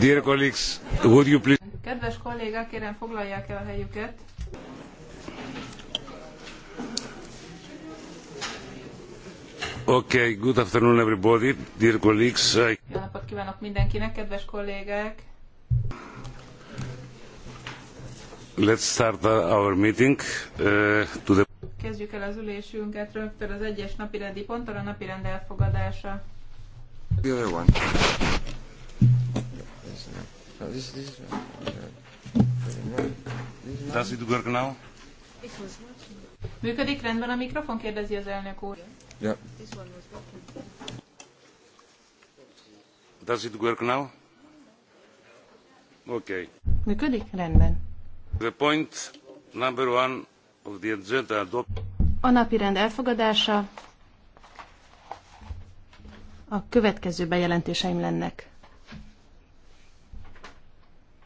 Dear colleagues, would you please... Kedves kollégák, kérem foglalják el a helyüket. Okay, good afternoon everybody, dear colleagues. I... Jó napot kívánok mindenkinek, kedves kollégák. Let's start our meeting. Uh, to the kezdjük el az ülésünket rögtön az egyes napirendi ponttal, a napirend elfogadása. The other one. Does it work now? It was Működik rendben a mikrofon, kérdezi az elnök úr. Yeah. Does it work now? Okay. Működik? Rendben. The point number one a napirend elfogadása a következő bejelentéseim lennek.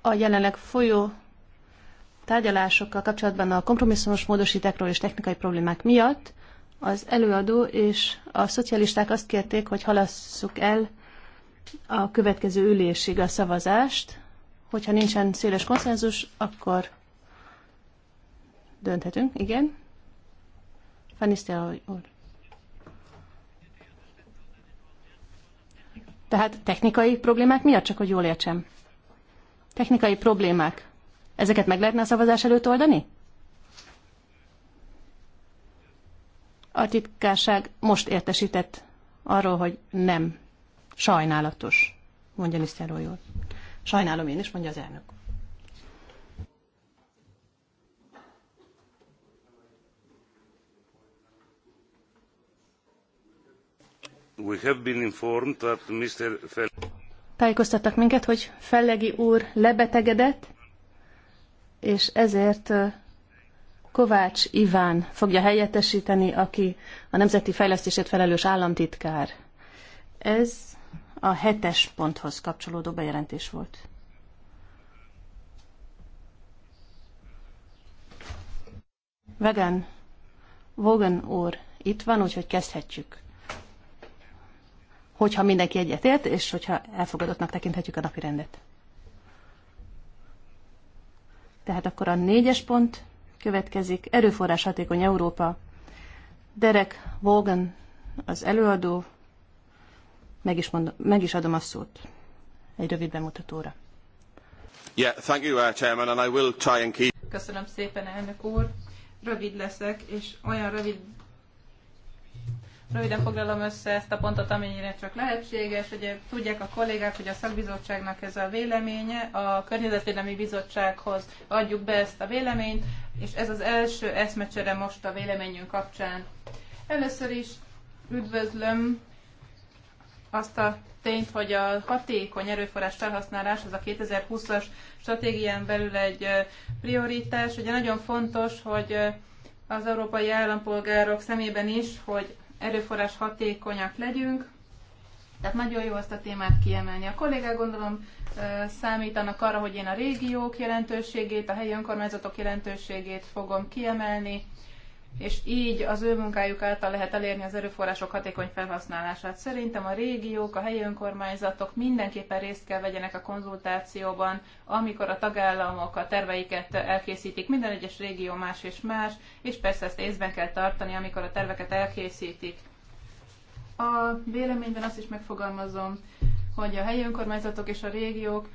A jelenleg folyó tárgyalásokkal kapcsolatban a kompromisszumos módosítákról és technikai problémák miatt az előadó és a szocialisták azt kérték, hogy halasszuk el a következő ülésig a szavazást. Hogyha nincsen széles konszenzus, akkor Dönthetünk, igen. Fanisztel úr. Tehát technikai problémák miatt, csak hogy jól értsem. Technikai problémák. Ezeket meg lehetne a szavazás előtt oldani? A titkárság most értesített arról, hogy nem. Sajnálatos, mondja Mr. Royal. Sajnálom én is, mondja az elnök. Tájékoztattak minket, hogy Fellegi úr lebetegedett, és ezért Kovács Iván fogja helyettesíteni, aki a Nemzeti Fejlesztésért felelős államtitkár. Ez a hetes ponthoz kapcsolódó bejelentés volt. Vegan, Vogan úr itt van, úgyhogy kezdhetjük hogyha mindenki egyetért, és hogyha elfogadottnak tekinthetjük a napi rendet. Tehát akkor a négyes pont következik, erőforrás hatékony Európa. Derek Vaughan az előadó, meg is, mondom, meg is adom a szót egy rövid bemutatóra. Yeah, thank you, uh, Chairman, and I will try and keep... Köszönöm szépen, elnök úr. Rövid leszek, és olyan rövid Röviden foglalom össze ezt a pontot, amennyire csak lehetséges. Ugye tudják a kollégák, hogy a szakbizottságnak ez a véleménye, a Környezetvédelmi Bizottsághoz adjuk be ezt a véleményt, és ez az első eszmecsere most a véleményünk kapcsán. Először is üdvözlöm azt a tényt, hogy a hatékony erőforrás felhasználás az a 2020-as stratégián belül egy prioritás. Ugye nagyon fontos, hogy az európai állampolgárok szemében is, hogy erőforrás hatékonyak legyünk, tehát nagyon jó ezt a témát kiemelni. A kollégák gondolom számítanak arra, hogy én a régiók jelentőségét, a helyi önkormányzatok jelentőségét fogom kiemelni, és így az ő munkájuk által lehet elérni az erőforrások hatékony felhasználását. Szerintem a régiók, a helyi önkormányzatok mindenképpen részt kell vegyenek a konzultációban, amikor a tagállamok a terveiket elkészítik. Minden egyes régió más és más, és persze ezt észben kell tartani, amikor a terveket elkészítik. A véleményben azt is megfogalmazom, hogy a helyi önkormányzatok és a régiók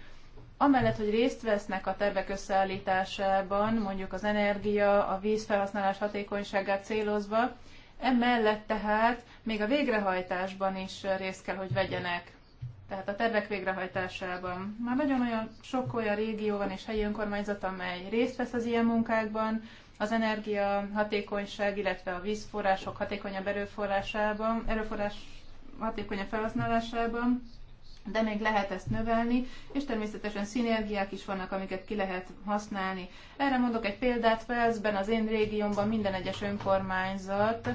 amellett, hogy részt vesznek a tervek összeállításában, mondjuk az energia, a vízfelhasználás hatékonyságát célozva, emellett tehát még a végrehajtásban is részt kell, hogy vegyenek. Tehát a tervek végrehajtásában. Már nagyon olyan sok olyan régió van és helyi önkormányzat, amely részt vesz az ilyen munkákban, az energia hatékonyság, illetve a vízforrások hatékonyabb erőforrásában, erőforrás hatékonyabb felhasználásában de még lehet ezt növelni, és természetesen szinergiák is vannak, amiket ki lehet használni. Erre mondok egy példát, Felszben az én régiómban minden egyes önkormányzat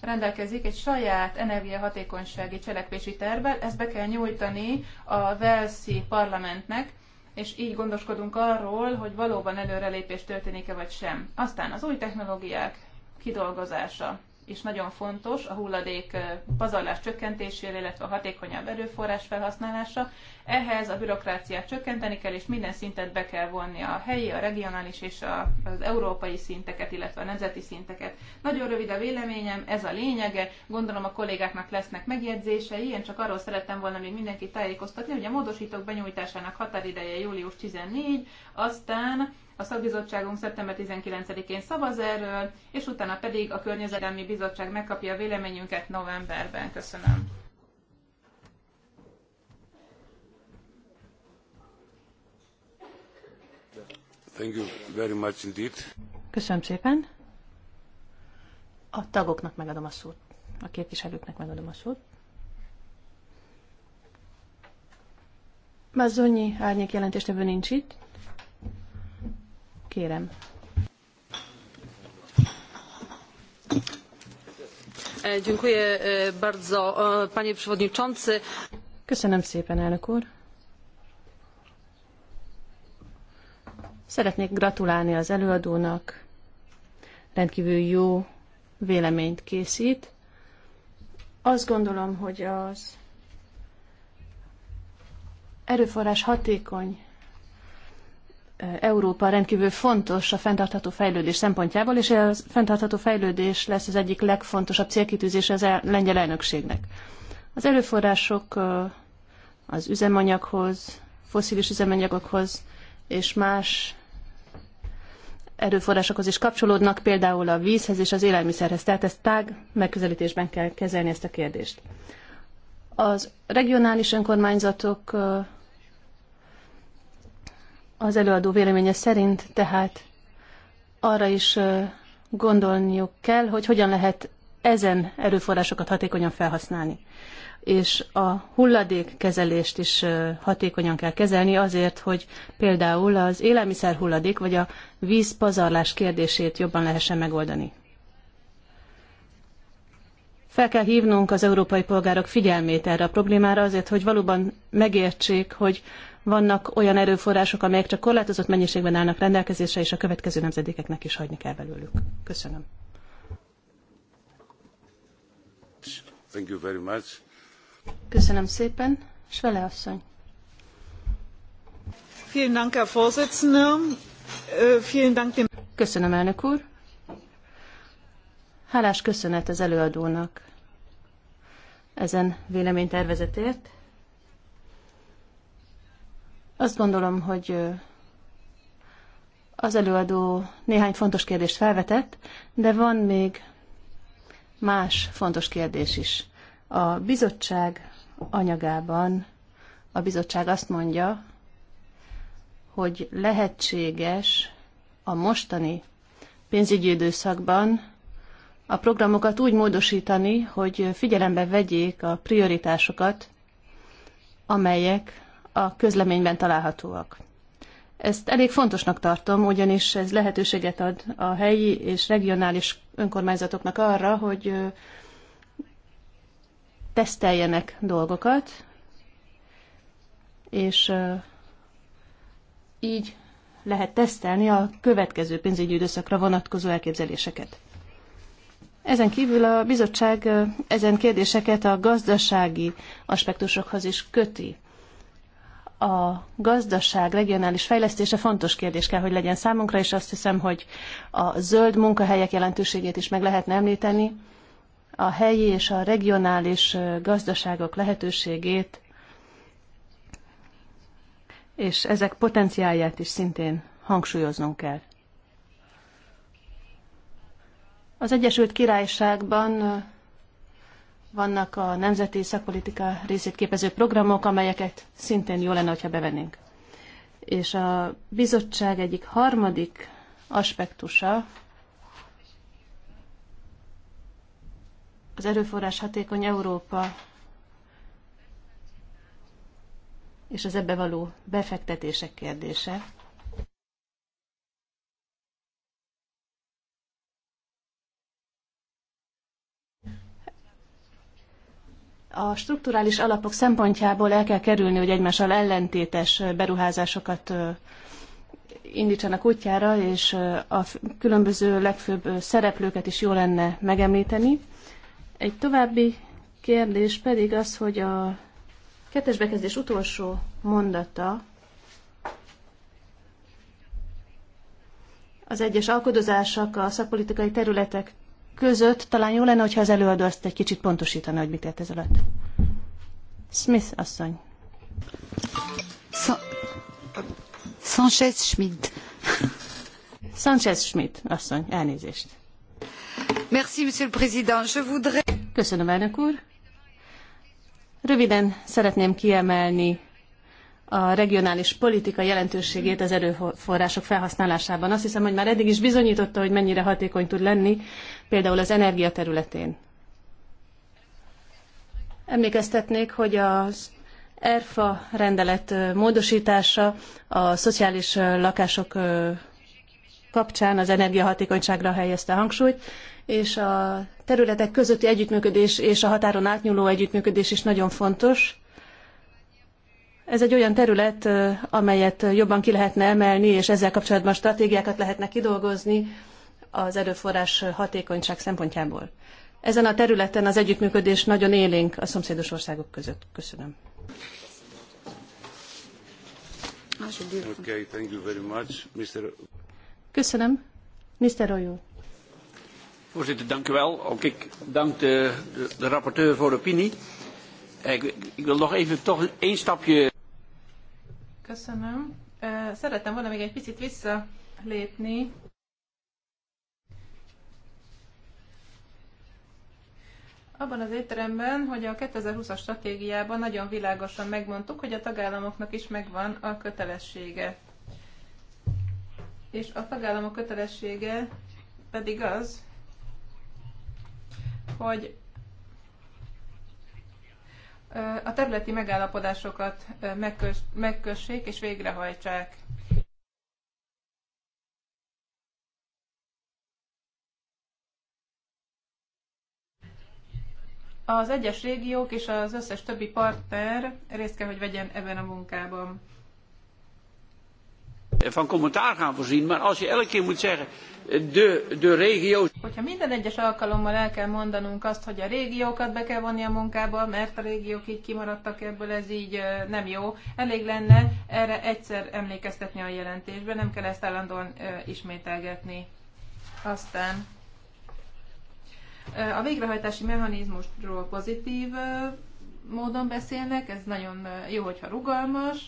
rendelkezik egy saját energiahatékonysági cselekvési tervvel, ezt be kell nyújtani a Velszi parlamentnek, és így gondoskodunk arról, hogy valóban előrelépés történik-e vagy sem. Aztán az új technológiák kidolgozása és nagyon fontos a hulladék pazarlás csökkentésére, illetve a hatékonyabb erőforrás felhasználása. Ehhez a bürokráciát csökkenteni kell, és minden szintet be kell vonni, a helyi, a regionális és a, az európai szinteket, illetve a nemzeti szinteket. Nagyon rövid a véleményem, ez a lényege. Gondolom a kollégáknak lesznek megjegyzései. Én csak arról szerettem volna még mindenkit tájékoztatni, hogy a módosítók benyújtásának határideje július 14, aztán a szakbizottságunk szeptember 19-én szavaz erről, és utána pedig a Környezetelmi Bizottság megkapja a véleményünket novemberben. Köszönöm. Thank you very much indeed. Köszönöm szépen. A tagoknak megadom a szót. A képviselőknek megadom a szót. Mazzonyi árnyék jelentéstevő nincs itt. Kérem. E, dziękuję e, bardzo, e, panie przewodniczący. Köszönöm szépen, elnök úr. Szeretnék gratulálni az előadónak. Rendkívül jó véleményt készít. Azt gondolom, hogy az erőforrás hatékony Európa rendkívül fontos a fenntartható fejlődés szempontjából, és a fenntartható fejlődés lesz az egyik legfontosabb célkitűzés az el, lengyel elnökségnek. Az előforrások az üzemanyaghoz, foszilis üzemanyagokhoz és más erőforrásokhoz is kapcsolódnak, például a vízhez és az élelmiszerhez. Tehát ezt tág megközelítésben kell kezelni ezt a kérdést. Az regionális önkormányzatok az előadó véleménye szerint tehát arra is gondolniuk kell, hogy hogyan lehet ezen erőforrásokat hatékonyan felhasználni. És a hulladékkezelést is hatékonyan kell kezelni azért, hogy például az élelmiszer hulladék vagy a vízpazarlás kérdését jobban lehessen megoldani. Fel kell hívnunk az európai polgárok figyelmét erre a problémára azért, hogy valóban megértsék, hogy vannak olyan erőforrások, amelyek csak korlátozott mennyiségben állnak rendelkezésre, és a következő nemzedékeknek is hagyni kell belőlük. Köszönöm. Thank you very much. Köszönöm szépen. Svele asszony. Vielen Dank, Herr Vorsitzender. Äh, vielen Dank dem Köszönöm, elnök úr. Hálás köszönet az előadónak ezen véleménytervezetért. Azt gondolom, hogy az előadó néhány fontos kérdést felvetett, de van még más fontos kérdés is. A bizottság anyagában a bizottság azt mondja, hogy lehetséges a mostani pénzügyi időszakban a programokat úgy módosítani, hogy figyelembe vegyék a prioritásokat, amelyek a közleményben találhatóak. Ezt elég fontosnak tartom, ugyanis ez lehetőséget ad a helyi és regionális önkormányzatoknak arra, hogy teszteljenek dolgokat, és így lehet tesztelni a következő pénzügyi időszakra vonatkozó elképzeléseket. Ezen kívül a bizottság ezen kérdéseket a gazdasági aspektusokhoz is köti a gazdaság regionális fejlesztése fontos kérdés kell, hogy legyen számunkra, és azt hiszem, hogy a zöld munkahelyek jelentőségét is meg lehetne említeni, a helyi és a regionális gazdaságok lehetőségét, és ezek potenciálját is szintén hangsúlyoznunk kell. Az Egyesült Királyságban vannak a nemzeti szakpolitika részét képező programok, amelyeket szintén jó lenne, ha bevennénk. És a bizottság egyik harmadik aspektusa az erőforrás hatékony Európa és az ebbe való befektetések kérdése. a strukturális alapok szempontjából el kell kerülni, hogy egymással ellentétes beruházásokat indítsanak útjára, és a különböző legfőbb szereplőket is jó lenne megemlíteni. Egy további kérdés pedig az, hogy a kettes bekezdés utolsó mondata az egyes alkodozások a szakpolitikai területek között talán jó lenne, hogyha az előadó azt egy kicsit pontosítana, hogy mit ért ez alatt. Smith asszony. Sa- Sanchez Schmidt. Sanchez Schmidt asszony, elnézést. Merci, monsieur le président. Je voudrais... Köszönöm, elnök úr. Röviden szeretném kiemelni a regionális politika jelentőségét az erőforrások felhasználásában. Azt hiszem, hogy már eddig is bizonyította, hogy mennyire hatékony tud lenni, például az energia területén. Emlékeztetnék, hogy az ERFA rendelet módosítása a szociális lakások kapcsán az energiahatékonyságra helyezte hangsúlyt, és a területek közötti együttműködés és a határon átnyúló együttműködés is nagyon fontos ez egy olyan terület, amelyet jobban ki lehetne emelni, és ezzel kapcsolatban stratégiákat lehetne kidolgozni az erőforrás hatékonyság szempontjából. Ezen a területen az együttműködés nagyon élénk a szomszédos országok között. Köszönöm. Okay, thank you very much, Mr. Köszönöm. Mr. Royo. Voorzitter, dank u wel. Ook ik dank de, de, de rapporteur voor de opinie. Ik, ik wil nog even toch één stapje. Köszönöm. Szerettem volna még egy picit visszalépni. Abban az étteremben, hogy a 2020-as stratégiában nagyon világosan megmondtuk, hogy a tagállamoknak is megvan a kötelessége. És a tagállamok kötelessége pedig az, hogy a területi megállapodásokat megkös, megkössék és végrehajtsák. Az egyes régiók és az összes többi partner részt kell, hogy vegyen ebben a munkában van commentaar gaan voorzien, maar als je elke keer moet zeggen, eh, de, de regio... Hogyha minden egyes alkalommal el kell mondanunk azt, hogy a régiókat be kell vonni a munkába, mert a régiók így kimaradtak ebből, ez így eh, nem jó. Elég lenne erre egyszer emlékeztetni a jelentésben, nem kell ezt állandóan eh, ismételgetni. Aztán a végrehajtási mechanizmusról pozitív módon beszélnek, ez nagyon jó, hogyha rugalmas,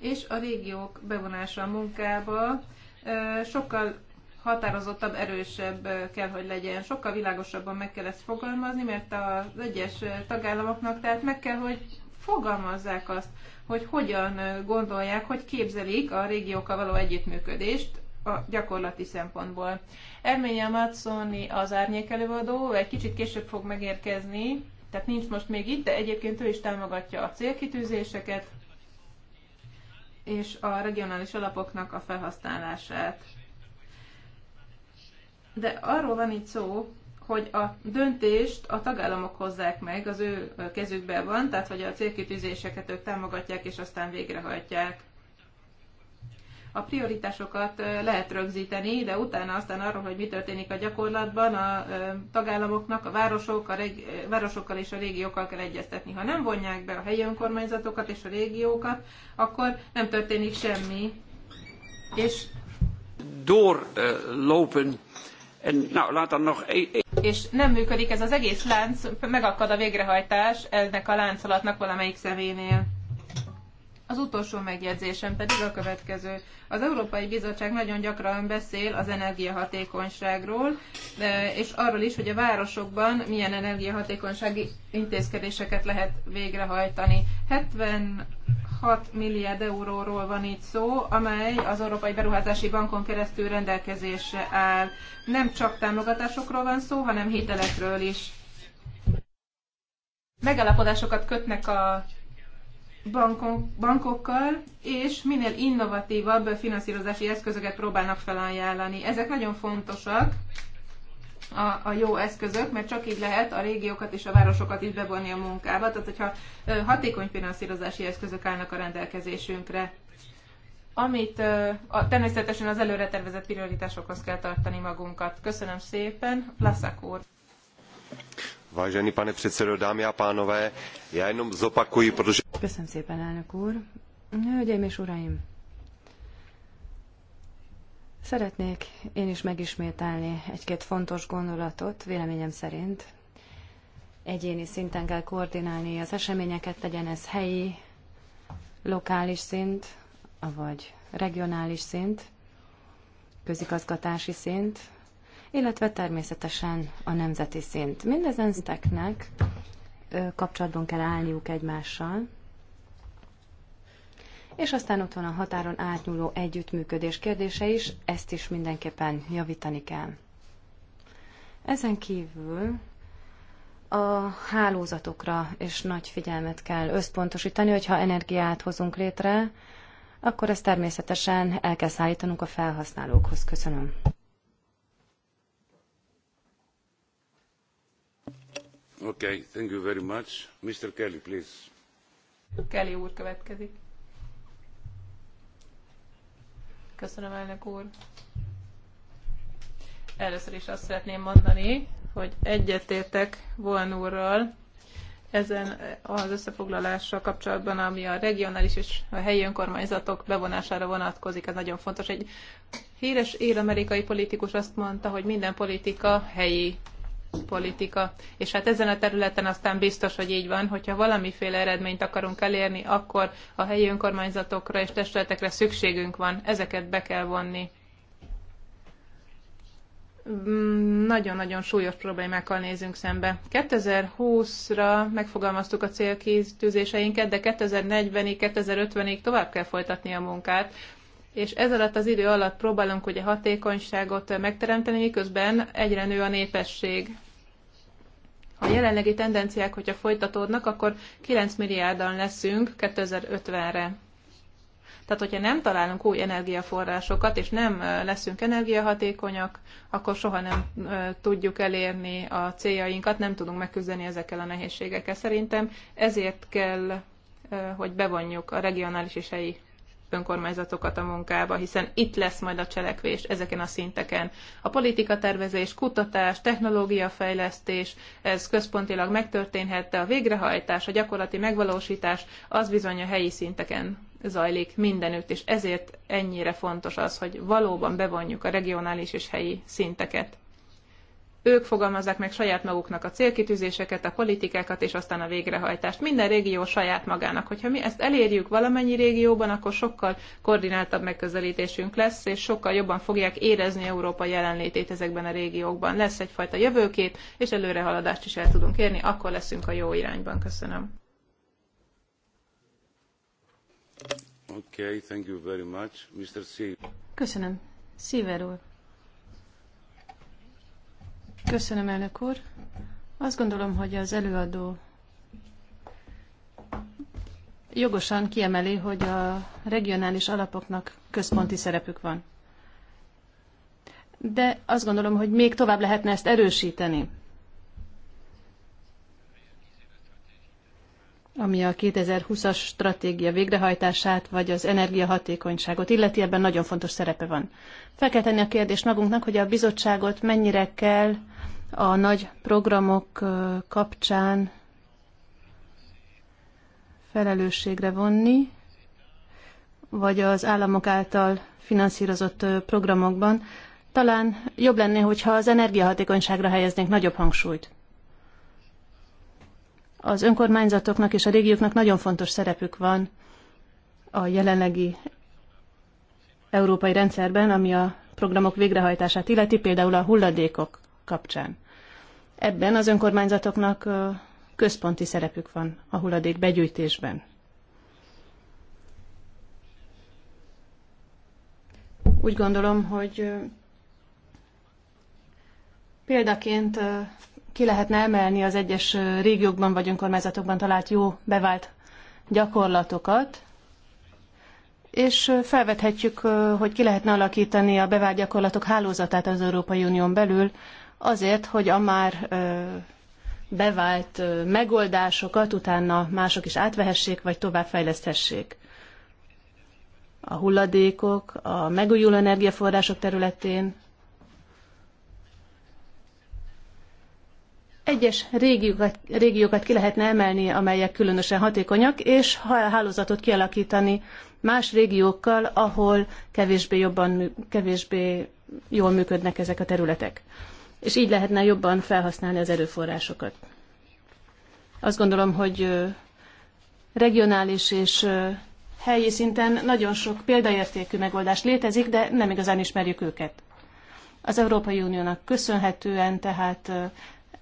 és a régiók bevonása a munkába sokkal határozottabb, erősebb kell, hogy legyen. Sokkal világosabban meg kell ezt fogalmazni, mert az egyes tagállamoknak tehát meg kell, hogy fogalmazzák azt, hogy hogyan gondolják, hogy képzelik a régiókkal való együttműködést a gyakorlati szempontból. Erménye Matszoni az árnyékelőadó, egy kicsit később fog megérkezni, tehát nincs most még itt, de egyébként ő is támogatja a célkitűzéseket, és a regionális alapoknak a felhasználását. De arról van itt szó, hogy a döntést a tagállamok hozzák meg, az ő kezükben van, tehát hogy a célkitűzéseket ők támogatják és aztán végrehajtják a prioritásokat lehet rögzíteni, de utána aztán arról, hogy mi történik a gyakorlatban, a tagállamoknak, a városok, a reg- városokkal és a régiókkal kell egyeztetni. Ha nem vonják be a helyi önkormányzatokat és a régiókat, akkor nem történik semmi. És doorlopen. En, nou, laat dan e-, e- és nem működik ez az egész lánc, megakad a végrehajtás ennek a láncolatnak valamelyik szeménél. Az utolsó megjegyzésem pedig a következő. Az Európai Bizottság nagyon gyakran beszél az energiahatékonyságról, és arról is, hogy a városokban milyen energiahatékonysági intézkedéseket lehet végrehajtani. 76 milliárd euróról van itt szó, amely az Európai Beruházási Bankon keresztül rendelkezésre áll. Nem csak támogatásokról van szó, hanem hitelekről is. Megállapodásokat kötnek a bankok, bankokkal, és minél innovatívabb finanszírozási eszközöket próbálnak felajánlani. Ezek nagyon fontosak, a, a jó eszközök, mert csak így lehet a régiókat és a városokat is bevonni a munkába, tehát hogyha hatékony finanszírozási eszközök állnak a rendelkezésünkre, amit a, természetesen az előre tervezett prioritásokhoz kell tartani magunkat. Köszönöm szépen, Plaszak úr! Vážený pane předsedo, dámy a pánové, já jenom zopakuji, protože... Köszönöm szépen, elnök úr. Hölgyeim és uraim, Szeretnék én is megismételni egy-két fontos gondolatot, véleményem szerint. Egyéni szinten kell koordinálni az eseményeket, legyen ez helyi, lokális szint, vagy regionális szint, közigazgatási szint, illetve természetesen a nemzeti szint. Mindezen szinteknek kapcsolatban kell állniuk egymással, és aztán ott van a határon átnyúló együttműködés kérdése is, ezt is mindenképpen javítani kell. Ezen kívül a hálózatokra és nagy figyelmet kell összpontosítani, hogyha energiát hozunk létre, akkor ezt természetesen el kell szállítanunk a felhasználókhoz. Köszönöm. thank you very much. Mr. Kelly, please. Kelly úr következik. Köszönöm, elnök úr. Először is azt szeretném mondani, hogy egyetértek vaughan úrral ezen az összefoglalással kapcsolatban, ami a regionális és a helyi önkormányzatok bevonására vonatkozik, ez nagyon fontos. Egy híres él politikus azt mondta, hogy minden politika helyi politika. És hát ezen a területen aztán biztos, hogy így van, hogyha valamiféle eredményt akarunk elérni, akkor a helyi önkormányzatokra és testületekre szükségünk van, ezeket be kell vonni. Mm, nagyon-nagyon súlyos problémákkal nézünk szembe. 2020-ra megfogalmaztuk a célkíztűzéseinket, de 2040-ig, 2050-ig tovább kell folytatni a munkát, és ez alatt az idő alatt próbálunk ugye hatékonyságot megteremteni, miközben egyre nő a népesség. a jelenlegi tendenciák, hogyha folytatódnak, akkor 9 milliárdan leszünk 2050-re. Tehát, hogyha nem találunk új energiaforrásokat, és nem leszünk energiahatékonyak, akkor soha nem tudjuk elérni a céljainkat, nem tudunk megküzdeni ezekkel a nehézségekkel. Szerintem ezért kell, hogy bevonjuk a regionális és helyi önkormányzatokat a munkába, hiszen itt lesz majd a cselekvés ezeken a szinteken. A politikatervezés, kutatás, technológiafejlesztés, ez központilag megtörténhet, de a végrehajtás, a gyakorlati megvalósítás az bizony a helyi szinteken zajlik mindenütt, és ezért ennyire fontos az, hogy valóban bevonjuk a regionális és helyi szinteket ők fogalmazzák meg saját maguknak a célkitűzéseket, a politikákat és aztán a végrehajtást. Minden régió saját magának. Hogyha mi ezt elérjük valamennyi régióban, akkor sokkal koordináltabb megközelítésünk lesz, és sokkal jobban fogják érezni Európa jelenlétét ezekben a régiókban. Lesz egyfajta jövőkép, és előrehaladást is el tudunk érni, akkor leszünk a jó irányban. Köszönöm. Okay, thank you very much. Mr. Köszönöm. Szíver úr. Köszönöm, elnök úr. Azt gondolom, hogy az előadó jogosan kiemeli, hogy a regionális alapoknak központi szerepük van. De azt gondolom, hogy még tovább lehetne ezt erősíteni. ami a 2020-as stratégia végrehajtását, vagy az energiahatékonyságot illeti, ebben nagyon fontos szerepe van. Fel kell tenni a kérdést magunknak, hogy a bizottságot mennyire kell a nagy programok kapcsán felelősségre vonni, vagy az államok által finanszírozott programokban. Talán jobb lenne, hogyha az energiahatékonyságra helyeznénk nagyobb hangsúlyt. Az önkormányzatoknak és a régióknak nagyon fontos szerepük van a jelenlegi európai rendszerben, ami a programok végrehajtását illeti, például a hulladékok kapcsán. Ebben az önkormányzatoknak központi szerepük van a hulladék begyűjtésben. Úgy gondolom, hogy példaként ki lehetne emelni az egyes régiókban vagy önkormányzatokban talált jó bevált gyakorlatokat, és felvethetjük, hogy ki lehetne alakítani a bevált gyakorlatok hálózatát az Európai Unión belül, azért, hogy a már bevált megoldásokat utána mások is átvehessék, vagy továbbfejleszthessék. A hulladékok, a megújuló energiaforrások területén, egyes régiókat, régiókat ki lehetne emelni, amelyek különösen hatékonyak, és hálózatot kialakítani más régiókkal, ahol kevésbé, jobban, kevésbé jól működnek ezek a területek. És így lehetne jobban felhasználni az erőforrásokat. Azt gondolom, hogy regionális és helyi szinten nagyon sok példaértékű megoldás létezik, de nem igazán ismerjük őket. Az Európai Uniónak köszönhetően tehát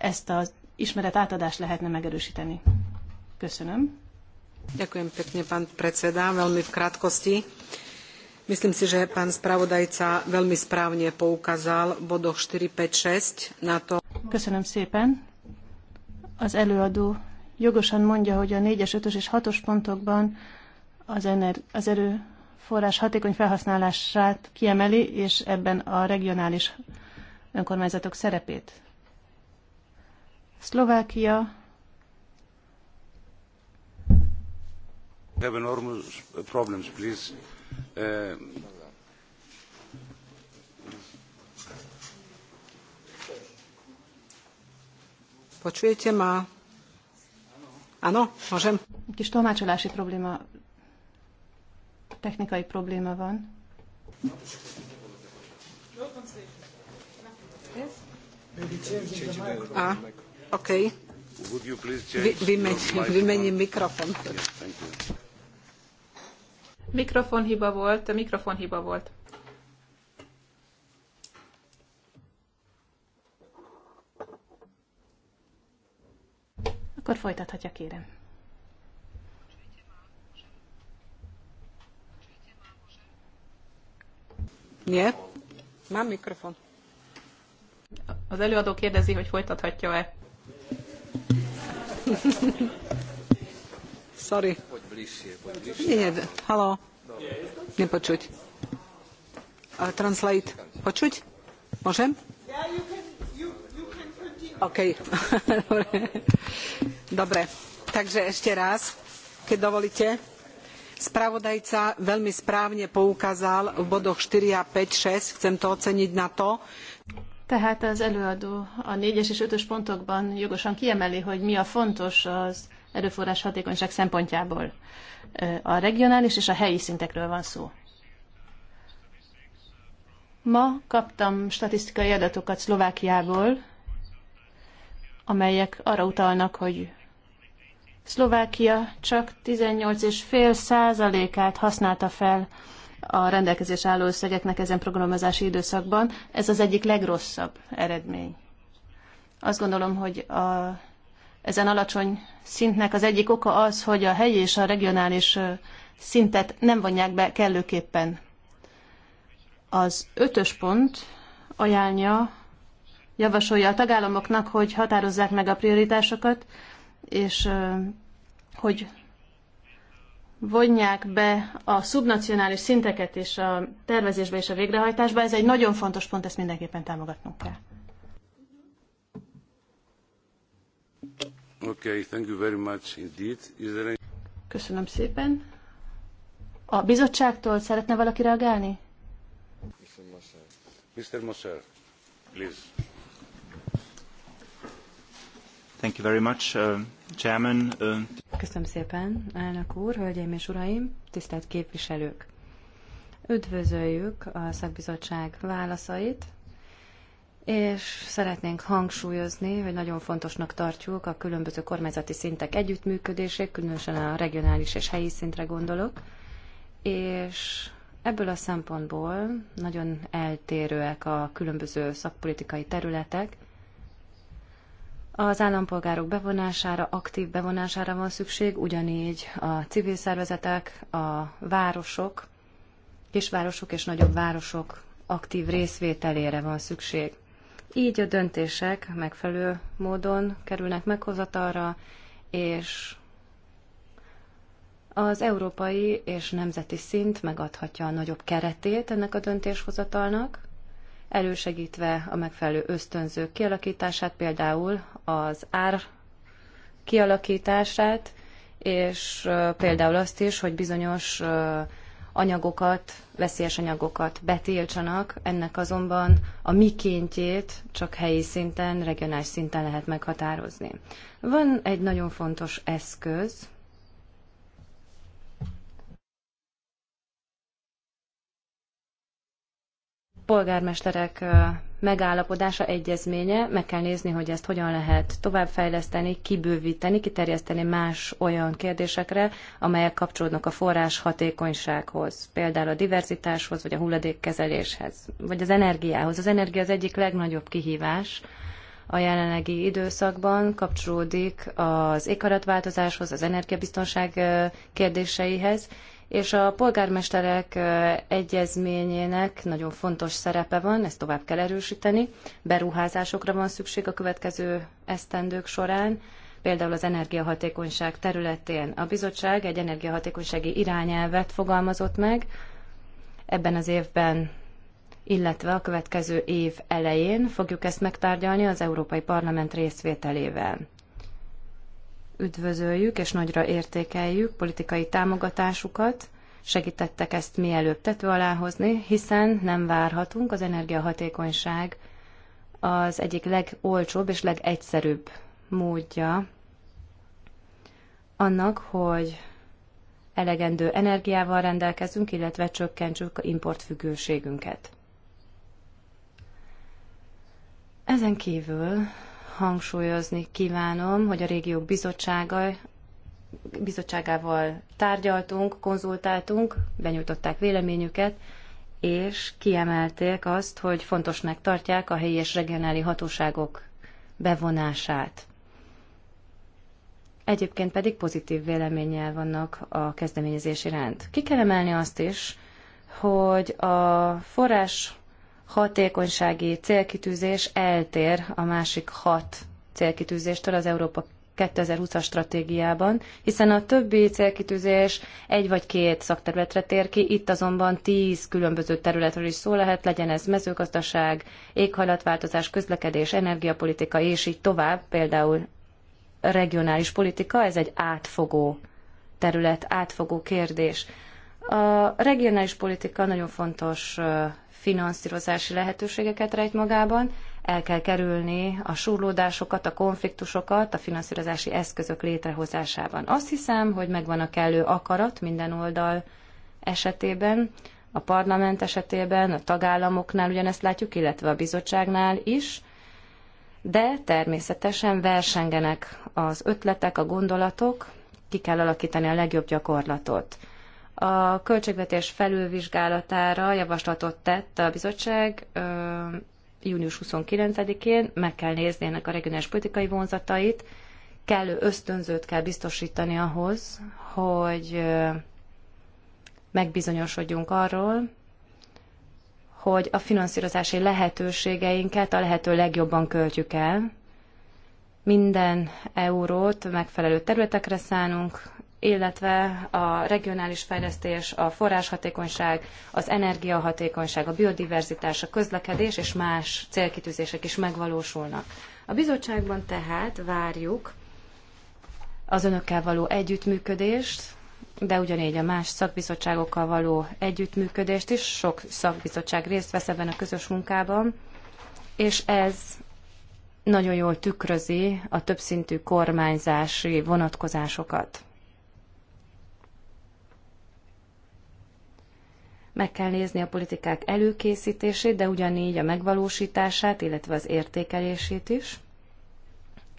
ezt az ismeret átadást lehetne megerősíteni. Köszönöm. Ďakujem pekne, pán predseda, veľmi v krátkosti. Myslím si, že pán spravodajca veľmi správne poukázal v bodoch 4, 5, 6 na to. Köszönöm szépen. Az előadó jogosan mondja, hogy a 4-es, 5-ös és 6-os pontokban az, ener- az erőforrás hatékony felhasználását kiemeli, és ebben a regionális önkormányzatok szerepét. Szlovákia have enormous problems, please. Uh, Počujete ma? Áno, môžem? Kis tolmácsolási probléma, technikai probléma van. Yes? Maybe Okay. Would you please change Vimenj mikrofon. Yes, thank you. Mikrofonhiba volt, mikrofonhiba volt. Akkor folytathatja, kérem. Nie? Mám mikrofon. Az előadó kérdezi, hogy folytathatja-e. Sorry. Nie, halo. Nie počuť. Uh, translate. Počuť? Môžem? OK. Dobre. Takže ešte raz, keď dovolíte. Spravodajca veľmi správne poukázal v bodoch 4 a 5, 6. Chcem to oceniť na to, tehát az előadó a négyes és ötös pontokban jogosan kiemeli, hogy mi a fontos az erőforrás hatékonyság szempontjából. A regionális és a helyi szintekről van szó. Ma kaptam statisztikai adatokat Szlovákiából, amelyek arra utalnak, hogy Szlovákia csak 18,5 százalékát használta fel a rendelkezés álló összegeknek ezen programozási időszakban. Ez az egyik legrosszabb eredmény. Azt gondolom, hogy a, ezen alacsony szintnek az egyik oka az, hogy a helyi és a regionális szintet nem vonják be kellőképpen. Az ötös pont ajánlja, javasolja a tagállamoknak, hogy határozzák meg a prioritásokat, és hogy vonják be a szubnacionális szinteket és a tervezésbe és a végrehajtásba. Ez egy nagyon fontos pont, ezt mindenképpen támogatnunk kell. Okay, thank you very much indeed. Is there any... Köszönöm szépen. A bizottságtól szeretne valaki reagálni? Mr. Moser, please. Thank you very much. Uh... Chairman. Uh, Köszönöm szépen, elnök úr, hölgyeim és uraim, tisztelt képviselők. Üdvözöljük a szakbizottság válaszait, és szeretnénk hangsúlyozni, hogy nagyon fontosnak tartjuk a különböző kormányzati szintek együttműködését, különösen a regionális és helyi szintre gondolok, és ebből a szempontból nagyon eltérőek a különböző szakpolitikai területek, az állampolgárok bevonására, aktív bevonására van szükség, ugyanígy a civil szervezetek, a városok, kisvárosok és nagyobb városok aktív részvételére van szükség. Így a döntések megfelelő módon kerülnek meghozatalra, és az európai és nemzeti szint megadhatja a nagyobb keretét ennek a döntéshozatalnak, elősegítve a megfelelő ösztönzők kialakítását, például az ár kialakítását, és például azt is, hogy bizonyos anyagokat, veszélyes anyagokat betiltsanak, ennek azonban a mikéntjét csak helyi szinten, regionális szinten lehet meghatározni. Van egy nagyon fontos eszköz, polgármesterek megállapodása, egyezménye, meg kell nézni, hogy ezt hogyan lehet továbbfejleszteni, kibővíteni, kiterjeszteni más olyan kérdésekre, amelyek kapcsolódnak a forrás hatékonysághoz, például a diverzitáshoz, vagy a hulladékkezeléshez, vagy az energiához. Az energia az egyik legnagyobb kihívás a jelenlegi időszakban, kapcsolódik az éghajlatváltozáshoz, az energiabiztonság kérdéseihez, és a polgármesterek egyezményének nagyon fontos szerepe van, ezt tovább kell erősíteni. Beruházásokra van szükség a következő esztendők során, például az energiahatékonyság területén. A bizottság egy energiahatékonysági irányelvet fogalmazott meg ebben az évben illetve a következő év elején fogjuk ezt megtárgyalni az Európai Parlament részvételével üdvözöljük és nagyra értékeljük politikai támogatásukat, segítettek ezt mielőbb tető alá hozni, hiszen nem várhatunk, az energiahatékonyság az egyik legolcsóbb és legegyszerűbb módja annak, hogy elegendő energiával rendelkezünk, illetve csökkentsük importfüggőségünket. Ezen kívül hangsúlyozni kívánom, hogy a régiók bizottsága, bizottságával tárgyaltunk, konzultáltunk, benyújtották véleményüket, és kiemelték azt, hogy fontosnak tartják a helyi és regionális hatóságok bevonását. Egyébként pedig pozitív véleménnyel vannak a kezdeményezés iránt. Ki kell emelni azt is, hogy a forrás hatékonysági célkitűzés eltér a másik hat célkitűzéstől az Európa 2020-as stratégiában, hiszen a többi célkitűzés egy vagy két szakterületre tér ki, itt azonban tíz különböző területről is szó lehet, legyen ez mezőgazdaság, éghajlatváltozás, közlekedés, energiapolitika, és így tovább, például regionális politika, ez egy átfogó terület, átfogó kérdés. A regionális politika nagyon fontos finanszírozási lehetőségeket rejt magában, el kell kerülni a súrlódásokat, a konfliktusokat a finanszírozási eszközök létrehozásában. Azt hiszem, hogy megvan a kellő akarat minden oldal esetében, a parlament esetében, a tagállamoknál ugyanezt látjuk, illetve a bizottságnál is, de természetesen versengenek az ötletek, a gondolatok, ki kell alakítani a legjobb gyakorlatot. A költségvetés felülvizsgálatára javaslatot tett a bizottság június 29-én, meg kell nézni ennek a regionális politikai vonzatait, kellő ösztönzőt kell biztosítani ahhoz, hogy megbizonyosodjunk arról, hogy a finanszírozási lehetőségeinket a lehető legjobban költjük el. Minden eurót megfelelő területekre szánunk, illetve a regionális fejlesztés, a forráshatékonyság, az energiahatékonyság, a biodiverzitás, a közlekedés és más célkitűzések is megvalósulnak. A bizottságban tehát várjuk az önökkel való együttműködést, de ugyanígy a más szakbizottságokkal való együttműködést is. Sok szakbizottság részt vesz ebben a közös munkában, és ez nagyon jól tükrözi a többszintű kormányzási vonatkozásokat. meg kell nézni a politikák előkészítését, de ugyanígy a megvalósítását, illetve az értékelését is,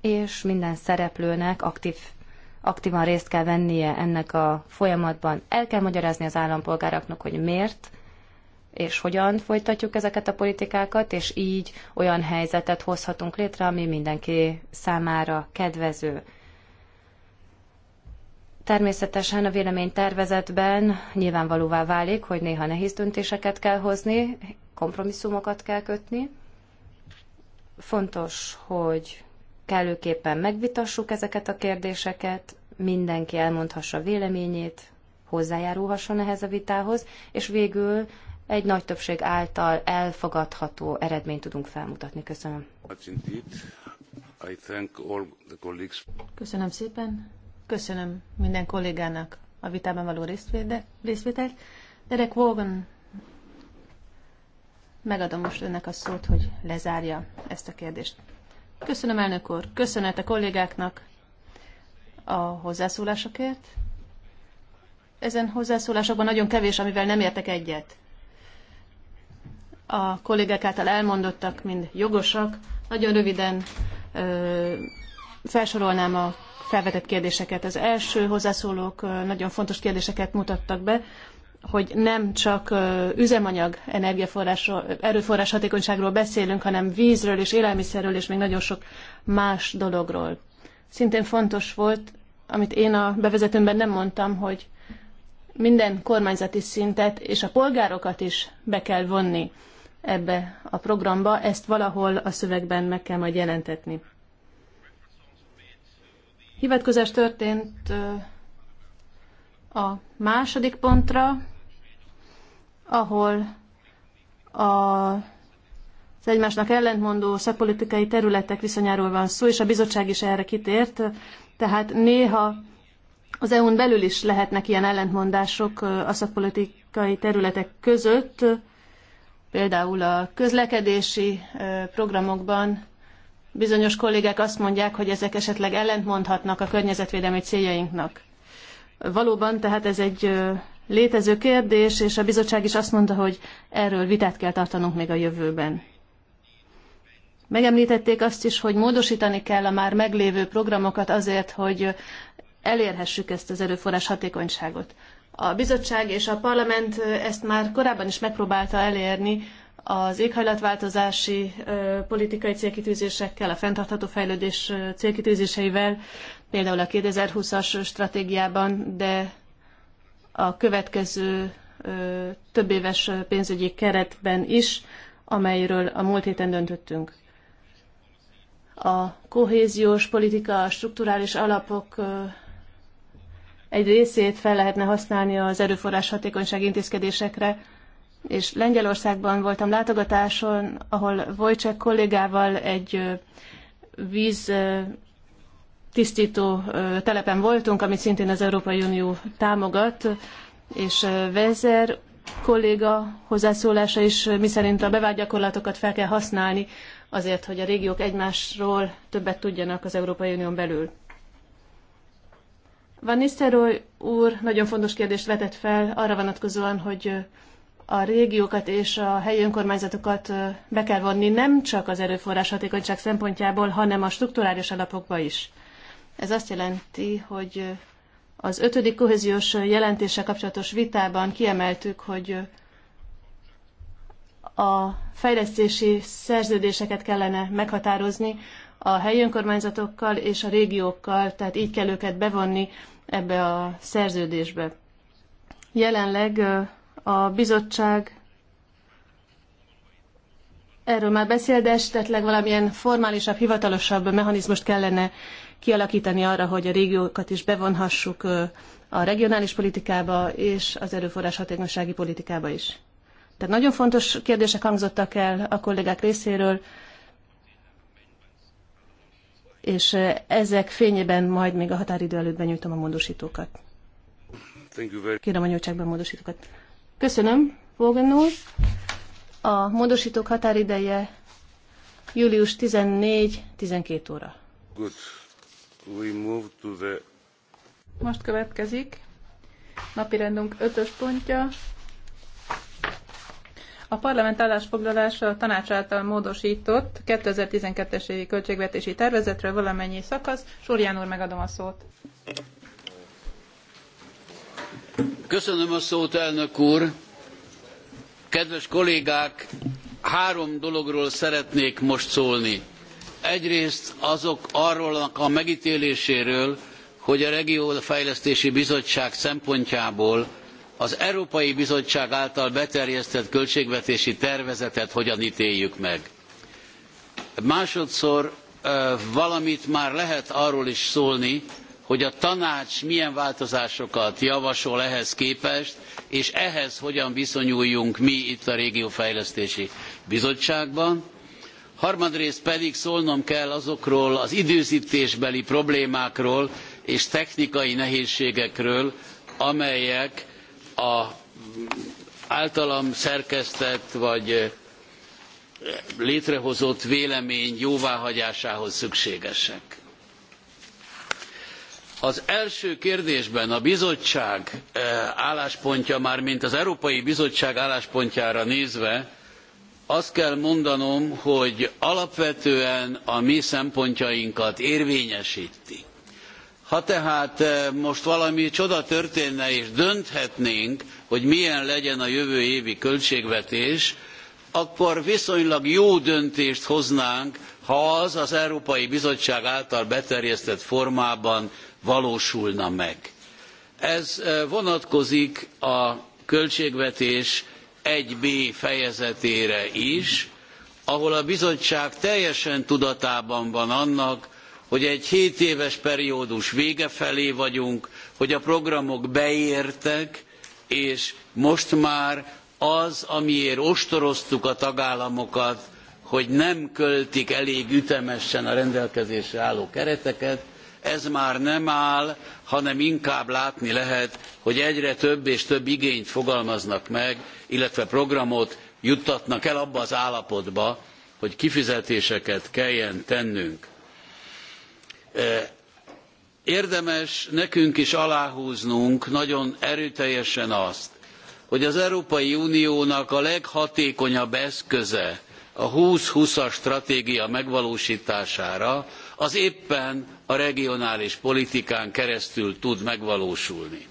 és minden szereplőnek aktív, aktívan részt kell vennie ennek a folyamatban. El kell magyarázni az állampolgároknak, hogy miért és hogyan folytatjuk ezeket a politikákat, és így olyan helyzetet hozhatunk létre, ami mindenki számára kedvező. Természetesen a véleménytervezetben nyilvánvalóvá válik, hogy néha nehéz döntéseket kell hozni, kompromisszumokat kell kötni. Fontos, hogy kellőképpen megvitassuk ezeket a kérdéseket, mindenki elmondhassa véleményét, hozzájárulhasson ehhez a vitához, és végül egy nagy többség által elfogadható eredményt tudunk felmutatni. Köszönöm. Köszönöm szépen. Köszönöm minden kollégának a vitában való részvételt. Derek Wogan, megadom most önnek a szót, hogy lezárja ezt a kérdést. Köszönöm, elnök úr. Köszönet a kollégáknak a hozzászólásokért. Ezen hozzászólásokban nagyon kevés, amivel nem értek egyet. A kollégák által elmondottak, mind jogosak. Nagyon röviden ö, felsorolnám a felvetett kérdéseket. Az első hozzászólók nagyon fontos kérdéseket mutattak be, hogy nem csak üzemanyag erőforrás hatékonyságról beszélünk, hanem vízről és élelmiszerről és még nagyon sok más dologról. Szintén fontos volt, amit én a bevezetőmben nem mondtam, hogy minden kormányzati szintet és a polgárokat is be kell vonni ebbe a programba, ezt valahol a szövegben meg kell majd jelentetni. Hivatkozás történt a második pontra, ahol a az egymásnak ellentmondó szakpolitikai területek viszonyáról van szó, és a bizottság is erre kitért, tehát néha az EU-n belül is lehetnek ilyen ellentmondások a szakpolitikai területek között, például a közlekedési programokban Bizonyos kollégák azt mondják, hogy ezek esetleg ellentmondhatnak a környezetvédelmi céljainknak. Valóban, tehát ez egy létező kérdés, és a bizottság is azt mondta, hogy erről vitát kell tartanunk még a jövőben. Megemlítették azt is, hogy módosítani kell a már meglévő programokat azért, hogy elérhessük ezt az erőforrás hatékonyságot. A bizottság és a parlament ezt már korábban is megpróbálta elérni az éghajlatváltozási politikai célkitűzésekkel, a fenntartható fejlődés célkitűzéseivel, például a 2020-as stratégiában, de a következő több éves pénzügyi keretben is, amelyről a múlt héten döntöttünk. A kohéziós politika, a strukturális alapok egy részét fel lehetne használni az erőforrás hatékonyság intézkedésekre, és Lengyelországban voltam látogatáson, ahol Wojciech kollégával egy víz tisztító telepen voltunk, amit szintén az Európai Unió támogat, és Vezer kolléga hozzászólása is, miszerint a bevált gyakorlatokat fel kell használni azért, hogy a régiók egymásról többet tudjanak az Európai Unión belül. Van Nisztelrooy úr nagyon fontos kérdést vetett fel arra vonatkozóan, hogy a régiókat és a helyi önkormányzatokat be kell vonni nem csak az erőforrás hatékonyság szempontjából, hanem a strukturális alapokba is. Ez azt jelenti, hogy az ötödik kohéziós jelentése kapcsolatos vitában kiemeltük, hogy a fejlesztési szerződéseket kellene meghatározni a helyi önkormányzatokkal és a régiókkal, tehát így kell őket bevonni ebbe a szerződésbe. Jelenleg a bizottság erről már beszél, de esetleg valamilyen formálisabb, hivatalosabb mechanizmust kellene kialakítani arra, hogy a régiókat is bevonhassuk a regionális politikába és az erőforrás hatékonysági politikába is. Tehát nagyon fontos kérdések hangzottak el a kollégák részéről, és ezek fényében majd még a határidő előtt benyújtom a módosítókat. Kérem a nyújtsák be a módosítókat. Köszönöm, Vogan úr. A módosítók határideje július 14-12 óra. Good. We move to the... Most következik napirendünk ötös pontja. A parlament állásfoglalása a tanács által módosított 2012-es évi költségvetési tervezetről valamennyi szakasz. Súrján úr, megadom a szót. Köszönöm a szót, elnök úr! Kedves kollégák, három dologról szeretnék most szólni. Egyrészt azok arról a megítéléséről, hogy a Regionfejlesztési Bizottság szempontjából az Európai Bizottság által beterjesztett költségvetési tervezetet hogyan ítéljük meg. Másodszor valamit már lehet arról is szólni, hogy a tanács milyen változásokat javasol ehhez képest, és ehhez hogyan viszonyuljunk mi itt a Régiófejlesztési Bizottságban. Harmadrészt pedig szólnom kell azokról az időzítésbeli problémákról és technikai nehézségekről, amelyek a általam szerkesztett vagy létrehozott vélemény jóváhagyásához szükségesek az első kérdésben a bizottság eh, álláspontja, mármint az Európai Bizottság álláspontjára nézve, azt kell mondanom, hogy alapvetően a mi szempontjainkat érvényesíti. Ha tehát eh, most valami csoda történne, és dönthetnénk, hogy milyen legyen a jövő évi költségvetés, akkor viszonylag jó döntést hoznánk, ha az az Európai Bizottság által beterjesztett formában valósulna meg. Ez vonatkozik a költségvetés 1B fejezetére is, ahol a bizottság teljesen tudatában van annak, hogy egy 7 éves periódus vége felé vagyunk, hogy a programok beértek, és most már az, amiért ostoroztuk a tagállamokat, hogy nem költik elég ütemesen a rendelkezésre álló kereteket, ez már nem áll, hanem inkább látni lehet, hogy egyre több és több igényt fogalmaznak meg, illetve programot juttatnak el abba az állapotba, hogy kifizetéseket kelljen tennünk. E, érdemes nekünk is aláhúznunk nagyon erőteljesen azt, hogy az Európai Uniónak a leghatékonyabb eszköze a 2020 20 as stratégia megvalósítására az éppen a regionális politikán keresztül tud megvalósulni.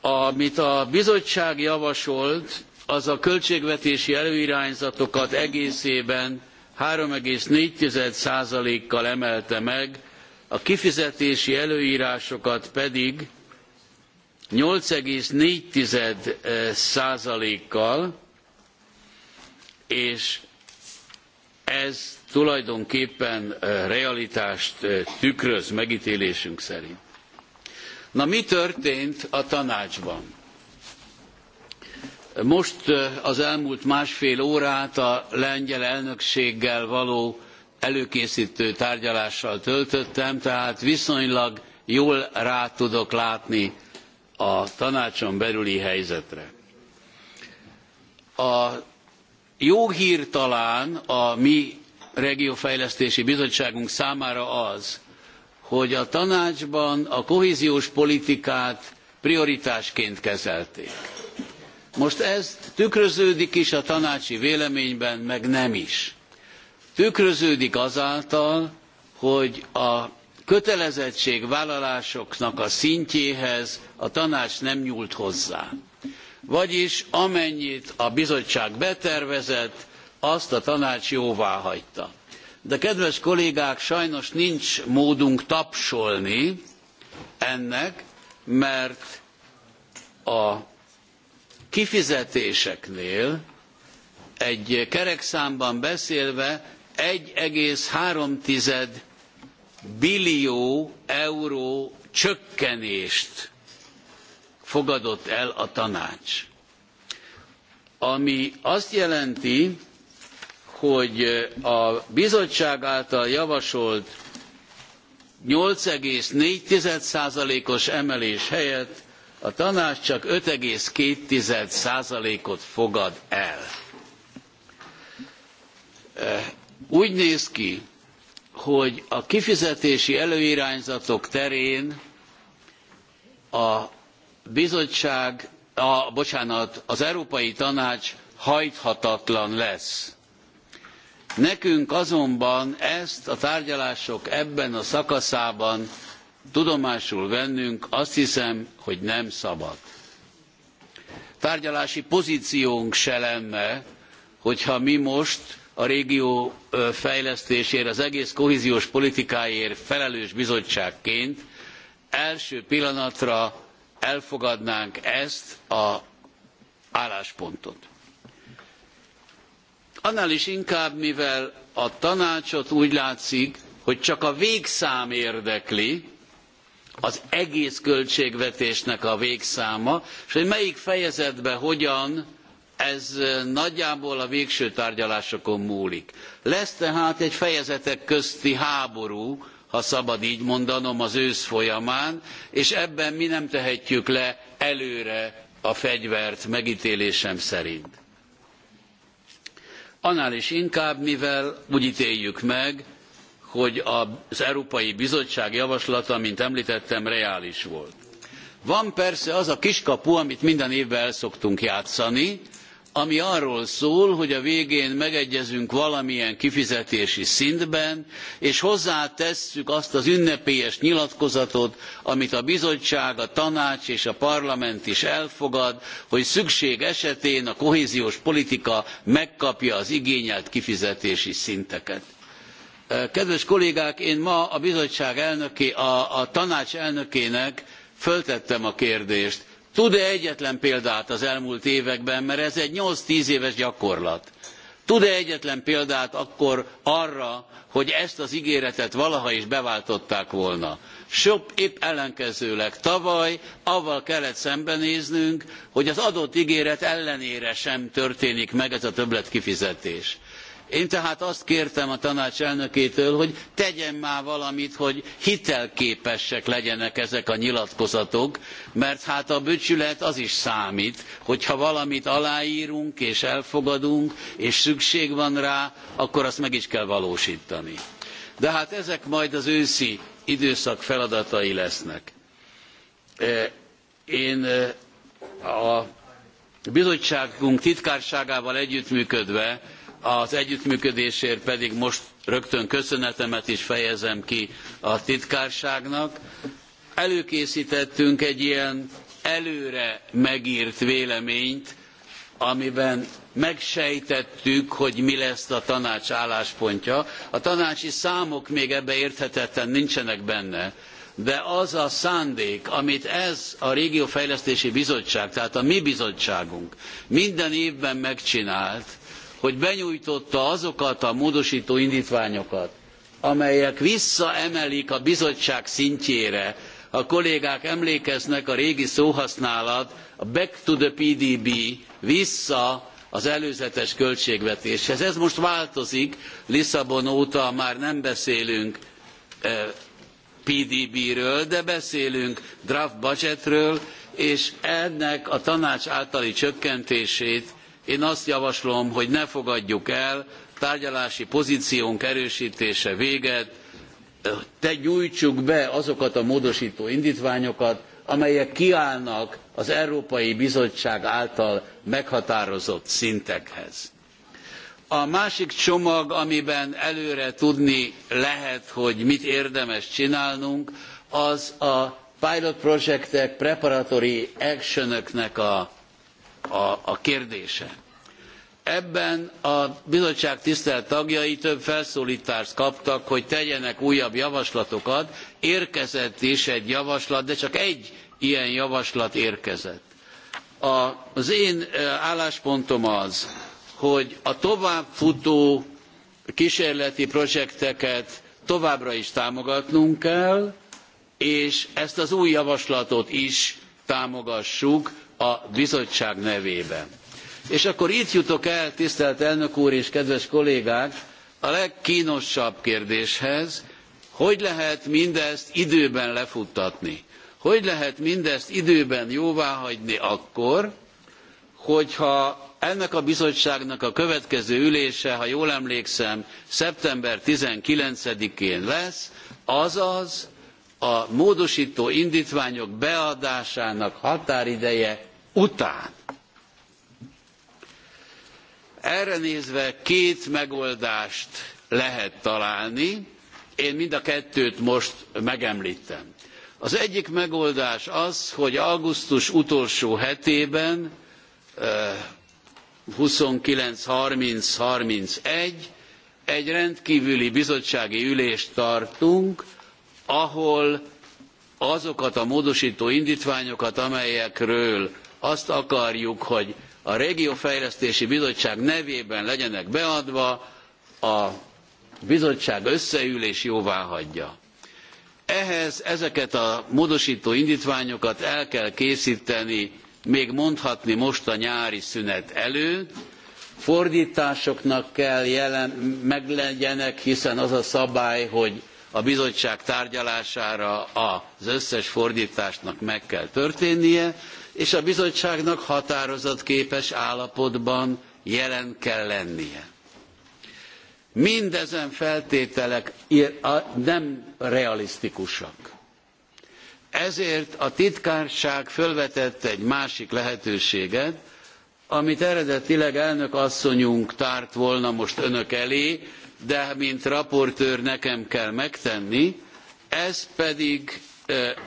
Amit a bizottság javasolt, az a költségvetési előirányzatokat egészében 3,4%-kal emelte meg, a kifizetési előírásokat pedig 8,4%-kal, és ez tulajdonképpen realitást tükröz megítélésünk szerint. Na mi történt a tanácsban? Most az elmúlt másfél órát a lengyel elnökséggel való előkészítő tárgyalással töltöttem, tehát viszonylag jól rá tudok látni a tanácson belüli helyzetre. A jó hír talán a mi regiófejlesztési bizottságunk számára az, hogy a tanácsban a kohéziós politikát prioritásként kezelték. Most ez tükröződik is a tanácsi véleményben, meg nem is. Tükröződik azáltal, hogy a kötelezettségvállalásoknak a szintjéhez a tanács nem nyúlt hozzá vagyis amennyit a bizottság betervezett, azt a tanács jóváhagyta. De kedves kollégák, sajnos nincs módunk tapsolni ennek, mert a kifizetéseknél egy kerekszámban beszélve 1,3 billió euró csökkenést fogadott el a tanács. Ami azt jelenti, hogy a bizottság által javasolt 8,4%-os emelés helyett a tanács csak 5,2%-ot fogad el. Úgy néz ki, hogy a kifizetési előirányzatok terén a bizottság, a, bocsánat, az Európai Tanács hajthatatlan lesz. Nekünk azonban ezt a tárgyalások ebben a szakaszában tudomásul vennünk azt hiszem, hogy nem szabad. Tárgyalási pozíciónk se lenne, hogyha mi most a régió fejlesztésért, az egész kohéziós politikáért felelős bizottságként első pillanatra elfogadnánk ezt az álláspontot. Annál is inkább, mivel a tanácsot úgy látszik, hogy csak a végszám érdekli, az egész költségvetésnek a végszáma, és hogy melyik fejezetben hogyan, ez nagyjából a végső tárgyalásokon múlik. Lesz tehát egy fejezetek közti háború ha szabad így mondanom, az ősz folyamán, és ebben mi nem tehetjük le előre a fegyvert megítélésem szerint. Annál is inkább, mivel úgy ítéljük meg, hogy az Európai Bizottság javaslata, mint említettem, reális volt. Van persze az a kiskapu, amit minden évben el szoktunk játszani, ami arról szól, hogy a végén megegyezünk valamilyen kifizetési szintben, és hozzátesszük azt az ünnepélyes nyilatkozatot, amit a bizottság, a tanács és a parlament is elfogad, hogy szükség esetén a kohéziós politika megkapja az igényelt kifizetési szinteket. Kedves kollégák, én ma a bizottság elnöké, a, a tanács elnökének föltettem a kérdést, tud e egyetlen példát az elmúlt években mert ez egy eight ten éves gyakorlat tud e egyetlen példát akkor arra hogy ezt az géretet valaha is beváltották volna? sőt épp ellenkezőleg tavaly avval kellett szembenéznünk hogy az adott géret ellenére sem történik meg ez a többletkifizetés én tehát azt kértem a tanács elnökétől hogy tegyen már valamit hogy hitelképesek legyenek ezek a nyilatkozatok mert hát a becsület az is számt hogyha valamit alárunk és elfogadunk és szükség van rá akkor azt meg is kell valóstani. de hát ezek majd az őszi időszak feladatai lesznek. E, én e, a bizottságunk titkárságával együttműködve az együttműködésért pedig most rögtön köszönetemet is fejezem ki a titkárságnak. Előkészítettünk egy ilyen előre megírt véleményt, amiben megsejtettük, hogy mi lesz a tanács álláspontja. A tanácsi számok még ebbe érthetetlen nincsenek benne, de az a szándék, amit ez a Régiófejlesztési Bizottság, tehát a mi bizottságunk minden évben megcsinált, hogy benyújtotta azokat a módosító indítványokat, amelyek visszaemelik a bizottság szintjére. A kollégák emlékeznek a régi szóhasználat, a back to the PDB, vissza az előzetes költségvetéshez. Ez most változik, Lisszabon óta már nem beszélünk eh, PDB-ről, de beszélünk draft budgetről, és ennek a tanács általi csökkentését én azt javaslom, hogy ne fogadjuk el, tárgyalási pozíciónk erősítése véget, te nyújtsuk be azokat a módostó indítványokat, amelyek kiállnak az Európai Bizottság által meghatározott szintekhez. A másik csomag, amiben előre tudni lehet, hogy mit érdemes csinálnunk, az a pilot projektek, preparatory actionöknek a, a, a kérdése ebben a bizottság tisztelt tagjai több felszóltást kaptak hogy tegyenek újabb javaslatokat érkezett is egy javaslat de csak egy ilyen javaslat érkezett. az én álláspontom az hogy a továbbfutó ksérleti projekteket továbbra is támogatnunk kell és ezt az új javaslatot is támogassuk a bizottság nevében és akkor itt jutok el, tisztelt elnök úr és kedves kollégák, a legkínosabb kérdéshez, hogy lehet mindezt időben lefuttatni? Hogy lehet mindezt időben jóváhagyni akkor, hogyha ennek a bizottságnak a következő ülése, ha jól emlékszem, szeptember 19-én lesz, azaz a módosító indítványok beadásának határideje után. Erre nézve két megoldást lehet találni, én mind a kettőt most megemlítem. Az egyik megoldás az, hogy augusztus utolsó hetében 29-30-31 eh, egy rendkívüli bizottsági ülést tartunk, ahol azokat a módosító indítványokat, amelyekről azt akarjuk, hogy a Régiófejlesztési Bizottság nevében legyenek beadva, a bizottság összeülés jóvá hagyja. Ehhez ezeket a módosító indítványokat el kell készíteni, még mondhatni most a nyári szünet előtt, fordításoknak kell jelen, meglegyenek, hiszen az a szabály, hogy a bizottság tárgyalására az összes fordításnak meg kell történnie, és a bizottságnak határozatképes állapotban jelen kell lennie. Mindezen feltételek nem realisztikusak. Ezért a titkárság fölvetett egy másik lehetőséget, amit eredetileg elnök asszonyunk tárt volna most önök elé, de mint raportőr nekem kell megtenni, ez pedig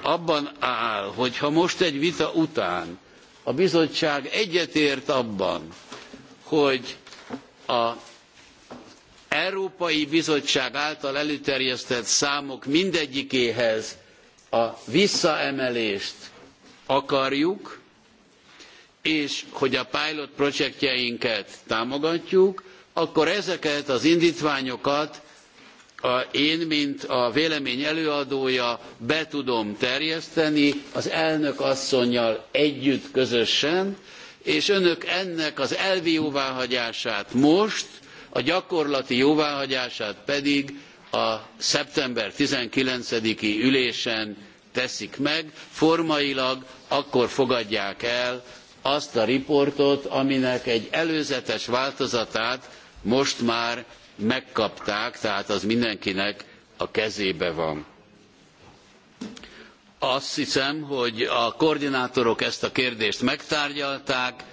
abban áll, hogy ha most egy vita után a bizottság egyetért abban, hogy a Európai Bizottság által előterjesztett számok mindegyikéhez a visszaemelést akarjuk, és hogy a pilot projektjeinket támogatjuk, akkor ezeket az indítványokat én, mint a vélemény előadója be tudom terjeszteni az elnök asszonynal együtt közösen, és önök ennek az elvi jóváhagyását most, a gyakorlati jóváhagyását pedig a szeptember 19-i ülésen teszik meg, formailag akkor fogadják el azt a riportot, aminek egy előzetes változatát most már megkapták, tehát az mindenkinek a kezébe van. Azt hiszem, hogy a koordinátorok ezt a kérdést megtárgyalták,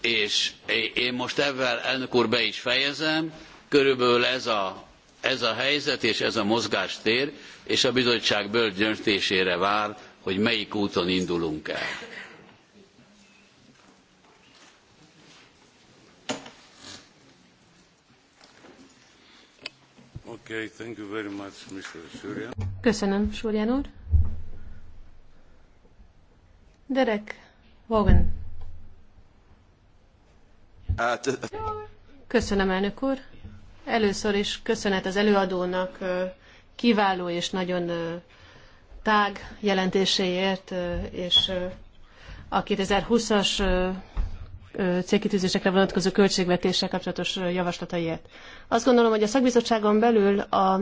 és én most ezzel, elnök úr, be is fejezem. Körülbelül ez a, ez a helyzet és ez a mozgástér, és a bizottság bölcs döntésére vár, hogy melyik úton indulunk el. Köszönöm, Suryan úr. Derek Vaughan. Hát, Köszönöm, elnök úr. Először is köszönet az előadónak kiváló és nagyon tág jelentéséért, és a 2020-as célkitűzésekre vonatkozó költségvetéssel kapcsolatos javaslataiért. Azt gondolom, hogy a szakbizottságon belül a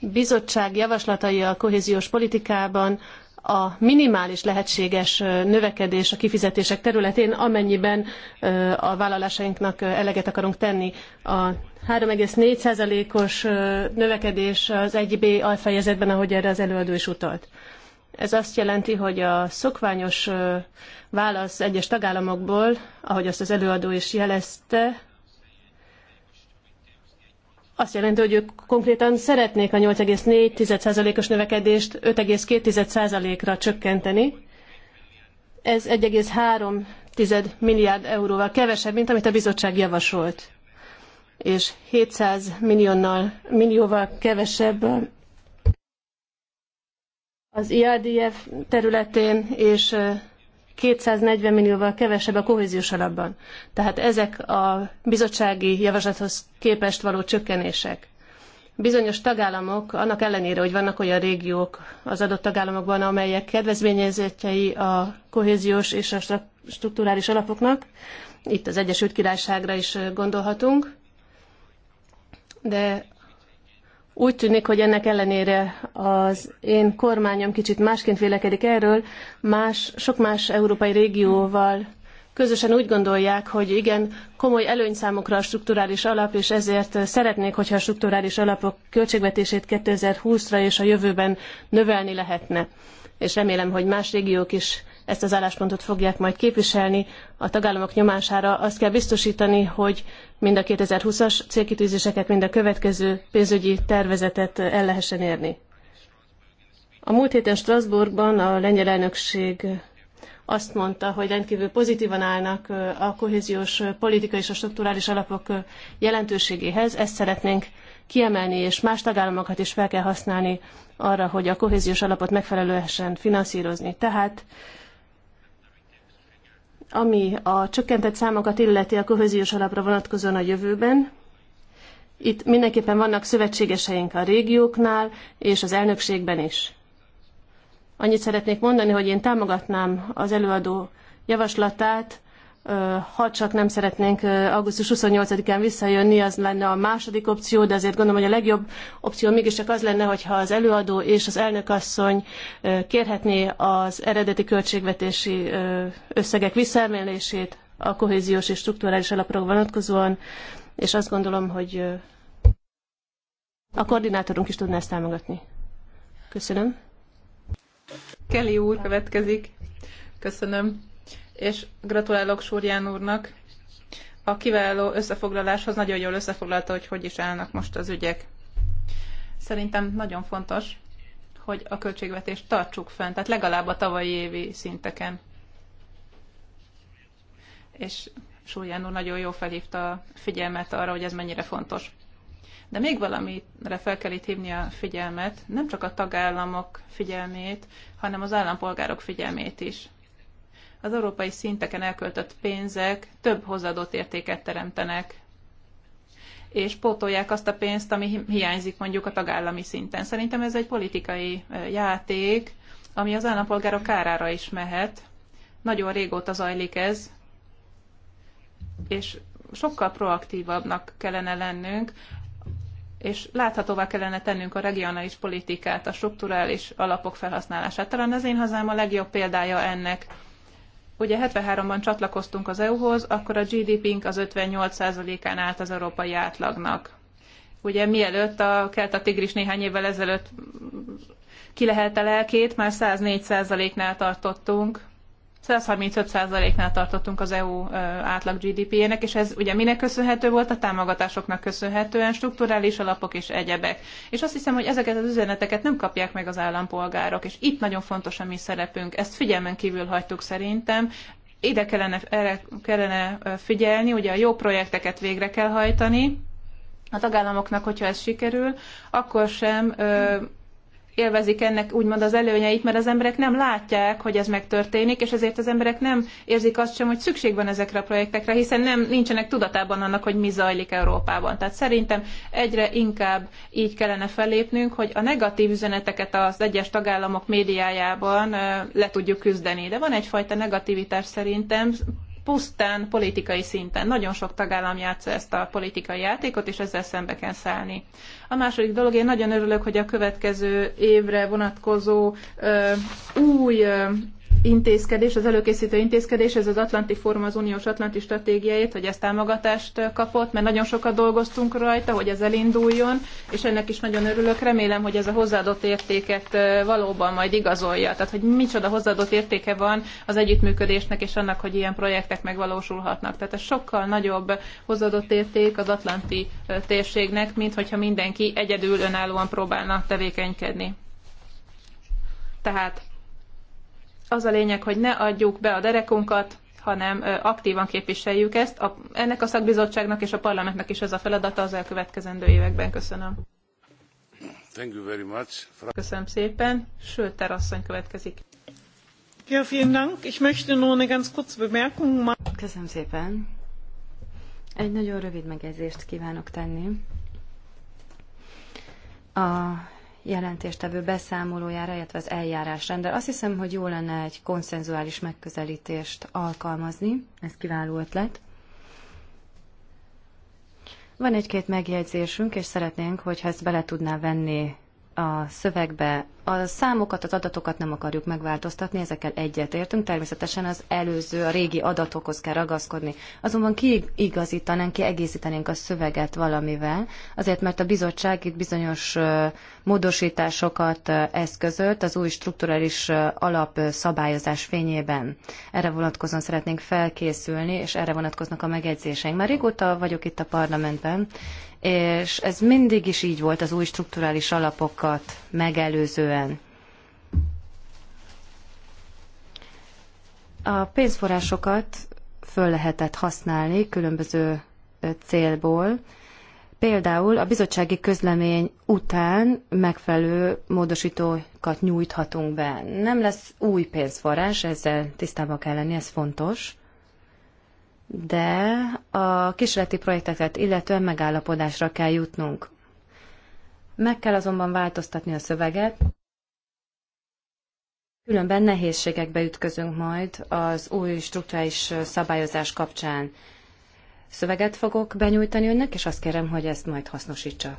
bizottság javaslatai a kohéziós politikában a minimális lehetséges növekedés a kifizetések területén, amennyiben a vállalásainknak eleget akarunk tenni. A 3,4%-os növekedés az 1B alfejezetben, ahogy erre az előadó is utalt. Ez azt jelenti, hogy a szokványos válasz egyes tagállamokból, ahogy azt az előadó is jelezte, azt jelenti, hogy ők konkrétan szeretnék a 8,4%-os növekedést 5,2%-ra csökkenteni. Ez 1,3 milliárd euróval kevesebb, mint amit a bizottság javasolt, és 700 milliónal, millióval kevesebb az IADF területén, és 240 millióval kevesebb a kohéziós alapban. Tehát ezek a bizottsági javaslathoz képest való csökkenések. Bizonyos tagállamok, annak ellenére, hogy vannak olyan régiók az adott tagállamokban, amelyek kedvezményezettjei a kohéziós és a strukturális alapoknak, itt az Egyesült Királyságra is gondolhatunk, de úgy tűnik, hogy ennek ellenére az én kormányom kicsit másként vélekedik erről, más, sok más európai régióval közösen úgy gondolják, hogy igen, komoly előny számukra a strukturális alap, és ezért szeretnék, hogyha a strukturális alapok költségvetését 2020-ra és a jövőben növelni lehetne. És remélem, hogy más régiók is ezt az álláspontot fogják majd képviselni. A tagállamok nyomására azt kell biztosítani, hogy mind a 2020-as célkitűzéseket, mind a következő pénzügyi tervezetet el lehessen érni. A múlt héten Strasbourgban a lengyel elnökség azt mondta, hogy rendkívül pozitívan állnak a kohéziós politika és a strukturális alapok jelentőségéhez. Ezt szeretnénk kiemelni, és más tagállamokat is fel kell használni arra, hogy a kohéziós alapot megfelelően finanszírozni. Tehát ami a csökkentett számokat illeti a kohéziós alapra vonatkozóan a jövőben, itt mindenképpen vannak szövetségeseink a régióknál és az elnökségben is. Annyit szeretnék mondani, hogy én támogatnám az előadó javaslatát ha csak nem szeretnénk augusztus 28-án visszajönni, az lenne a második opció, de azért gondolom, hogy a legjobb opció mégiscsak az lenne, hogyha az előadó és az elnökasszony kérhetné az eredeti költségvetési összegek visszaemelését a kohéziós és strukturális alapra vonatkozóan, és azt gondolom, hogy a koordinátorunk is tudná ezt támogatni. Köszönöm. Kelly úr következik. Köszönöm és gratulálok Súrján úrnak a kiváló összefoglaláshoz, nagyon jól összefoglalta, hogy hogy is állnak most az ügyek. Szerintem nagyon fontos, hogy a költségvetést tartsuk fent, tehát legalább a tavalyi évi szinteken. És Súlyán úr nagyon jól felhívta a figyelmet arra, hogy ez mennyire fontos. De még valamire fel kell itt hívni a figyelmet, nem csak a tagállamok figyelmét, hanem az állampolgárok figyelmét is az európai szinteken elköltött pénzek több hozadott értéket teremtenek és pótolják azt a pénzt, ami hiányzik mondjuk a tagállami szinten. Szerintem ez egy politikai játék, ami az állampolgárok kárára is mehet. Nagyon régóta zajlik ez, és sokkal proaktívabbnak kellene lennünk, és láthatóvá kellene tennünk a regionális politikát, a strukturális alapok felhasználását. Talán az én hazám a legjobb példája ennek ugye 73-ban csatlakoztunk az EU-hoz, akkor a GDP-nk az 58%-án állt az európai átlagnak. Ugye mielőtt a kelt a tigris néhány évvel ezelőtt kilehelte lelkét, már 104%-nál tartottunk, 135%-nál tartottunk az EU átlag GDP-jének, és ez ugye minek köszönhető volt? A támogatásoknak köszönhetően, strukturális alapok és egyebek. És azt hiszem, hogy ezeket az üzeneteket nem kapják meg az állampolgárok, és itt nagyon fontos a mi szerepünk. Ezt figyelmen kívül hagytuk szerintem, ide kellene, erre kellene figyelni, ugye a jó projekteket végre kell hajtani, a tagállamoknak, hogyha ez sikerül, akkor sem ö, élvezik ennek úgymond az előnyeit, mert az emberek nem látják, hogy ez megtörténik, és ezért az emberek nem érzik azt sem, hogy szükség van ezekre a projektekre, hiszen nem nincsenek tudatában annak, hogy mi zajlik Európában. Tehát szerintem egyre inkább így kellene fellépnünk, hogy a negatív üzeneteket az egyes tagállamok médiájában le tudjuk küzdeni. De van egyfajta negativitás szerintem, pusztán politikai szinten. Nagyon sok tagállam játsza ezt a politikai játékot, és ezzel szembe kell szállni. A második dolog, én nagyon örülök, hogy a következő évre vonatkozó ö, új ö, intézkedés, az előkészítő intézkedés, ez az Atlanti Forum az Uniós Atlanti Stratégiáját, hogy ezt támogatást kapott, mert nagyon sokat dolgoztunk rajta, hogy ez elinduljon, és ennek is nagyon örülök. Remélem, hogy ez a hozzáadott értéket valóban majd igazolja. Tehát, hogy micsoda hozzáadott értéke van az együttműködésnek és annak, hogy ilyen projektek megvalósulhatnak. Tehát ez sokkal nagyobb hozzáadott érték az Atlanti térségnek, mint hogyha mindenki egyedül önállóan próbálna tevékenykedni. Tehát az a lényeg, hogy ne adjuk be a derekunkat, hanem aktívan képviseljük ezt. A, ennek a szakbizottságnak és a parlamentnek is ez a feladata az elkövetkezendő években. Köszönöm. Thank you very much. Köszönöm szépen. Sőt, terasszony következik. Ja, vielen Dank. Ich möchte nur eine ganz kurze Bemerkung Köszönöm szépen. Egy nagyon rövid megjegyzést kívánok tenni. A jelentéstevő beszámolójára, illetve az eljárásrendre. Azt hiszem, hogy jó lenne egy konszenzuális megközelítést alkalmazni. Ez kiváló ötlet. Van egy-két megjegyzésünk, és szeretnénk, hogyha ezt bele tudná venni a szövegbe. A számokat, az adatokat nem akarjuk megváltoztatni, ezekkel egyetértünk. Természetesen az előző, a régi adatokhoz kell ragaszkodni. Azonban kiigazítanánk, kiegészítenénk a szöveget valamivel, azért mert a bizottság itt bizonyos módosításokat eszközölt az új strukturális alapszabályozás fényében. Erre vonatkozóan szeretnénk felkészülni, és erre vonatkoznak a megjegyzéseink. Már régóta vagyok itt a parlamentben, és ez mindig is így volt az új strukturális alapokat megelőzően. A pénzforrásokat föl lehetett használni különböző célból, Például a bizottsági közlemény után megfelelő módosítókat nyújthatunk be. Nem lesz új pénzforrás, ezzel tisztában kell lenni, ez fontos de a kísérleti projekteket illetően megállapodásra kell jutnunk. Meg kell azonban változtatni a szöveget, különben nehézségekbe ütközünk majd az új struktúrális szabályozás kapcsán. Szöveget fogok benyújtani önnek, és azt kérem, hogy ezt majd hasznosítsa.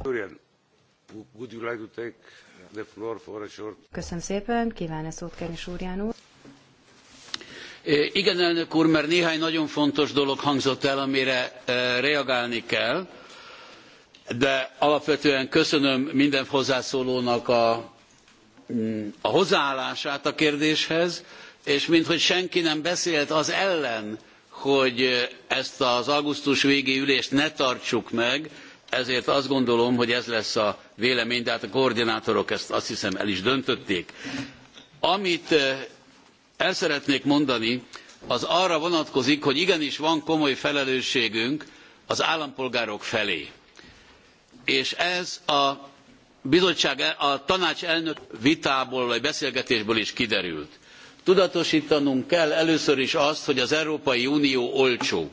Köszönöm szépen, kíván-e szót kérni Súrján úr? Igen, elnök úr, mert néhány nagyon fontos dolog hangzott el, amire reagálni kell, de alapvetően köszönöm minden hozzászólónak mm, a, hozzáállását a kérdéshez, és minthogy senki nem beszélt az ellen, hogy ezt az augusztus végi ülést ne tartsuk meg, ezért azt gondolom, hogy ez lesz a vélemény, de hát a koordinátorok ezt azt hiszem el is döntötték. Amit el szeretnék mondani az arra vonatkozik hogy igenis van komoly felelősségünk az állampolgárok felé és ez a bizottság a tanács elnök vitából vagy beszélgetésből is kiderült. tudatostanunk kell először is azt hogy az európai unió olcsó.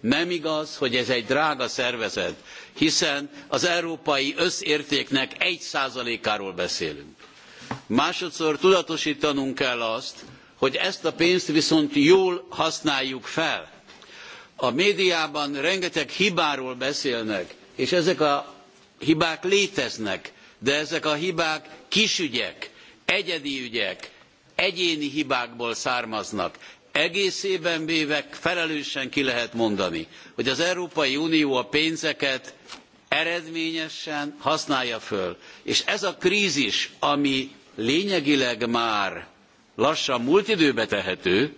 nem igaz hogy ez egy drága szervezet hiszen az európai összértéknek one százalékáról beszélünk. másodszor tudatostanunk kell azt hogy ezt a pénzt viszont jól használjuk fel. A médiában rengeteg hibáról beszélnek, és ezek a hibák léteznek, de ezek a hibák kisügyek, egyedi ügyek, egyéni hibákból származnak. Egészében véve felelősen ki lehet mondani, hogy az Európai Unió a pénzeket eredményesen használja föl. És ez a krízis, ami lényegileg már lassan múlt időbe tehető,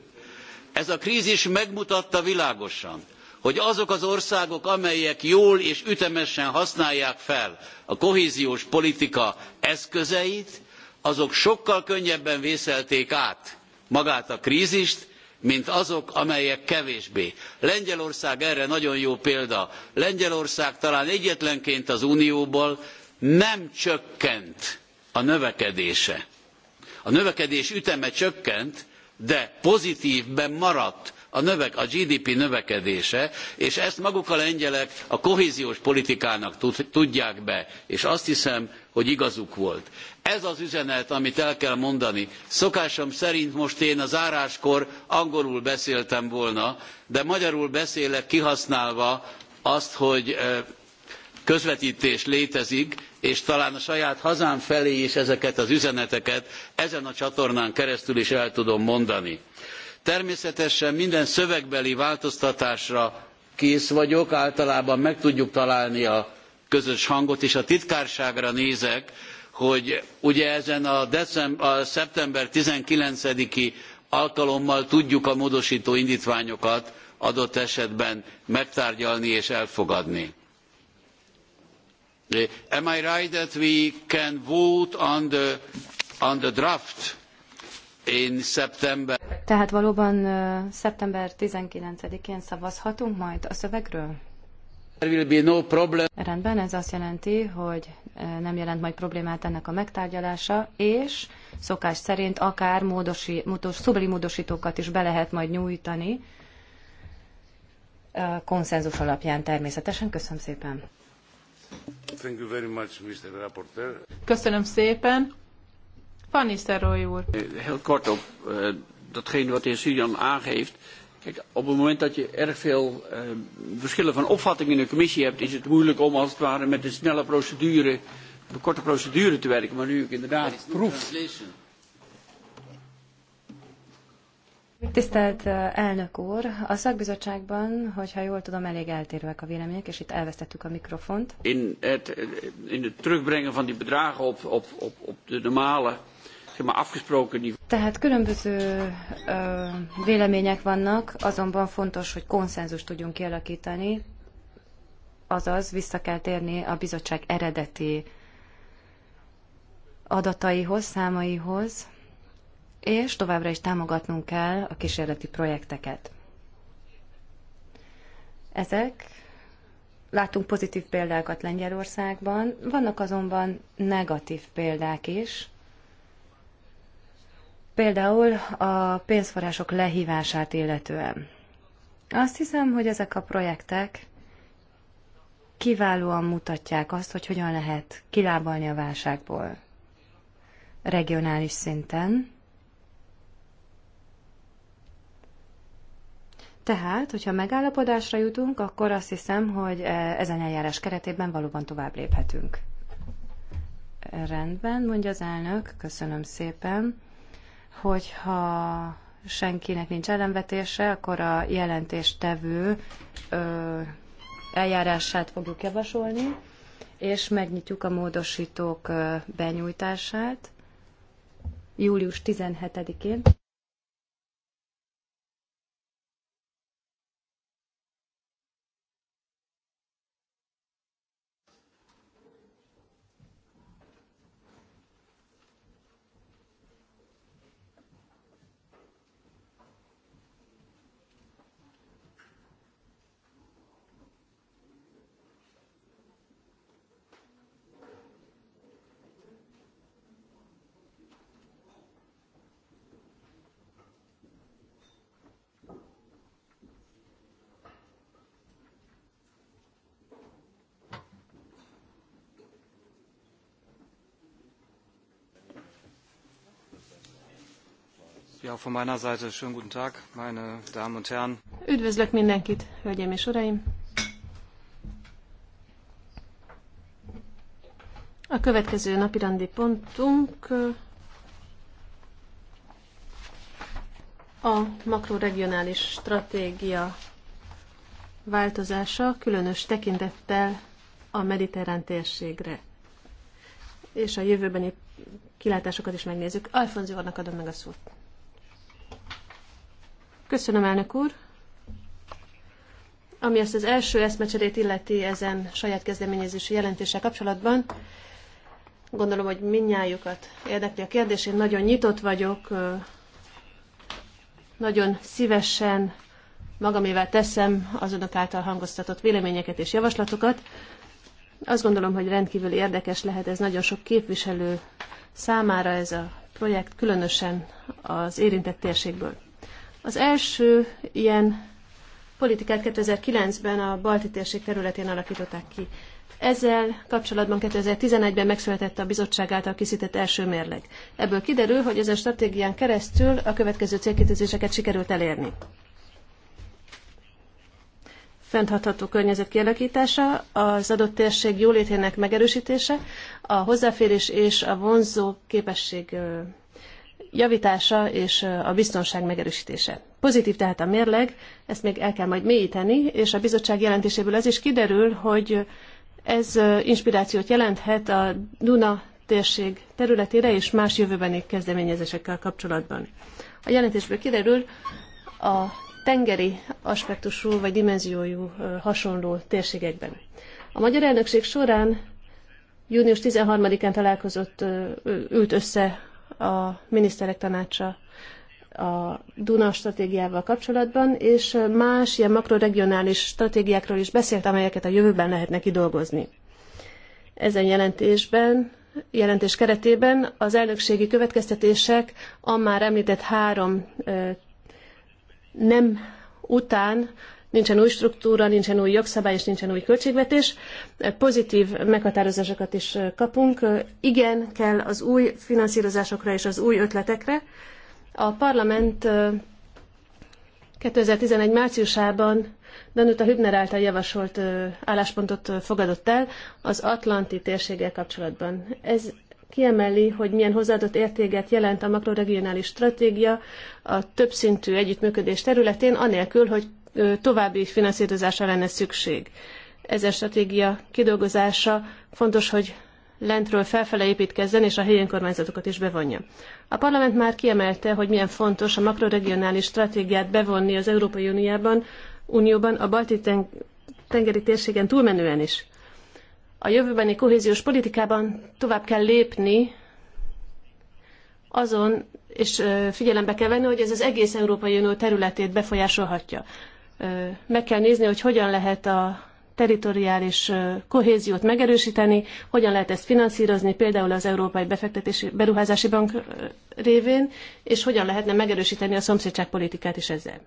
ez a krízis megmutatta világosan, hogy azok az országok, amelyek jól és ütemesen használják fel a kohéziós politika eszközeit, azok sokkal könnyebben vészelték át magát a krízist, mint azok, amelyek kevésbé. Lengyelország erre nagyon jó példa. Lengyelország talán egyetlenként az Unióból nem csökkent a növekedése a növekedés üteme csökkent, de pozitívben maradt a, növek, a GDP növekedése, és ezt maguk a lengyelek a kohéziós politikának tudják be, és azt hiszem, hogy igazuk volt. Ez az üzenet, amit el kell mondani. Szokásom szerint most én az áráskor angolul beszéltem volna, de magyarul beszélek kihasználva azt, hogy közvetítés létezik, és talán a saját hazám felé is ezeket az üzeneteket ezen a csatornán keresztül is el tudom mondani. Természetesen minden szövegbeli változtatásra kész vagyok, általában meg tudjuk találni a közös hangot, és a titkárságra nézek, hogy ugye ezen a, december, a szeptember 19-i alkalommal tudjuk a módosító indítványokat adott esetben megtárgyalni és elfogadni. Eh, am i right that we can vote on the, on the draft in september? Tehát valóban uh, szeptember 19-én szavazhatunk majd a szövegről? There will be no problem. Rendben, ez azt jelenti, hogy eh, nem jelent majd problémát ennek a megtárgyalása, és szokás szerint akár módosi, módos, szobeli módosítókat is be lehet majd nyújtani, konszenzus alapján természetesen. Köszönöm szépen! Thank you very much, Mr. Rapporteur. Köszönöm szépen. Van Nistelrooy úr. Heel kort op uh, datgene wat de heer Sudan aangeeft. Kijk, op het moment dat je erg veel uh, verschillen van opvatting in de commissie hebt, is het moeilijk om als het ware met een snelle procedure, een korte procedure te werken. Maar nu ik inderdaad proef Tisztelt elnök úr, a szakbizottságban, hogyha jól tudom, elég eltérőek a vélemények, és itt elvesztettük a mikrofont. In het, in het terugbrengen van die bedragen op, op, op, op de normale tehát különböző ö, vélemények vannak, azonban fontos, hogy konszenzus tudjunk kialakítani, azaz vissza kell térni a bizottság eredeti adataihoz, számaihoz és továbbra is támogatnunk kell a kísérleti projekteket. Ezek Látunk pozitív példákat Lengyelországban, vannak azonban negatív példák is. Például a pénzforrások lehívását illetően. Azt hiszem, hogy ezek a projektek kiválóan mutatják azt, hogy hogyan lehet kilábalni a válságból regionális szinten, Tehát, hogyha megállapodásra jutunk, akkor azt hiszem, hogy e, ezen eljárás keretében valóban tovább léphetünk. Rendben, mondja az elnök, köszönöm szépen. Hogyha senkinek nincs ellenvetése, akkor a jelentéstevő ö, eljárását fogjuk javasolni, és megnyitjuk a módosítók benyújtását július 17-én. von meiner Seite schönen guten Tag, meine Damen und Herren. Üdvözlök mindenkit, hölgyeim és uraim! A következő napirendi pontunk a makroregionális stratégia változása, különös tekintettel a mediterrán térségre. És a jövőbeni kilátásokat is megnézzük. Alfonzi adom meg a szót. Köszönöm, elnök úr. Ami ezt az első eszmecserét illeti ezen saját kezdeményezési jelentéssel kapcsolatban, gondolom, hogy minnyájukat érdekli a kérdés. Én nagyon nyitott vagyok, nagyon szívesen magamével teszem az önök által hangoztatott véleményeket és javaslatokat. Azt gondolom, hogy rendkívül érdekes lehet ez nagyon sok képviselő számára ez a projekt, különösen az érintett térségből. Az első ilyen politikát 2009-ben a Balti térség területén alakították ki. Ezzel kapcsolatban 2011-ben megszületett a bizottság által készített első mérleg. Ebből kiderül, hogy ezen stratégián keresztül a következő célkitűzéseket sikerült elérni. Fenntartható környezet kialakítása, az adott térség jólétének megerősítése, a hozzáférés és a vonzó képesség javítása és a biztonság megerősítése. Pozitív tehát a mérleg, ezt még el kell majd mélyíteni, és a bizottság jelentéséből ez is kiderül, hogy ez inspirációt jelenthet a Duna térség területére és más jövőbeni kezdeményezésekkel kapcsolatban. A jelentésből kiderül a tengeri aspektusú vagy dimenziójú hasonló térségekben. A magyar elnökség során június 13-án találkozott, ült össze a miniszterek tanácsa a Duna stratégiával kapcsolatban, és más ilyen makroregionális stratégiákról is beszélt, amelyeket a jövőben lehetne kidolgozni. Ezen jelentésben, jelentés keretében az elnökségi következtetések a már említett három nem után nincsen új struktúra, nincsen új jogszabály és nincsen új költségvetés. Pozitív meghatározásokat is kapunk. Igen, kell az új finanszírozásokra és az új ötletekre. A parlament 2011 márciusában Danuta Hübner által javasolt álláspontot fogadott el az Atlanti térséggel kapcsolatban. Ez kiemeli, hogy milyen hozzáadott értéket jelent a makroregionális stratégia a többszintű együttműködés területén, anélkül, hogy további finanszírozásra lenne szükség. Ezen stratégia kidolgozása fontos, hogy lentről felfele építkezzen, és a helyi önkormányzatokat is bevonja. A parlament már kiemelte, hogy milyen fontos a makroregionális stratégiát bevonni az Európai Uniában, Unióban a balti tengeri térségen túlmenően is. A jövőbeni kohéziós politikában tovább kell lépni azon, és figyelembe kell venni, hogy ez az egész Európai Unió területét befolyásolhatja meg kell nézni, hogy hogyan lehet a teritoriális kohéziót megerősíteni, hogyan lehet ezt finanszírozni, például az Európai Befektetési Beruházási Bank révén, és hogyan lehetne megerősíteni a szomszédságpolitikát is ezzel.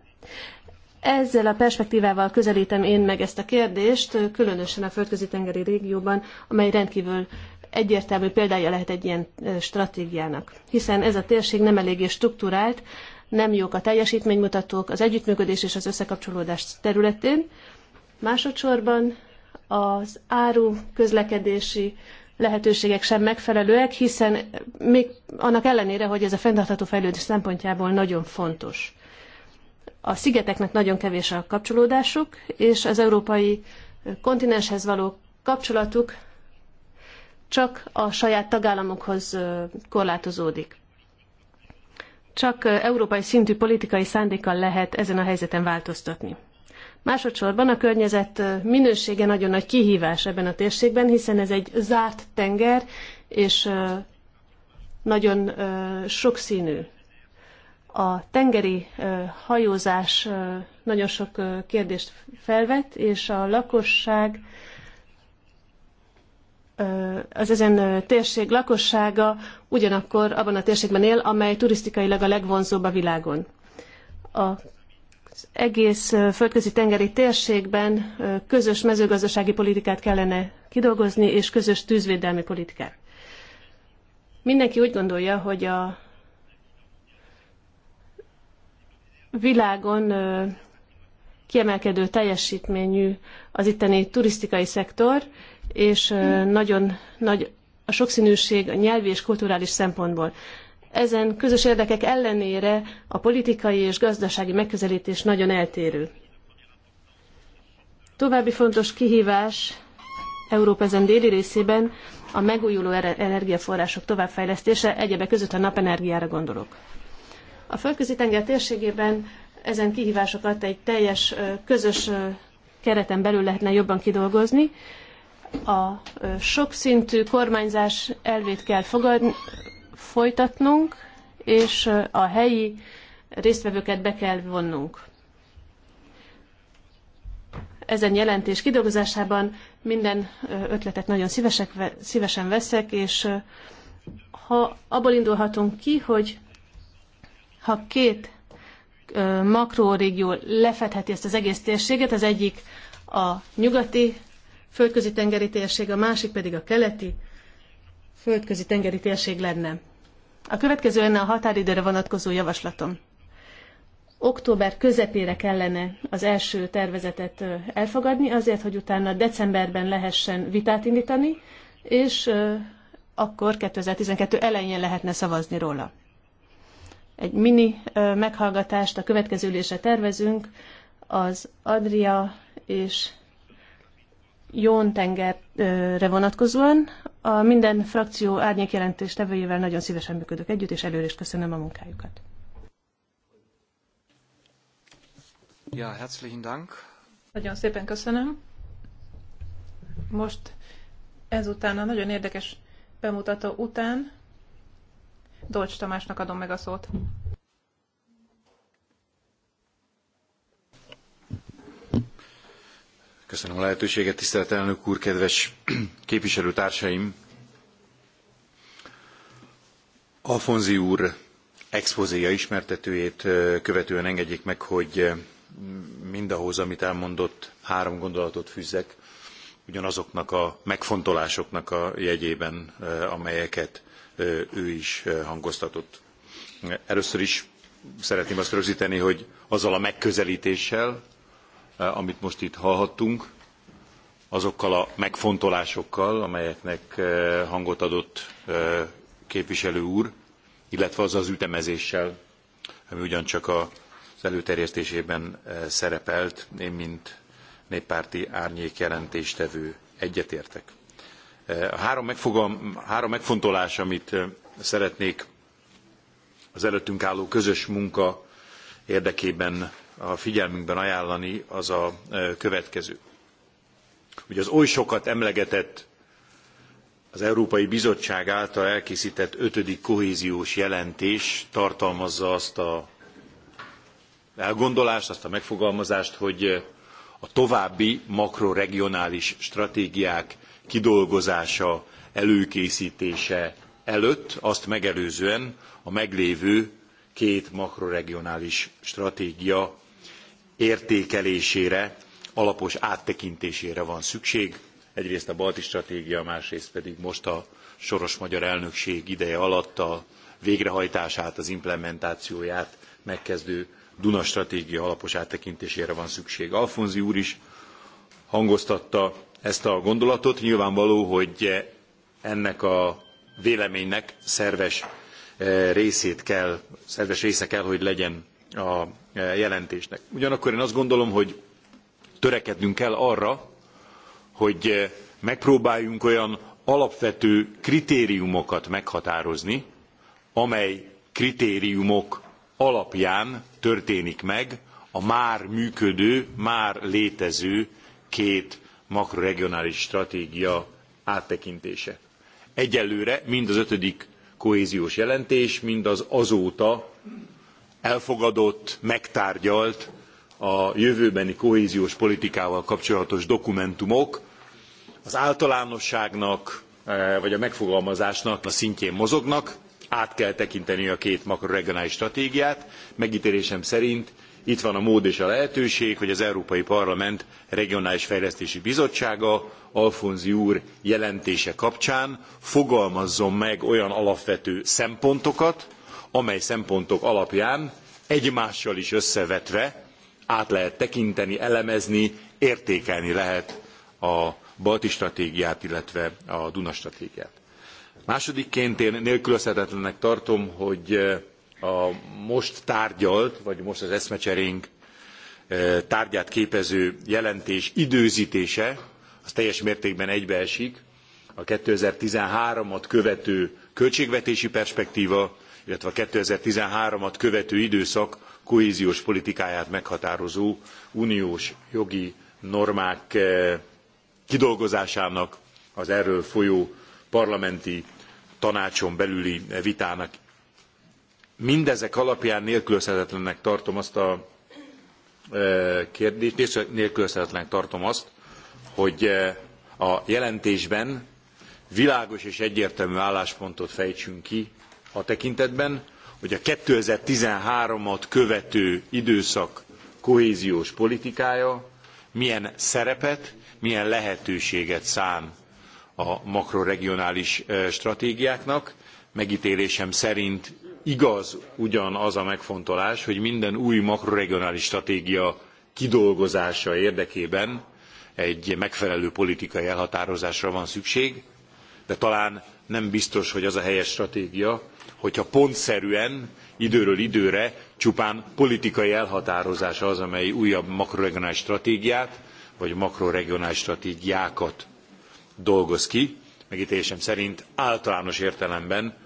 Ezzel a perspektívával közelítem én meg ezt a kérdést, különösen a földközi-tengeri régióban, amely rendkívül egyértelmű példája lehet egy ilyen stratégiának, hiszen ez a térség nem eléggé struktúrált, nem jók a teljesítménymutatók az együttműködés és az összekapcsolódás területén. Másodszorban az áru közlekedési lehetőségek sem megfelelőek, hiszen még annak ellenére, hogy ez a fenntartható fejlődés szempontjából nagyon fontos. A szigeteknek nagyon kevés a kapcsolódásuk, és az európai kontinenshez való kapcsolatuk csak a saját tagállamokhoz korlátozódik. Csak európai szintű politikai szándékkal lehet ezen a helyzeten változtatni. Másodszorban a környezet minősége nagyon nagy kihívás ebben a térségben, hiszen ez egy zárt tenger, és nagyon sokszínű. A tengeri hajózás nagyon sok kérdést felvet, és a lakosság az ezen térség lakossága ugyanakkor abban a térségben él, amely turisztikailag a legvonzóbb a világon. Az egész földközi tengeri térségben közös mezőgazdasági politikát kellene kidolgozni, és közös tűzvédelmi politikát. Mindenki úgy gondolja, hogy a világon kiemelkedő teljesítményű az itteni turisztikai szektor, és nagyon nagy a sokszínűség a nyelvi és kulturális szempontból. Ezen közös érdekek ellenére a politikai és gazdasági megközelítés nagyon eltérő. További fontos kihívás Európa ezen déli részében a megújuló er- energiaforrások továbbfejlesztése, egyebek között a napenergiára gondolok. A földközi tenger térségében ezen kihívásokat egy teljes közös kereten belül lehetne jobban kidolgozni, a sokszintű kormányzás elvét kell folytatnunk, és a helyi résztvevőket be kell vonnunk. Ezen jelentés kidolgozásában minden ötletet nagyon szívesek, szívesen veszek, és ha abból indulhatunk ki, hogy ha két makrórégió lefedheti ezt az egész térséget, az egyik a nyugati földközi tengeri térség, a másik pedig a keleti földközi tengeri térség lenne. A következő lenne a határidőre vonatkozó javaslatom. Október közepére kellene az első tervezetet elfogadni, azért, hogy utána decemberben lehessen vitát indítani, és akkor 2012 elején lehetne szavazni róla. Egy mini meghallgatást a következő ülésre tervezünk, az Adria és tengerre vonatkozóan. A minden frakció árnyékjelentés tevőjével nagyon szívesen működök együtt, és előre is köszönöm a munkájukat. Ja, herzlichen Dank. Nagyon szépen köszönöm. Most ezután a nagyon érdekes bemutató után Dolcs Tamásnak adom meg a szót. Köszönöm a lehetőséget, tisztelt elnök úr, kedves képviselőtársaim! Alfonzi úr expozéja ismertetőjét követően engedjék meg, hogy mindahhoz, amit elmondott, három gondolatot fűzzek, ugyanazoknak a megfontolásoknak a jegyében, amelyeket ő is hangoztatott. Először is szeretném azt rögzíteni, hogy azzal a megközelítéssel, Eh, amit most itt hallhattunk, azokkal a megfontolásokkal, amelyeknek eh, hangot adott eh, képviselő úr, illetve az az ütemezéssel, ami ugyancsak az előterjesztésében szerepelt, én mint néppárti árnyék jelentéstevő egyetértek. A három, megfogam, három megfontolás, amit szeretnék az előttünk álló közös munka érdekében a figyelmünkben ajánlani, az a következő. hogy az oly sokat emlegetett az Európai Bizottság által elkészített ötödik kohéziós jelentés tartalmazza azt a elgondolást, azt a megfogalmazást, hogy a további makroregionális stratégiák kidolgozása, előkészítése előtt, azt megelőzően a meglévő két makroregionális stratégia értékelésére, alapos áttekintésére van szükség. Egyrészt a balti stratégia, másrészt pedig most a soros magyar elnökség ideje alatt a végrehajtását, az implementációját megkezdő Duna stratégia alapos áttekintésére van szükség. Alfonzi úr is hangoztatta ezt a gondolatot. Nyilvánvaló, hogy ennek a véleménynek szerves eh, részét kell, szerves része kell, hogy legyen a E, jelentésnek. Ugyanakkor én azt gondolom, hogy törekednünk kell arra, hogy e, megpróbáljunk olyan alapvető kritériumokat meghatározni, amely kritériumok alapján történik meg a már működő, már létező két makroregionális stratégia áttekintése. Egyelőre mind az ötödik kohéziós jelentés, mind az azóta elfogadott, megtárgyalt a jövőbeni kohéziós politikával kapcsolatos dokumentumok az általánosságnak eh, vagy a megfogalmazásnak a szintjén mozognak, át kell tekinteni a két makroregionális stratégiát. Megítélésem szerint itt van a mód és a lehetőség, hogy az Európai Parlament Regionális Fejlesztési Bizottsága Alfonzi úr jelentése kapcsán fogalmazzon meg olyan alapvető szempontokat, amely szempontok alapján egymással is összevetve át lehet tekinteni, elemezni, értékelni lehet a balti stratégiát, illetve a Duna stratégiát. Másodikként én nélkülözhetetlennek tartom, hogy eh, a most tárgyalt, vagy most az eszmecserénk eh, tárgyát képező jelentés időzítése, az teljes mértékben egybeesik a 2013-at követő költségvetési perspektíva, illetve a 2013-at követő időszak kohéziós politikáját meghatározó uniós jogi normák eh, kidolgozásának, az erről folyó parlamenti tanácson belüli vitának. Mindezek alapján nélkülözhetetlennek tartom azt a eh, kérdést, nélkülözhetetlennek tartom azt, hogy eh, a jelentésben világos és egyértelmű álláspontot fejtsünk ki a tekintetben, hogy a 2013-at követő időszak kohéziós politikája milyen szerepet, milyen lehetőséget szán a makroregionális stratégiáknak. Megítélésem szerint igaz ugyan az a megfontolás, hogy minden új makroregionális stratégia kidolgozása érdekében egy megfelelő politikai elhatározásra van szükség, de talán nem biztos, hogy az a helyes stratégia, hogyha pontszerűen, időről időre csupán politikai elhatározása az, amely újabb makroregionális stratégiát, vagy makroregionális stratégiákat dolgoz ki. Megítélésem szerint általános értelemben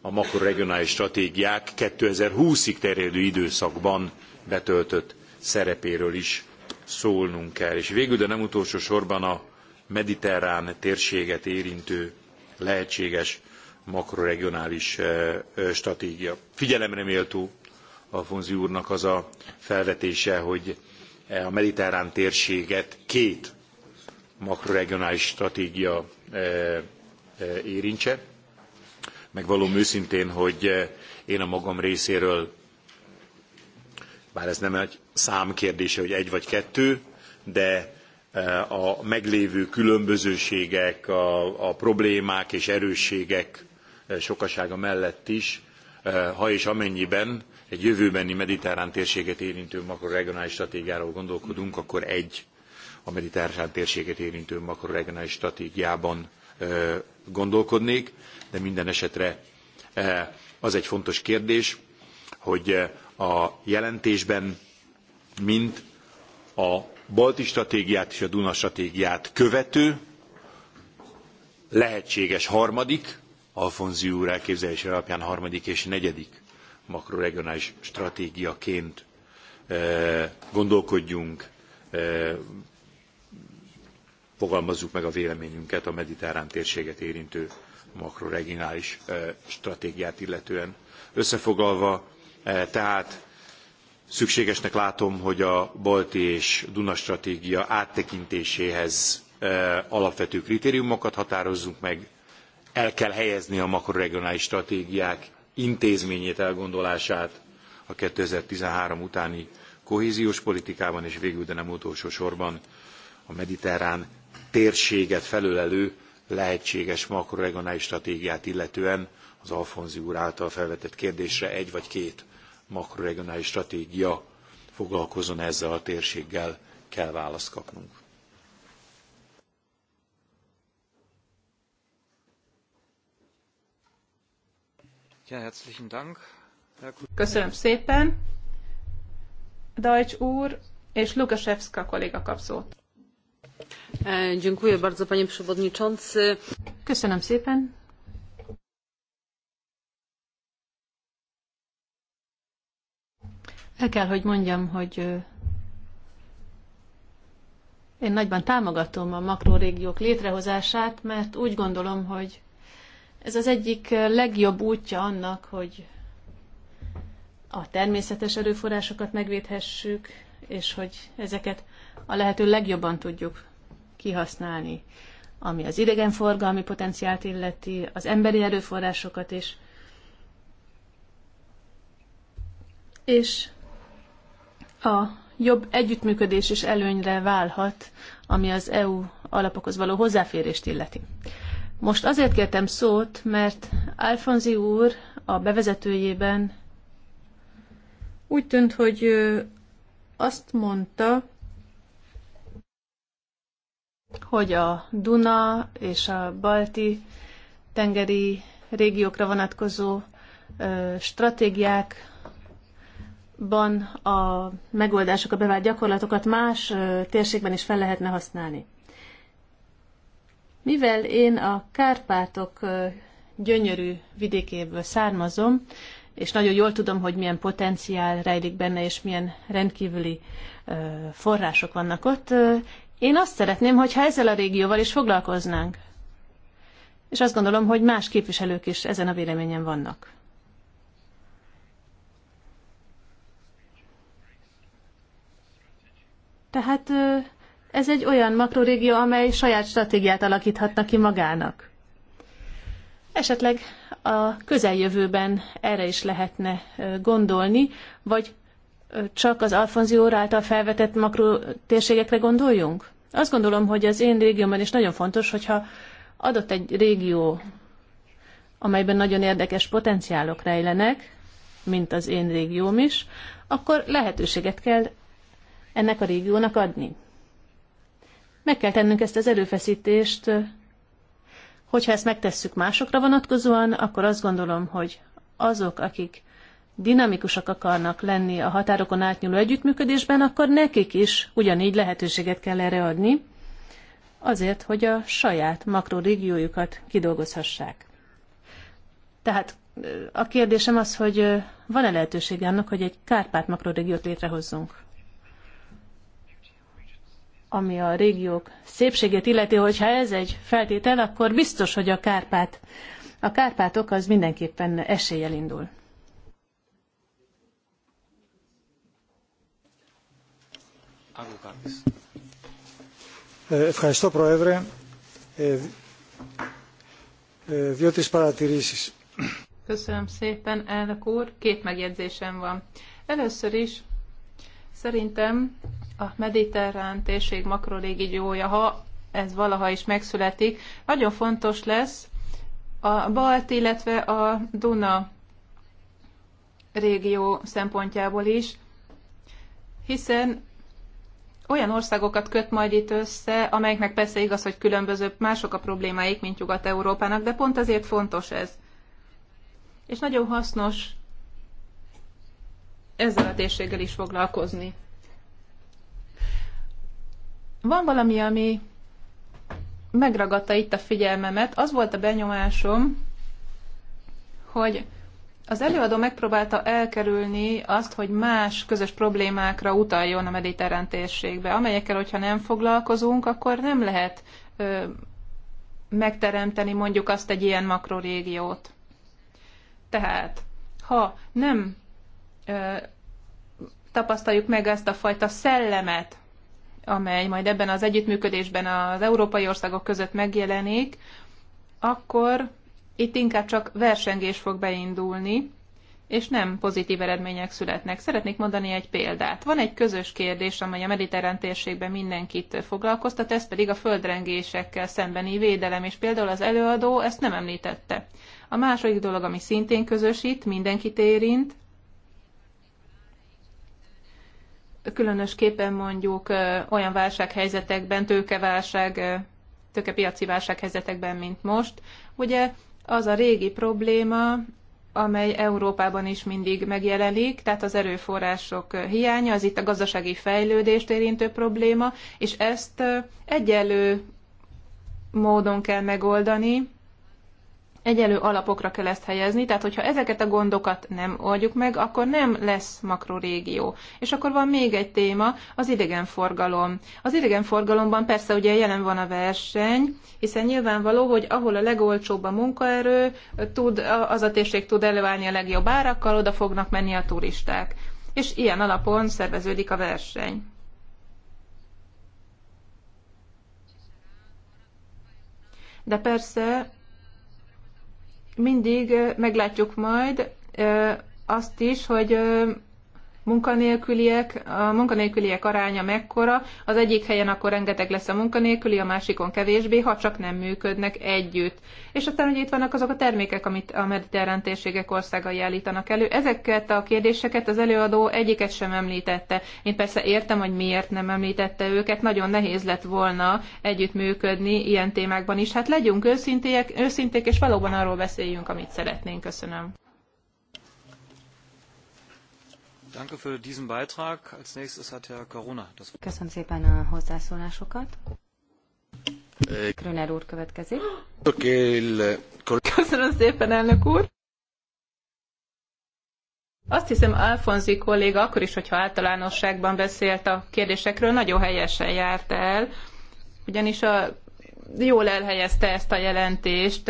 a makroregionális stratégiák 2020-ig terjedő időszakban betöltött szerepéről is szólnunk kell. És végül, de nem utolsó sorban a mediterrán térséget érintő lehetséges makroregionális stratégia. Figyelemre méltó Alfonzi úrnak az a felvetése, hogy e a mediterrán térséget két makroregionális stratégia érintse. Megvalom őszintén, hogy én a magam részéről, bár ez nem egy kérdése, hogy egy vagy kettő, de a meglévő különbözőségek, a, a problémák és erősségek eh, sokasága mellett is, eh, ha és amennyiben egy jövőbeni mediterrán térséget érintő makroregionális stratégiáról gondolkodunk, akkor egy a mediterrán térséget érintő makroregionális stratégiában eh, gondolkodnék, de minden esetre az egy fontos kérdés, hogy a jelentésben mind a balti stratégiát és a Duna stratégiát követő lehetséges harmadik, Alfonzi úr elképzelése alapján harmadik és negyedik makroregionális stratégiaként e, gondolkodjunk, e, fogalmazzuk meg a véleményünket a mediterrán térséget érintő makroregionális e, stratégiát illetően. Összefoglalva tehát Szükségesnek látom, hogy a balti és Duna stratégia áttekintéséhez e, alapvető kritériumokat határozzunk meg, el kell helyezni a makroregionális stratégiák intézményét, elgondolását a 2013 utáni kohéziós politikában, és végül, de nem utolsó sorban a mediterrán térséget felölelő lehetséges makroregionális stratégiát illetően az Alfonzi úr által felvetett kérdésre egy vagy két makroregionális stratégia foglalkozon ezzel a térséggel, kell választ kapnunk. Köszönöm szépen. Dajcs úr és Lukaszewska kolléga kap szót. E, dziękuję bardzo, panie przewodniczący. Köszönöm szépen, El kell, hogy mondjam, hogy én nagyban támogatom a makrorégiók létrehozását, mert úgy gondolom, hogy ez az egyik legjobb útja annak, hogy a természetes erőforrásokat megvédhessük, és hogy ezeket a lehető legjobban tudjuk kihasználni, ami az idegenforgalmi potenciált illeti, az emberi erőforrásokat is. És a jobb együttműködés is előnyre válhat, ami az EU alapokhoz való hozzáférést illeti. Most azért kértem szót, mert Alfonzi úr a bevezetőjében úgy tűnt, hogy azt mondta, hogy a Duna és a Balti tengeri régiókra vonatkozó stratégiák ban a megoldások, a bevált gyakorlatokat más térségben is fel lehetne használni. Mivel én a Kárpátok gyönyörű vidékéből származom, és nagyon jól tudom, hogy milyen potenciál rejlik benne, és milyen rendkívüli források vannak ott, én azt szeretném, hogyha ezzel a régióval is foglalkoznánk. És azt gondolom, hogy más képviselők is ezen a véleményen vannak. Tehát ez egy olyan makrorégió, amely saját stratégiát alakíthatna ki magának. Esetleg a közeljövőben erre is lehetne gondolni, vagy csak az Alfonzi óra által felvetett makrotérségekre gondoljunk? Azt gondolom, hogy az én régiómban is nagyon fontos, hogyha adott egy régió, amelyben nagyon érdekes potenciálok rejlenek, mint az én régióm is, akkor lehetőséget kell ennek a régiónak adni. Meg kell tennünk ezt az erőfeszítést, hogyha ezt megtesszük másokra vonatkozóan, akkor azt gondolom, hogy azok, akik dinamikusak akarnak lenni a határokon átnyúló együttműködésben, akkor nekik is ugyanígy lehetőséget kell erre adni, azért, hogy a saját makrorégiójukat kidolgozhassák. Tehát a kérdésem az, hogy van-e lehetőség annak, hogy egy Kárpát makrorégiót létrehozzunk? ami a régiók szépségét illeti, hogyha ez egy feltétel, akkor biztos, hogy a Kárpát, a Kárpátok az mindenképpen eséllyel indul. Ευχαριστώ, Πρόεδρε. Δύο-τρεις παρατηρήσεις. Köszönöm szépen, elnök úr. Két megjegyzésem van. Először is szerintem a mediterrán térség makrorégiója, ha ez valaha is megszületik, nagyon fontos lesz a Balt, illetve a Duna régió szempontjából is, hiszen olyan országokat köt majd itt össze, amelyeknek persze igaz, hogy különböző mások a problémáik, mint Nyugat-Európának, de pont azért fontos ez. És nagyon hasznos ezzel a térséggel is foglalkozni. Van valami, ami megragadta itt a figyelmemet. Az volt a benyomásom, hogy az előadó megpróbálta elkerülni azt, hogy más közös problémákra utaljon a mediterrán térségbe, amelyekkel, hogyha nem foglalkozunk, akkor nem lehet ö, megteremteni mondjuk azt egy ilyen makrorégiót. Tehát, ha nem ö, tapasztaljuk meg ezt a fajta szellemet, amely majd ebben az együttműködésben az európai országok között megjelenik, akkor itt inkább csak versengés fog beindulni, és nem pozitív eredmények születnek. Szeretnék mondani egy példát. Van egy közös kérdés, amely a mediterrán térségben mindenkit foglalkoztat, ez pedig a földrengésekkel szembeni védelem, és például az előadó ezt nem említette. A második dolog, ami szintén közösít, mindenkit érint, különösképpen mondjuk olyan válsághelyzetekben, tőkeválság, tőkepiaci válsághelyzetekben, mint most, ugye az a régi probléma, amely Európában is mindig megjelenik, tehát az erőforrások hiánya, az itt a gazdasági fejlődést érintő probléma, és ezt egyelő módon kell megoldani, egyelő alapokra kell ezt helyezni, tehát hogyha ezeket a gondokat nem oldjuk meg, akkor nem lesz makrorégió. És akkor van még egy téma, az idegenforgalom. Az idegenforgalomban persze ugye jelen van a verseny, hiszen nyilvánvaló, hogy ahol a legolcsóbb a munkaerő, tud, az a térség tud előállni a legjobb árakkal, oda fognak menni a turisták. És ilyen alapon szerveződik a verseny. De persze mindig meglátjuk majd azt is, hogy munkanélküliek, a munkanélküliek aránya mekkora, az egyik helyen akkor rengeteg lesz a munkanélküli, a másikon kevésbé, ha csak nem működnek együtt. És aztán ugye itt vannak azok a termékek, amit a mediterrán térségek országai állítanak elő. Ezeket a kérdéseket az előadó egyiket sem említette. Én persze értem, hogy miért nem említette őket, nagyon nehéz lett volna együtt működni ilyen témákban is. Hát legyünk őszinték, őszinték és valóban arról beszéljünk, amit szeretnénk. Köszönöm. Danke für diesen Beitrag. Als nächstes hat Herr Corona das Wort. Köszönöm szépen a hozzászólásokat. Kröner úr következik. Köszönöm szépen, elnök úr. Azt hiszem, Alfonzi kolléga akkor is, hogyha általánosságban beszélt a kérdésekről, nagyon helyesen járt el, ugyanis a jól elhelyezte ezt a jelentést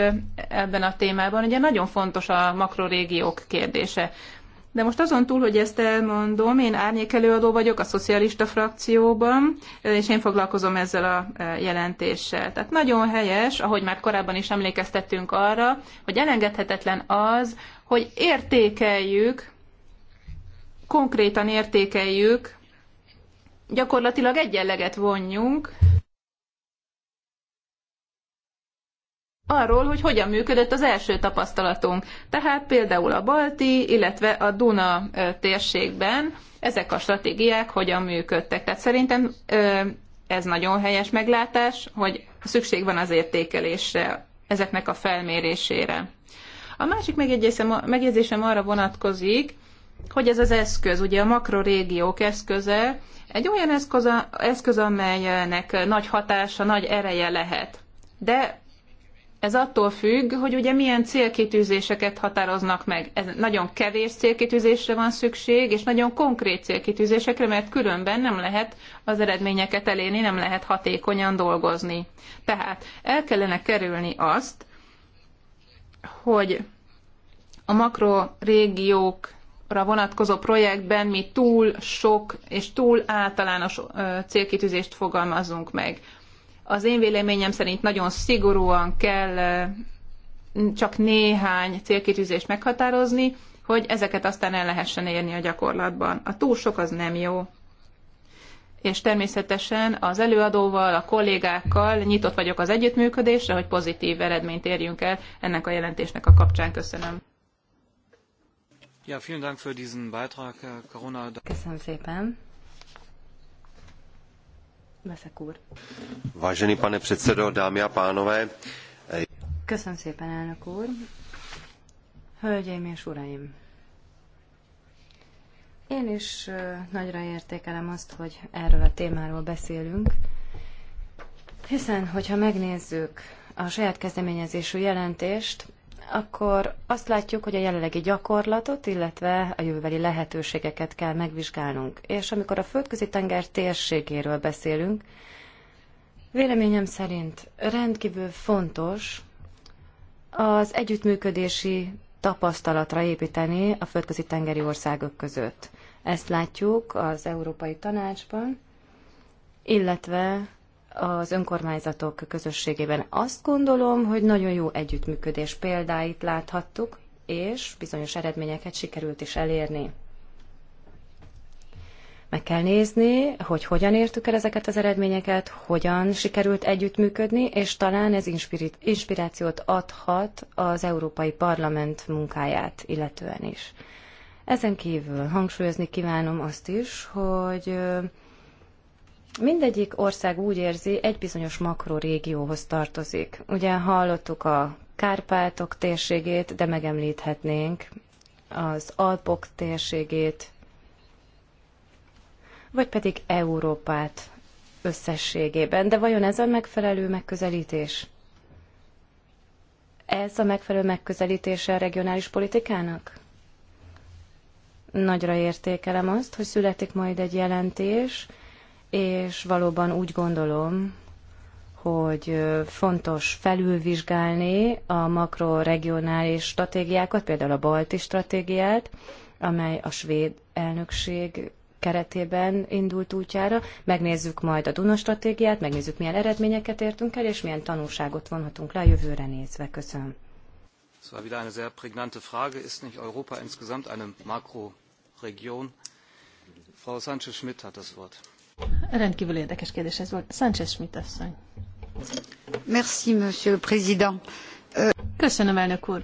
ebben a témában. Ugye nagyon fontos a makrorégiók kérdése. De most azon túl, hogy ezt elmondom, én árnyékelőadó vagyok a szocialista frakcióban, és én foglalkozom ezzel a e, jelentéssel. Tehát nagyon helyes, ahogy már korábban is emlékeztettünk arra, hogy elengedhetetlen az, hogy értékeljük, konkrétan értékeljük, gyakorlatilag egyenleget vonjunk arról, hogy hogyan működött az első tapasztalatunk. Tehát például a Balti, illetve a Duna térségben ezek a stratégiák hogyan működtek. Tehát szerintem ez nagyon helyes meglátás, hogy szükség van az értékelésre, ezeknek a felmérésére. A másik megjegyzésem, megjegyzésem arra vonatkozik, hogy ez az eszköz, ugye a makrorégiók eszköze, egy olyan eszköz, eszköz, amelynek nagy hatása, nagy ereje lehet. De ez attól függ, hogy ugye milyen célkitűzéseket határoznak meg. Ez nagyon kevés célkitűzésre van szükség, és nagyon konkrét célkitűzésekre, mert különben nem lehet az eredményeket elérni, nem lehet hatékonyan dolgozni. Tehát el kellene kerülni azt, hogy a makrorégiók ra vonatkozó projektben mi túl sok és túl általános célkitűzést fogalmazunk meg. Az én véleményem szerint nagyon szigorúan kell csak néhány célkitűzést meghatározni, hogy ezeket aztán el lehessen érni a gyakorlatban. A túl sok az nem jó. És természetesen az előadóval, a kollégákkal nyitott vagyok az együttműködésre, hogy pozitív eredményt érjünk el ennek a jelentésnek a kapcsán. Köszönöm. Ja, vielen Dank für diesen Beitrag, Corona. Köszönöm szépen úr. Vážený pane předsedo, dámy a pánové. Köszönöm szépen, elnök úr. Hölgyeim és uraim! Én is nagyra értékelem azt, hogy erről a témáról beszélünk, hiszen, hogyha megnézzük a saját kezdeményezésű jelentést, akkor azt látjuk, hogy a jelenlegi gyakorlatot, illetve a jövőbeli lehetőségeket kell megvizsgálnunk. És amikor a földközi tenger térségéről beszélünk, véleményem szerint rendkívül fontos az együttműködési tapasztalatra építeni a földközi tengeri országok között. Ezt látjuk az Európai Tanácsban, illetve az önkormányzatok közösségében. Azt gondolom, hogy nagyon jó együttműködés példáit láthattuk, és bizonyos eredményeket sikerült is elérni. Meg kell nézni, hogy hogyan értük el ezeket az eredményeket, hogyan sikerült együttműködni, és talán ez inspirációt adhat az Európai Parlament munkáját illetően is. Ezen kívül hangsúlyozni kívánom azt is, hogy mindegyik ország úgy érzi, egy bizonyos makrorégióhoz tartozik. Ugye hallottuk a Kárpátok térségét, de megemlíthetnénk az Alpok térségét, vagy pedig Európát összességében. De vajon ez a megfelelő megközelítés? Ez a megfelelő megközelítése a regionális politikának? Nagyra értékelem azt, hogy születik majd egy jelentés, és valóban úgy gondolom, hogy fontos felülvizsgálni a makroregionális stratégiákat, például a balti stratégiát, amely a svéd elnökség keretében indult útjára. Megnézzük majd a Duna stratégiát, megnézzük milyen eredményeket értünk el, és milyen tanulságot vonhatunk le a jövőre nézve. Köszönöm. Szóval war wieder eine sehr prägnante Frage. Ist nicht Europa insgesamt eine Makroregion? Frau sánchez schmidt hat das Wort. Rendkívül érdekes kérdés ez volt. Sánchez Schmidt asszony. Merci, monsieur le président. Köszönöm, elnök úr.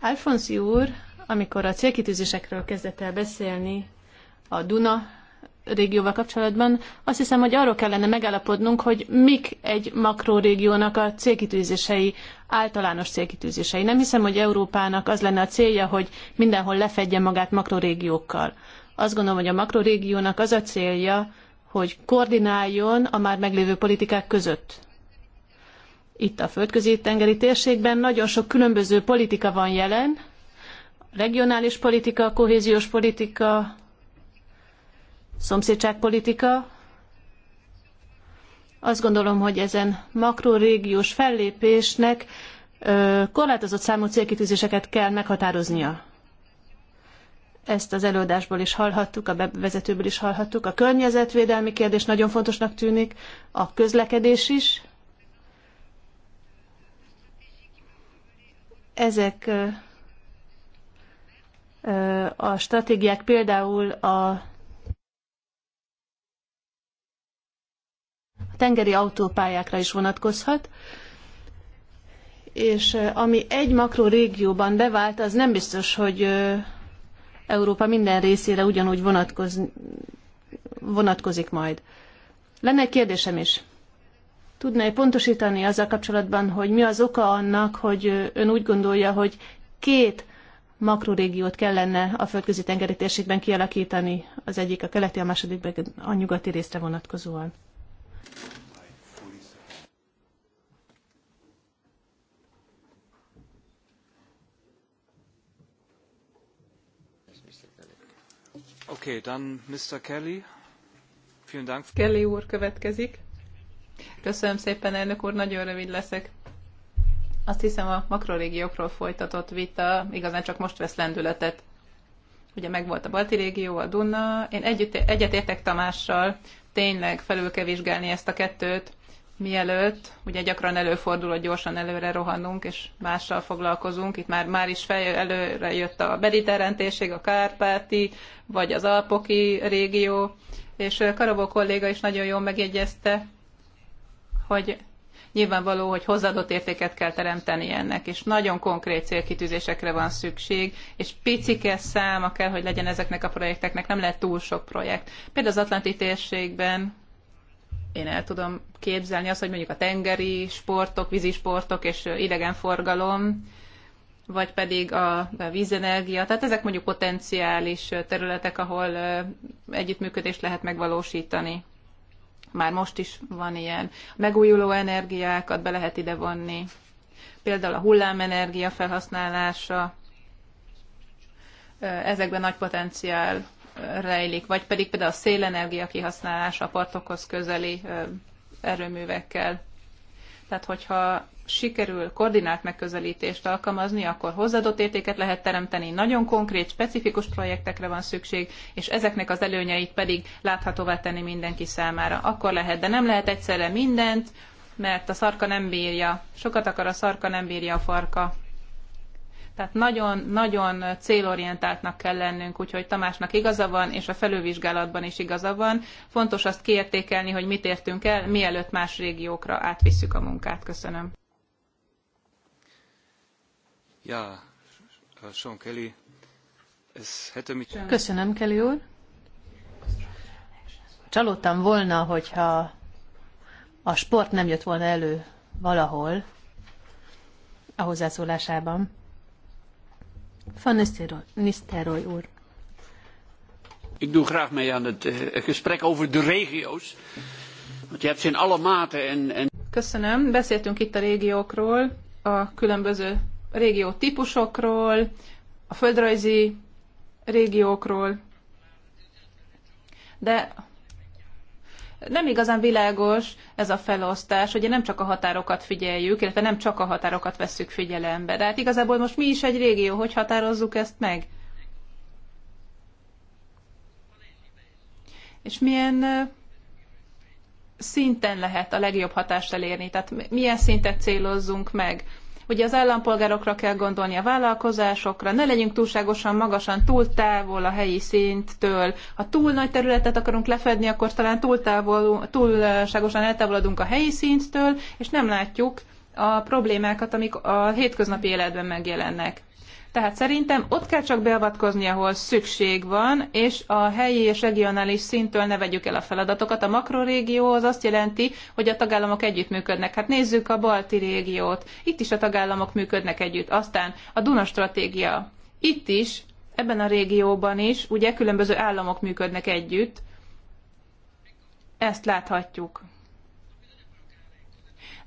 Alfonsi úr, amikor a célkitűzésekről kezdett el beszélni a Duna régióval kapcsolatban, azt hiszem, hogy arról kellene megállapodnunk, hogy mik egy makrorégiónak a célkitűzései, általános célkitűzései. Nem hiszem, hogy Európának az lenne a célja, hogy mindenhol lefedje magát makrorégiókkal. Azt gondolom, hogy a makrorégiónak az a célja, hogy koordináljon a már meglévő politikák között. Itt a földközi tengeri térségben nagyon sok különböző politika van jelen, regionális politika, kohéziós politika, szomszédságpolitika. Azt gondolom, hogy ezen makrorégiós fellépésnek korlátozott számú célkitűzéseket kell meghatároznia ezt az előadásból is hallhattuk, a bevezetőből is hallhattuk. A környezetvédelmi kérdés nagyon fontosnak tűnik, a közlekedés is. Ezek a stratégiák például a tengeri autópályákra is vonatkozhat és ami egy makrorégióban bevált, az nem biztos, hogy Európa minden részére ugyanúgy vonatkozik majd. Lenne egy kérdésem is. Tudná-e pontosítani azzal kapcsolatban, hogy mi az oka annak, hogy ön úgy gondolja, hogy két makrorégiót kellene a földközi tengeri térségben kialakítani, az egyik a keleti, a második pedig a nyugati részre vonatkozóan? Okay, dann Mr. Kelly. Vielen Dank. Kelly úr következik. Köszönöm szépen, elnök úr, nagyon rövid leszek. Azt hiszem a makrorégiókról folytatott vita igazán csak most vesz lendületet. Ugye megvolt a balti régió, a Dunna. Én együtt, egyetértek Tamással, tényleg felül kell vizsgálni ezt a kettőt, mielőtt, ugye gyakran előfordul, hogy gyorsan előre rohanunk, és mással foglalkozunk. Itt már, már is fel, előre jött a mediterrán térség, a kárpáti, vagy az alpoki régió, és Karabó kolléga is nagyon jól megjegyezte, hogy nyilvánvaló, hogy hozzáadott értéket kell teremteni ennek, és nagyon konkrét célkitűzésekre van szükség, és picike száma kell, hogy legyen ezeknek a projekteknek, nem lehet túl sok projekt. Például az Atlanti térségben én el tudom képzelni azt, hogy mondjuk a tengeri sportok, vízisportok és idegenforgalom, vagy pedig a vízenergia, tehát ezek mondjuk potenciális területek, ahol együttműködést lehet megvalósítani. Már most is van ilyen. Megújuló energiákat be lehet ide vonni. Például a hullámenergia felhasználása. Ezekben nagy potenciál rejlik, vagy pedig például a szélenergia kihasználása a partokhoz közeli erőművekkel. Tehát, hogyha sikerül koordinált megközelítést alkalmazni, akkor hozzáadott értéket lehet teremteni, nagyon konkrét, specifikus projektekre van szükség, és ezeknek az előnyeit pedig láthatóvá tenni mindenki számára. Akkor lehet, de nem lehet egyszerre mindent, mert a szarka nem bírja, sokat akar a szarka, nem bírja a farka. Tehát nagyon-nagyon célorientáltnak kell lennünk, úgyhogy Tamásnak igaza van, és a felülvizsgálatban is igaza van. Fontos azt kiértékelni, hogy mit értünk el, mielőtt más régiókra átvisszük a munkát. Köszönöm. Ja, Sean Kelly, ez mit... Köszönöm, Kelly úr. Csalódtam volna, hogyha a sport nem jött volna elő valahol a hozzászólásában. Ik doe graag mee aan het eh, gesprek over de regio's. Want je hebt ze in alle maten en, en... Köszönöm. Beszéltünk itt a régiókról, a különböző régió típusokról, a földrajzi régiókról. De nem igazán világos ez a felosztás, ugye nem csak a határokat figyeljük, illetve nem csak a határokat vesszük figyelembe. De hát igazából most mi is egy régió, hogy határozzuk ezt meg? És milyen szinten lehet a legjobb hatást elérni? Tehát milyen szintet célozzunk meg? Ugye az állampolgárokra kell gondolni, a vállalkozásokra, ne legyünk túlságosan magasan, túl távol a helyi szinttől. Ha túl nagy területet akarunk lefedni, akkor talán túl távol, túlságosan eltávolodunk a helyi szinttől, és nem látjuk a problémákat, amik a hétköznapi életben megjelennek. Tehát szerintem ott kell csak beavatkozni, ahol szükség van, és a helyi és regionális szintől ne vegyük el a feladatokat. A makrorégió az azt jelenti, hogy a tagállamok együttműködnek. Hát nézzük a balti régiót. Itt is a tagállamok működnek együtt. Aztán a Duna stratégia. Itt is, ebben a régióban is, ugye különböző államok működnek együtt. Ezt láthatjuk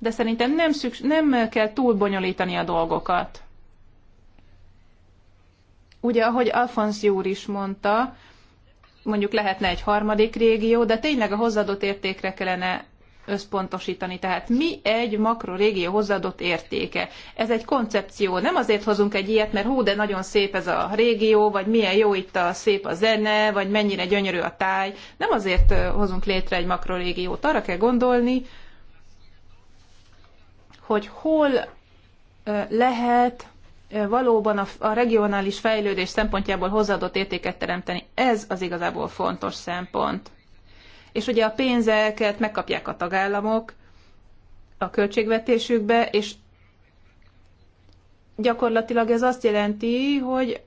de szerintem nem, szüks- nem kell túl bonyolítani a dolgokat. Ugye, ahogy Alfonsz Júr is mondta, mondjuk lehetne egy harmadik régió, de tényleg a hozzáadott értékre kellene összpontosítani. Tehát mi egy makrorégió hozzáadott értéke? Ez egy koncepció. Nem azért hozunk egy ilyet, mert hú, de nagyon szép ez a régió, vagy milyen jó itt a szép a zene, vagy mennyire gyönyörű a táj. Nem azért hozunk létre egy makrorégiót. Arra kell gondolni, hogy hol lehet valóban a, a regionális fejlődés szempontjából hozzáadott értéket teremteni. Ez az igazából fontos szempont. És ugye a pénzeket megkapják a tagállamok a költségvetésükbe, és gyakorlatilag ez azt jelenti, hogy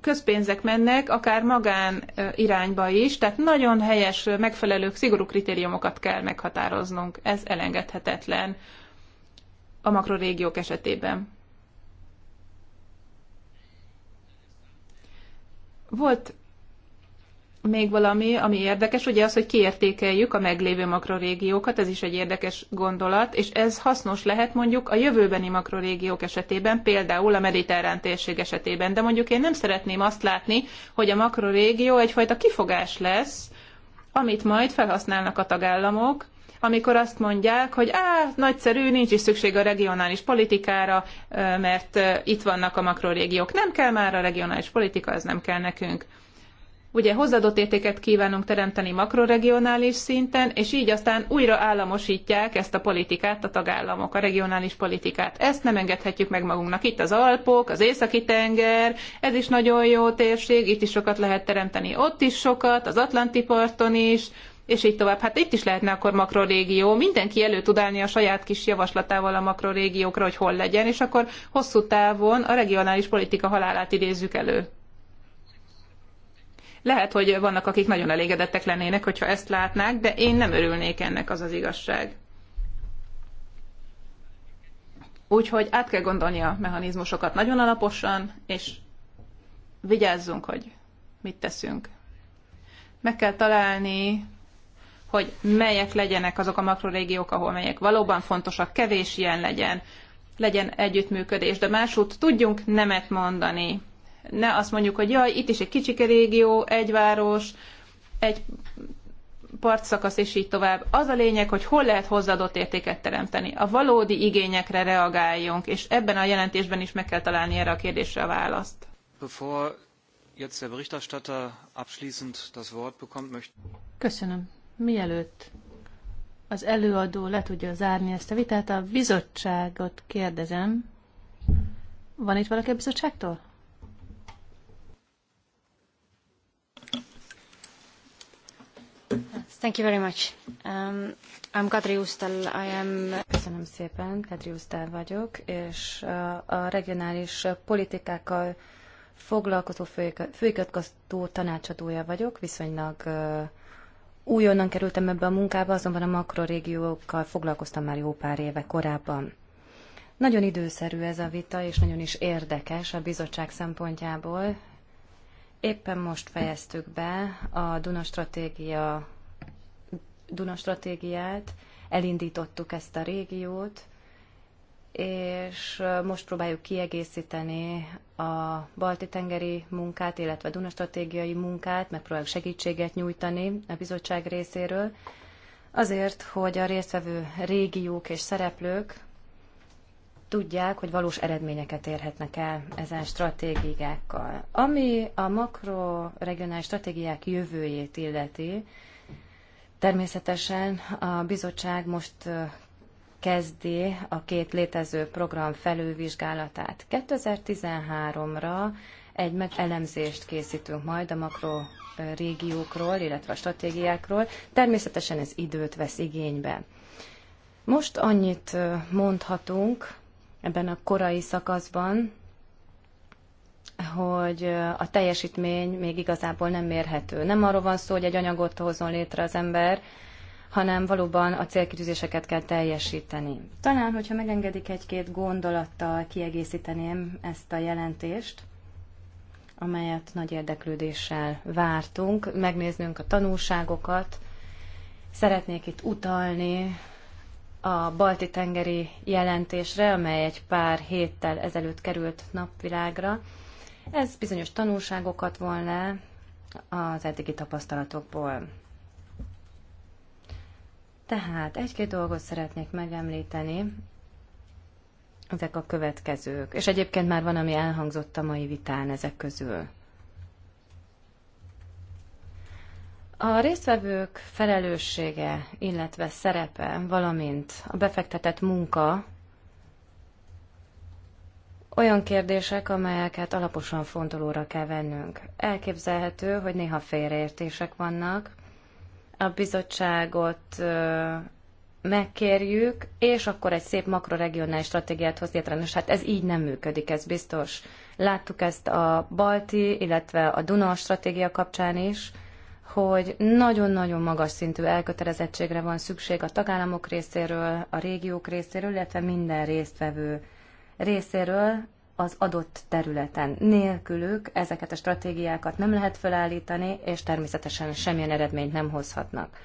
közpénzek mennek akár magán irányba is, tehát nagyon helyes, megfelelő, szigorú kritériumokat kell meghatároznunk. Ez elengedhetetlen a makrorégiók esetében. Volt még valami, ami érdekes, ugye az, hogy kiértékeljük a meglévő makrorégiókat, ez is egy érdekes gondolat, és ez hasznos lehet mondjuk a jövőbeni makrorégiók esetében, például a mediterrán térség esetében. De mondjuk én nem szeretném azt látni, hogy a makrorégió egyfajta kifogás lesz, amit majd felhasználnak a tagállamok, amikor azt mondják, hogy á, nagyszerű, nincs is szükség a regionális politikára, mert itt vannak a makrorégiók. Nem kell már a regionális politika, az nem kell nekünk. Ugye hozzáadott értéket kívánunk teremteni makroregionális szinten, és így aztán újra államosítják ezt a politikát a tagállamok, a regionális politikát. Ezt nem engedhetjük meg magunknak. Itt az Alpok, az Északi-tenger, ez is nagyon jó térség, itt is sokat lehet teremteni, ott is sokat, az Atlanti parton is, és így tovább. Hát itt is lehetne akkor makrorégió, mindenki elő tud állni a saját kis javaslatával a makrorégiókra, hogy hol legyen, és akkor hosszú távon a regionális politika halálát idézzük elő. Lehet, hogy vannak, akik nagyon elégedettek lennének, hogyha ezt látnák, de én nem örülnék ennek, az az igazság. Úgyhogy át kell gondolni a mechanizmusokat nagyon alaposan, és vigyázzunk, hogy mit teszünk. Meg kell találni hogy melyek legyenek azok a makrorégiók, ahol melyek valóban fontosak, kevés ilyen legyen, legyen együttműködés, de másút tudjunk nemet mondani. Ne azt mondjuk, hogy jaj, itt is egy kicsike régió, egy város, egy partszakasz, és így tovább. Az a lényeg, hogy hol lehet hozzáadott értéket teremteni. A valódi igényekre reagáljunk, és ebben a jelentésben is meg kell találni erre a kérdésre a választ. Köszönöm Mielőtt az előadó le tudja zárni ezt a vitát, a bizottságot kérdezem. Van itt valaki a bizottságtól? Thank you very much. Um, I'm Katri Usztal, I am... Köszönöm szépen, Katri Usztal vagyok, és uh, a regionális politikákkal foglalkozó főigazgató tanácsadója vagyok, viszonylag uh, Újonnan kerültem ebbe a munkába, azonban a makrorégiókkal foglalkoztam már jó pár éve korábban. Nagyon időszerű ez a vita, és nagyon is érdekes a bizottság szempontjából. Éppen most fejeztük be a Duna, stratégia, Duna stratégiát, elindítottuk ezt a régiót, és most próbáljuk kiegészíteni a balti-tengeri munkát, illetve a Dunastratégiai munkát, munkát, megpróbáljuk segítséget nyújtani a bizottság részéről, azért, hogy a résztvevő régiók és szereplők tudják, hogy valós eredményeket érhetnek el ezen stratégiákkal. Ami a makroregionális stratégiák jövőjét illeti, természetesen a bizottság most kezdi a két létező program felülvizsgálatát. 2013-ra egy megelemzést készítünk majd a makro régiókról, illetve a stratégiákról. Természetesen ez időt vesz igénybe. Most annyit mondhatunk ebben a korai szakaszban, hogy a teljesítmény még igazából nem mérhető. Nem arról van szó, hogy egy anyagot hozzon létre az ember, hanem valóban a célkitűzéseket kell teljesíteni. Talán, hogyha megengedik egy-két gondolattal kiegészíteném ezt a jelentést, amelyet nagy érdeklődéssel vártunk, megnéznünk a tanulságokat. Szeretnék itt utalni a balti-tengeri jelentésre, amely egy pár héttel ezelőtt került napvilágra. Ez bizonyos tanulságokat volna az eddigi tapasztalatokból. Tehát egy-két dolgot szeretnék megemlíteni, ezek a következők. És egyébként már van, ami elhangzott a mai vitán ezek közül. A résztvevők felelőssége, illetve szerepe, valamint a befektetett munka olyan kérdések, amelyeket alaposan fontolóra kell vennünk. Elképzelhető, hogy néha félreértések vannak, a bizottságot megkérjük, és akkor egy szép makroregionális stratégiát hoz létre. Nos, hát ez így nem működik, ez biztos. Láttuk ezt a Balti, illetve a Duna stratégia kapcsán is, hogy nagyon-nagyon magas szintű elkötelezettségre van szükség a tagállamok részéről, a régiók részéről, illetve minden résztvevő részéről, az adott területen. Nélkülük ezeket a stratégiákat nem lehet felállítani, és természetesen semmilyen eredményt nem hozhatnak.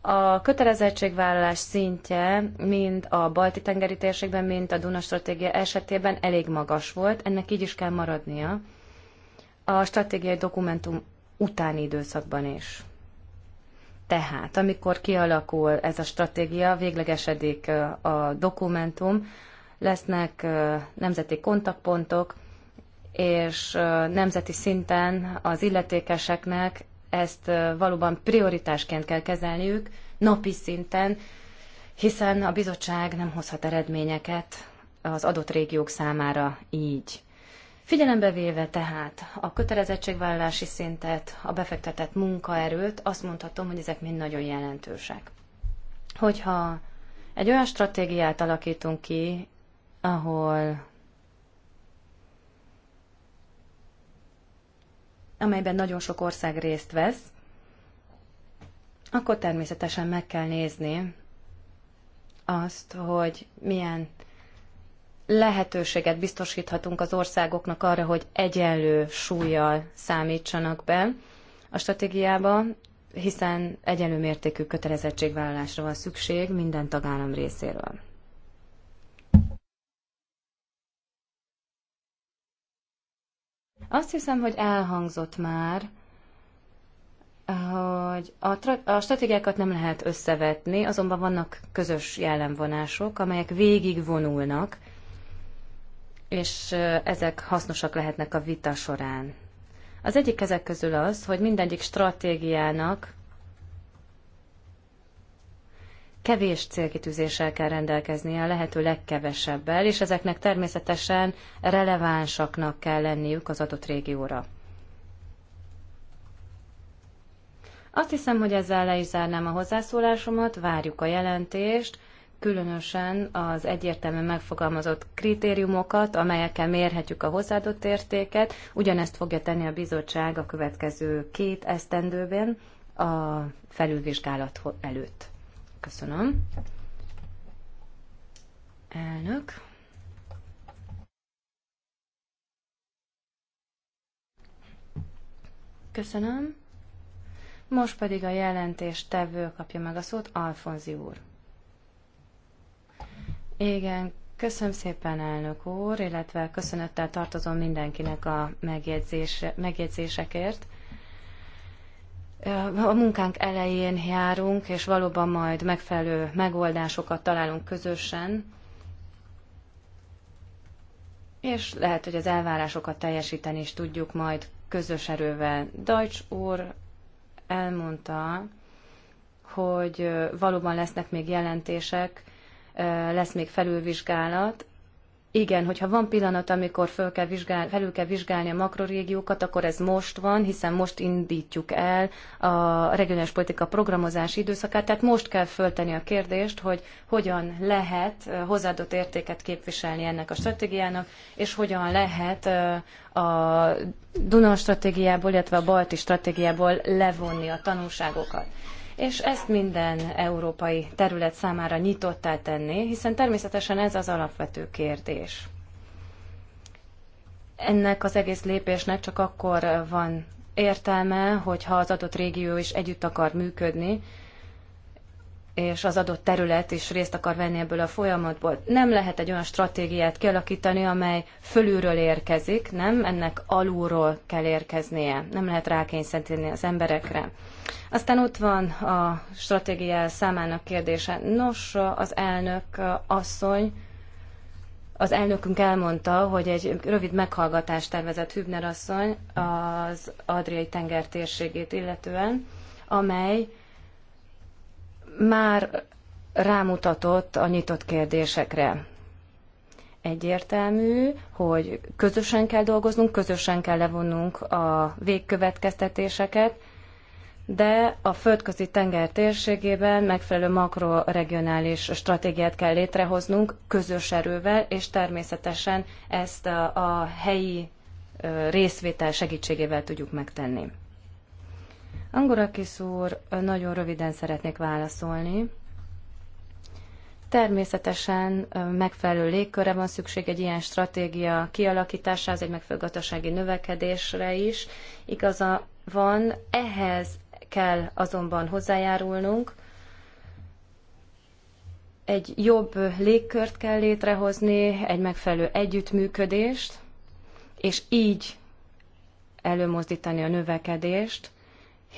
A kötelezettségvállalás szintje mind a balti tengeri térségben, mind a Duna stratégia esetében elég magas volt, ennek így is kell maradnia a stratégiai dokumentum utáni időszakban is. Tehát, amikor kialakul ez a stratégia, véglegesedik a dokumentum, lesznek nemzeti kontaktpontok, és nemzeti szinten az illetékeseknek ezt valóban prioritásként kell kezelniük, napi szinten, hiszen a bizottság nem hozhat eredményeket az adott régiók számára így. Figyelembe véve tehát a kötelezettségvállalási szintet, a befektetett munkaerőt, azt mondhatom, hogy ezek mind nagyon jelentősek. Hogyha egy olyan stratégiát alakítunk ki, ahol amelyben nagyon sok ország részt vesz, akkor természetesen meg kell nézni azt, hogy milyen lehetőséget biztosíthatunk az országoknak arra, hogy egyenlő súlyjal számítsanak be a stratégiába, hiszen egyenlő mértékű kötelezettségvállalásra van szükség minden tagállam részéről. Azt hiszem, hogy elhangzott már, hogy a, tra- a stratégiákat nem lehet összevetni, azonban vannak közös jellemvonások, amelyek végig vonulnak, és ezek hasznosak lehetnek a vita során. Az egyik ezek közül az, hogy mindegyik stratégiának kevés célkitűzéssel kell rendelkeznie, a lehető legkevesebbel, és ezeknek természetesen relevánsaknak kell lenniük az adott régióra. Azt hiszem, hogy ezzel le is zárnám a hozzászólásomat, várjuk a jelentést, különösen az egyértelmű megfogalmazott kritériumokat, amelyekkel mérhetjük a hozzáadott értéket. Ugyanezt fogja tenni a bizottság a következő két esztendőben a felülvizsgálat előtt. Köszönöm. Elnök. Köszönöm. Most pedig a jelentés tevő kapja meg a szót, Alfonzi úr. Igen, köszönöm szépen, elnök úr, illetve köszönettel tartozom mindenkinek a megjegyzés, megjegyzésekért. A munkánk elején járunk, és valóban majd megfelelő megoldásokat találunk közösen, és lehet, hogy az elvárásokat teljesíteni is tudjuk majd közös erővel. Deutsch úr elmondta, hogy valóban lesznek még jelentések, lesz még felülvizsgálat, igen, hogyha van pillanat, amikor föl kell vizsgál, felül kell vizsgálni a makrorégiókat, akkor ez most van, hiszen most indítjuk el a regionális politika programozási időszakát, tehát most kell föltenni a kérdést, hogy hogyan lehet hozzáadott értéket képviselni ennek a stratégiának, és hogyan lehet a Duna stratégiából, illetve a Balti stratégiából levonni a tanulságokat és ezt minden európai terület számára nyitottá tenni, hiszen természetesen ez az alapvető kérdés. Ennek az egész lépésnek csak akkor van értelme, hogyha az adott régió is együtt akar működni, és az adott terület is részt akar venni ebből a folyamatból. Nem lehet egy olyan stratégiát kialakítani, amely fölülről érkezik, nem, ennek alulról kell érkeznie, nem lehet rákényszeríteni az emberekre. Aztán ott van a stratégia számának kérdése. Nos, az elnök asszony, az elnökünk elmondta, hogy egy rövid meghallgatást tervezett Hübner asszony az Adriai tenger térségét illetően, amely már rámutatott a nyitott kérdésekre. Egyértelmű, hogy közösen kell dolgoznunk, közösen kell levonnunk a végkövetkeztetéseket, de a földközi tenger térségében megfelelő makroregionális stratégiát kell létrehoznunk közös erővel, és természetesen ezt a, a helyi részvétel segítségével tudjuk megtenni. Angorakis úr, nagyon röviden szeretnék válaszolni. Természetesen megfelelő légkörre van szükség egy ilyen stratégia kialakításához, egy megfelelő gazdasági növekedésre is. Igaza van, ehhez kell azonban hozzájárulnunk. Egy jobb légkört kell létrehozni, egy megfelelő együttműködést, és így előmozdítani a növekedést,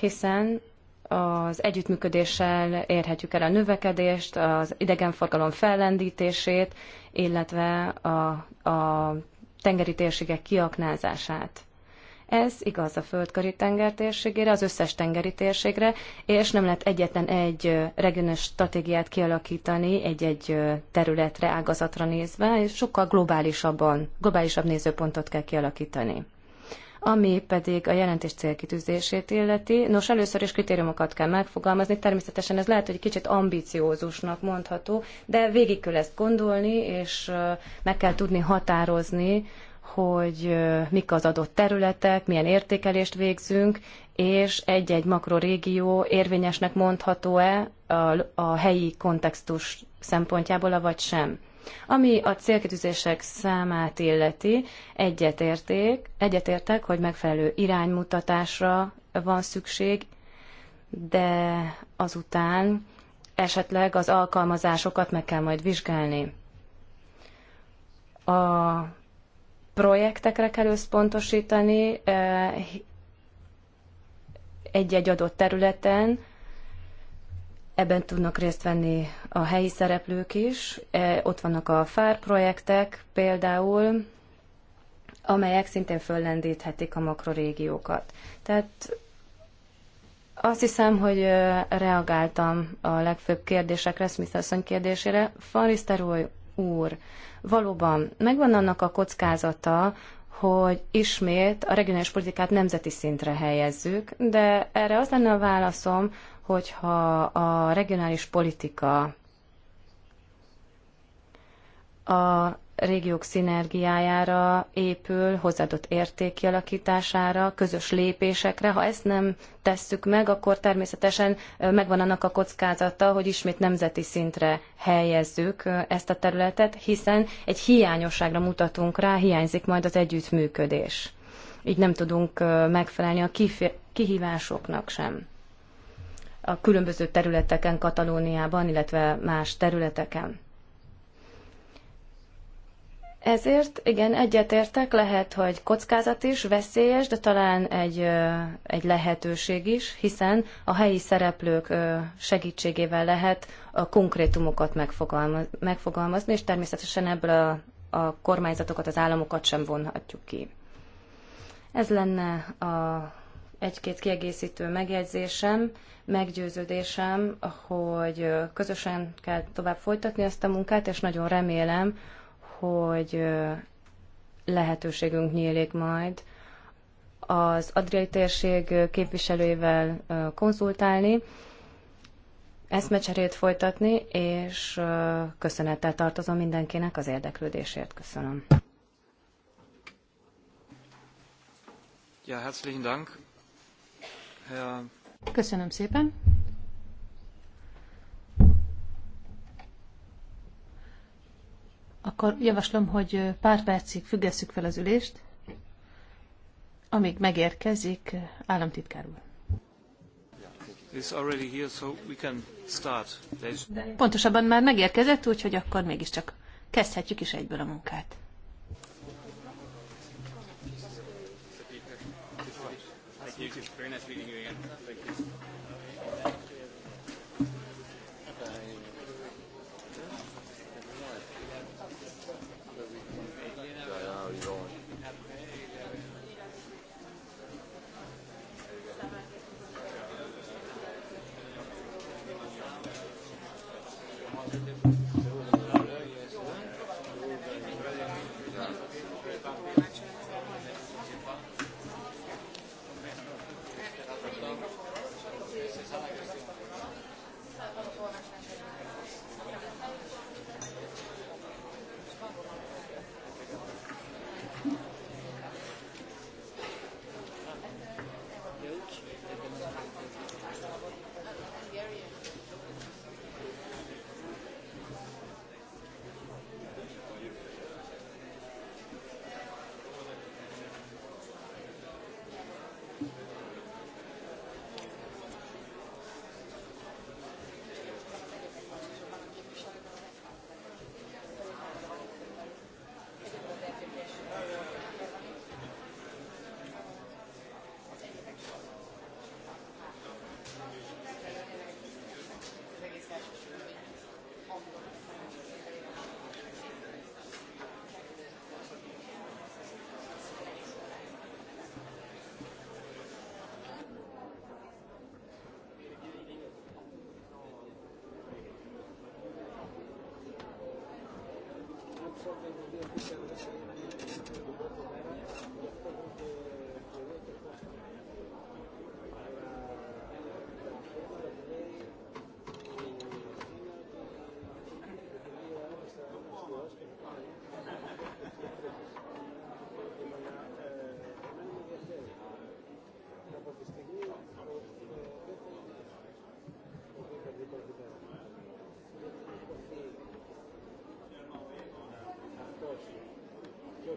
hiszen az együttműködéssel érhetjük el a növekedést, az idegenforgalom fellendítését, illetve a, a tengeri térségek kiaknázását. Ez igaz a földkari tenger térségére, az összes tengeri térségre, és nem lehet egyetlen egy regionális stratégiát kialakítani egy-egy területre, ágazatra nézve, és sokkal globálisabban, globálisabb nézőpontot kell kialakítani. Ami pedig a jelentés célkitűzését illeti, nos, először is kritériumokat kell megfogalmazni, természetesen ez lehet, hogy kicsit ambiciózusnak mondható, de végig kell ezt gondolni, és meg kell tudni határozni, hogy mik az adott területek, milyen értékelést végzünk, és egy-egy makrorégió érvényesnek mondható-e a, a helyi kontextus szempontjából, vagy sem. Ami a célkitűzések számát illeti, egyetérték, egyetértek, hogy megfelelő iránymutatásra van szükség, de azután esetleg az alkalmazásokat meg kell majd vizsgálni. A projektekre kell összpontosítani eh, egy-egy adott területen, ebben tudnak részt venni a helyi szereplők is. E, ott vannak a FAR projektek például, amelyek szintén föllendíthetik a makrorégiókat. Tehát azt hiszem, hogy reagáltam a legfőbb kérdésekre, Smith asszony kérdésére. Fariszter úr, valóban megvan annak a kockázata, hogy ismét a regionális politikát nemzeti szintre helyezzük, de erre az lenne a válaszom, hogyha a regionális politika a régiók szinergiájára épül, hozzáadott érték kialakítására, közös lépésekre. Ha ezt nem tesszük meg, akkor természetesen megvan annak a kockázata, hogy ismét nemzeti szintre helyezzük ezt a területet, hiszen egy hiányosságra mutatunk rá, hiányzik majd az együttműködés. Így nem tudunk megfelelni a kihívásoknak sem a különböző területeken, Katalóniában, illetve más területeken. Ezért igen, egyetértek, lehet, hogy kockázat is, veszélyes, de talán egy, egy lehetőség is, hiszen a helyi szereplők segítségével lehet a konkrétumokat megfogalmaz, megfogalmazni, és természetesen ebből a, a kormányzatokat, az államokat sem vonhatjuk ki. Ez lenne a egy-két kiegészítő megjegyzésem, meggyőződésem, hogy közösen kell tovább folytatni ezt a munkát, és nagyon remélem, hogy lehetőségünk nyílik majd az Adriai térség képviselőivel konzultálni, eszmecserét folytatni, és köszönettel tartozom mindenkinek az érdeklődésért. Köszönöm. Ja, herzlichen Dank. Köszönöm szépen. akkor javaslom, hogy pár percig függesszük fel az ülést, amíg megérkezik államtitkár úr. Pontosabban már megérkezett, úgyhogy akkor mégiscsak kezdhetjük is egyből a munkát.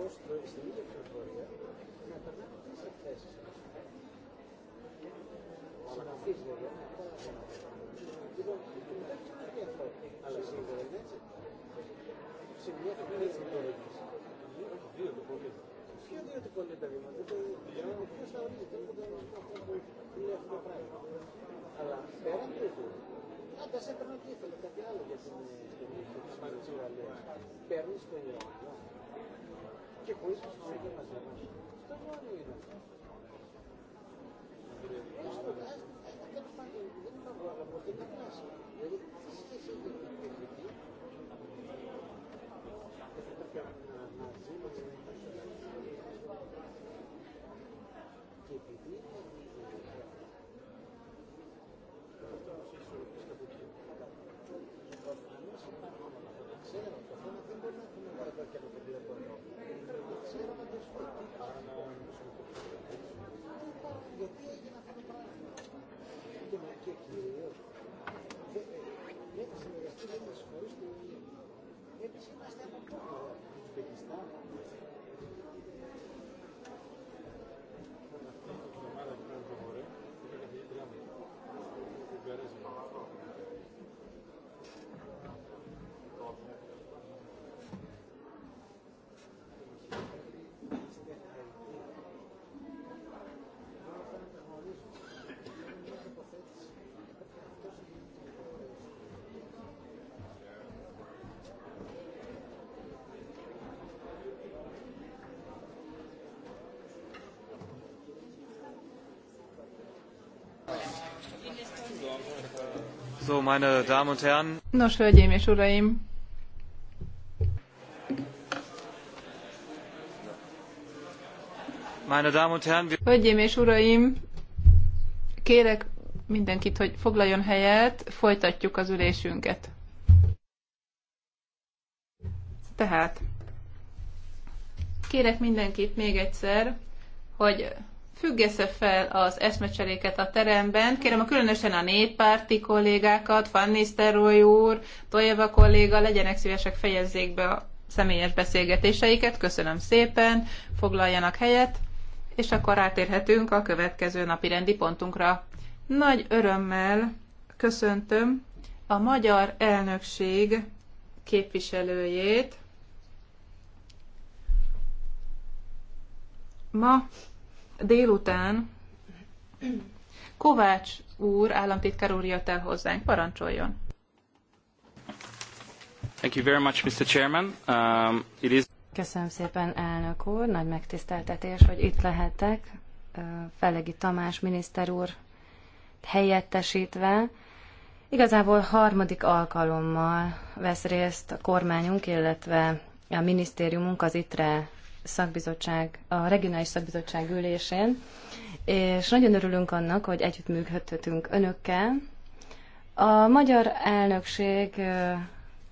πώς το εξηγεί Παίρνει το ιερό. Önce koyu sosu çekemez ama. Kitabı var mıydı? Esto, esta campaña, de una buena, porque no So, meine Damen und Herren. Nos, hölgyeim és uraim. Meine Damen und Herren. Hölgyeim és uraim, kérek mindenkit, hogy foglaljon helyet, folytatjuk az ülésünket. Tehát, kérek mindenkit még egyszer, hogy függesze fel az eszmecseréket a teremben. Kérem a különösen a néppárti kollégákat, Van Nisztelrooy úr, Tojeva kolléga, legyenek szívesek fejezzék be a személyes beszélgetéseiket. Köszönöm szépen, foglaljanak helyet, és akkor átérhetünk a következő napi rendi pontunkra. Nagy örömmel köszöntöm a magyar elnökség képviselőjét. Ma délután Kovács úr, államtitkár úr jött el hozzánk. Parancsoljon! Thank you very much, Mr. Chairman. Um, it is... Köszönöm szépen, elnök úr. Nagy megtiszteltetés, hogy itt lehetek. Uh, Felegi Tamás miniszter úr helyettesítve. Igazából harmadik alkalommal vesz részt a kormányunk, illetve a minisztériumunk az ITRE szakbizottság, a regionális szakbizottság ülésén, és nagyon örülünk annak, hogy együttműködhetünk önökkel. A magyar elnökség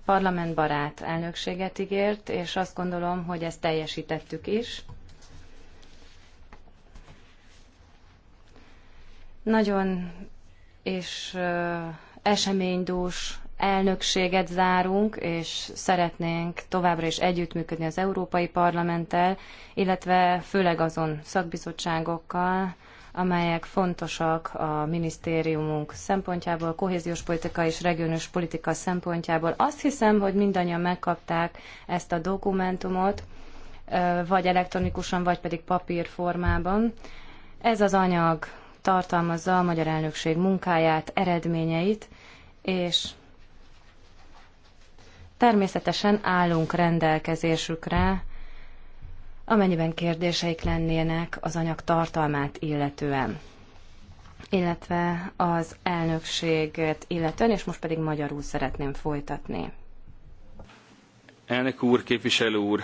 parlamentbarát elnökséget ígért, és azt gondolom, hogy ezt teljesítettük is. Nagyon és eseménydús elnökséget zárunk, és szeretnénk továbbra is együttműködni az Európai Parlamenttel, illetve főleg azon szakbizottságokkal, amelyek fontosak a minisztériumunk szempontjából, kohéziós politika és regionális politika szempontjából. Azt hiszem, hogy mindannyian megkapták ezt a dokumentumot, vagy elektronikusan, vagy pedig papírformában. Ez az anyag tartalmazza a magyar elnökség munkáját, eredményeit, és Természetesen állunk rendelkezésükre, amennyiben kérdéseik lennének az anyag tartalmát illetően illetve az elnökséget illetően, és most pedig magyarul szeretném folytatni. Elnök úr, képviselő úr,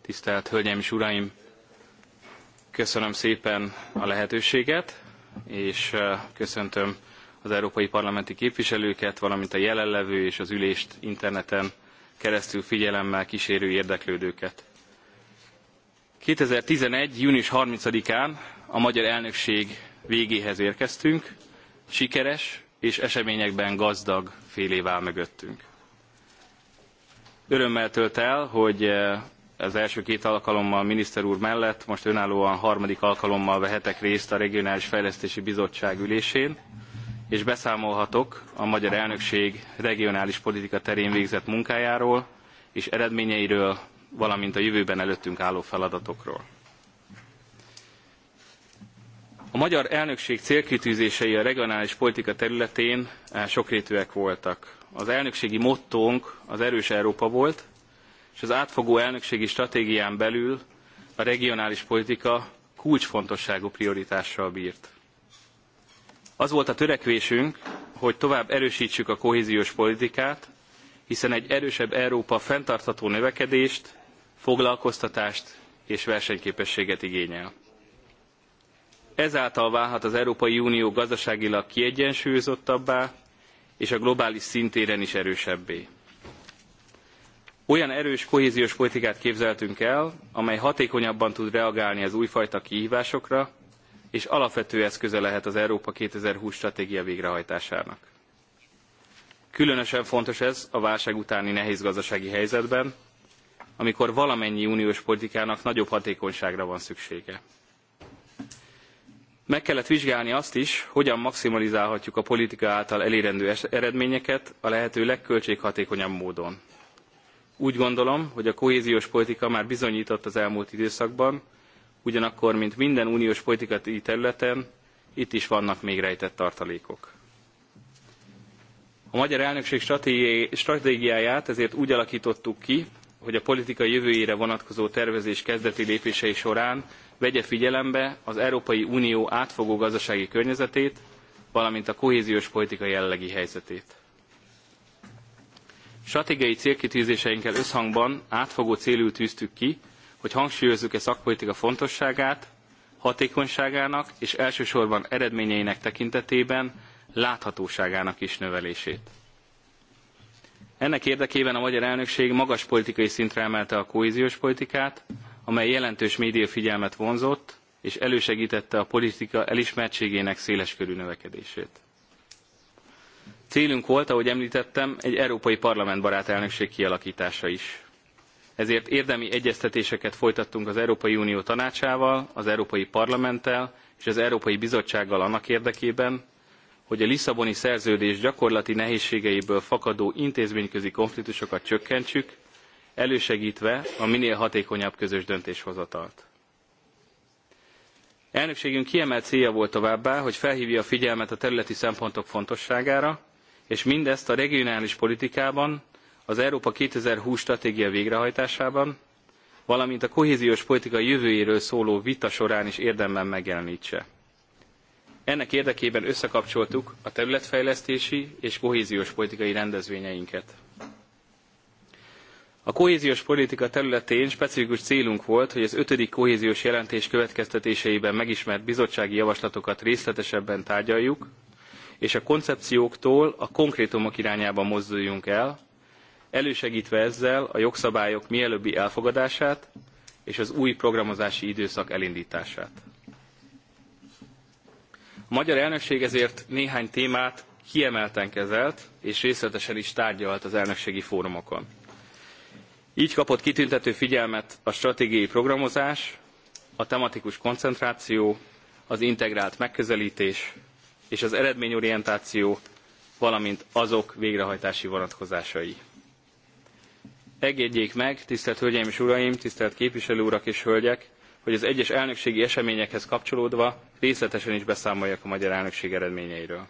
tisztelt Hölgyeim és Uraim! Köszönöm szépen a lehetőséget, és köszöntöm az európai parlamenti képviselőket, valamint a jelenlevő és az ülést interneten keresztül figyelemmel kísérő érdeklődőket. 2011. június 30-án a magyar elnökség végéhez érkeztünk, sikeres és eseményekben gazdag fél év áll mögöttünk. Örömmel tölt el, hogy eh, az első két alkalommal miniszter úr mellett most önállóan harmadik alkalommal vehetek részt a Regionális Fejlesztési Bizottság ülésén és beszámolhatok a magyar elnökség regionális politika terén végzett munkájáról és eredményeiről, valamint a jövőben előttünk álló feladatokról. A magyar elnökség célkitűzései a regionális politika területén eh, sokrétűek voltak. Az elnökségi mottónk az erős Európa volt, és az átfogó elnökségi stratégián belül a regionális politika kulcsfontosságú prioritással bírt. Az volt a törekvésünk, hogy tovább erősítsük a kohéziós politikát, hiszen egy erősebb Európa fenntartható növekedést, foglalkoztatást és versenyképességet igényel. Ezáltal válhat az Európai Unió gazdaságilag kiegyensúlyozottabbá, és a globális szintéren is erősebbé. Olyan erős kohéziós politikát képzeltünk el, amely hatékonyabban tud reagálni az újfajta kihívásokra, és alapvető eszköze lehet az Európa 2020 stratégia végrehajtásának. Különösen fontos ez a válság utáni nehéz gazdasági helyzetben, amikor valamennyi uniós politikának nagyobb hatékonyságra van szüksége. Meg kellett vizsgálni azt is, hogyan maximalizálhatjuk a politika által elérendő eredményeket a lehető legköltséghatékonyabb módon. Úgy gondolom, hogy a kohéziós politika már bizonyított az elmúlt időszakban, ugyanakkor, mint minden uniós politikai területen, itt is vannak még rejtett tartalékok. A magyar elnökség stratégiáját ezért úgy alakítottuk ki, hogy a politika jövőjére vonatkozó tervezés kezdeti lépései során vegye figyelembe az Európai Unió átfogó gazdasági környezetét, valamint a kohéziós politika jellegi helyzetét. Stratégiai célkitűzéseinkkel összhangban átfogó célú tűztük ki, hogy hangsúlyozzuk e szakpolitika fontosságát, hatékonyságának és elsősorban eredményeinek tekintetében láthatóságának is növelését. Ennek érdekében a magyar elnökség magas politikai szintre emelte a kohéziós politikát, amely jelentős médiafigyelmet vonzott, és elősegítette a politika elismertségének széleskörű növekedését. Célunk volt, ahogy említettem, egy európai parlamentbarát elnökség kialakítása is ezért érdemi egyeztetéseket folytattunk az európai unió tanácsával az európai parlamenttel és az európai bizottsággal annak érdekében hogy a lisszaboni szerződés gyakorlati nehézségeiből fakadó intézményközi konfliktusokat csökkentsük elősegtve a minél hatékonyabb közös döntéshozatalt. elnökségünk kiemelt célja volt továbbá hogy felhvja a figyelmet a területi szempontok fontosságára és mindezt a regionális politikában az Európa 2020 stratégia végrehajtásában, valamint a kohéziós politika jövőjéről szóló vita során is érdemben megjelenítse. Ennek érdekében összekapcsoltuk a területfejlesztési és kohéziós politikai rendezvényeinket. A kohéziós politika területén specifikus célunk volt, hogy az ötödik kohéziós jelentés következtetéseiben megismert bizottsági javaslatokat részletesebben tárgyaljuk, és a koncepcióktól a konkrétumok irányába mozduljunk el, elősegítve ezzel a jogszabályok mielőbbi elfogadását és az új programozási időszak elindítását. A magyar elnökség ezért néhány témát kiemelten kezelt és részletesen is tárgyalt az elnökségi fórumokon. Így kapott kitüntető figyelmet a stratégiai programozás, a tematikus koncentráció, az integrált megközelítés és az eredményorientáció, valamint azok végrehajtási vonatkozásai. Engedjék meg, tisztelt Hölgyeim és Uraim, tisztelt képviselő urak és hölgyek, hogy az egyes elnökségi eseményekhez kapcsolódva részletesen is beszámoljak a magyar elnökség eredményeiről.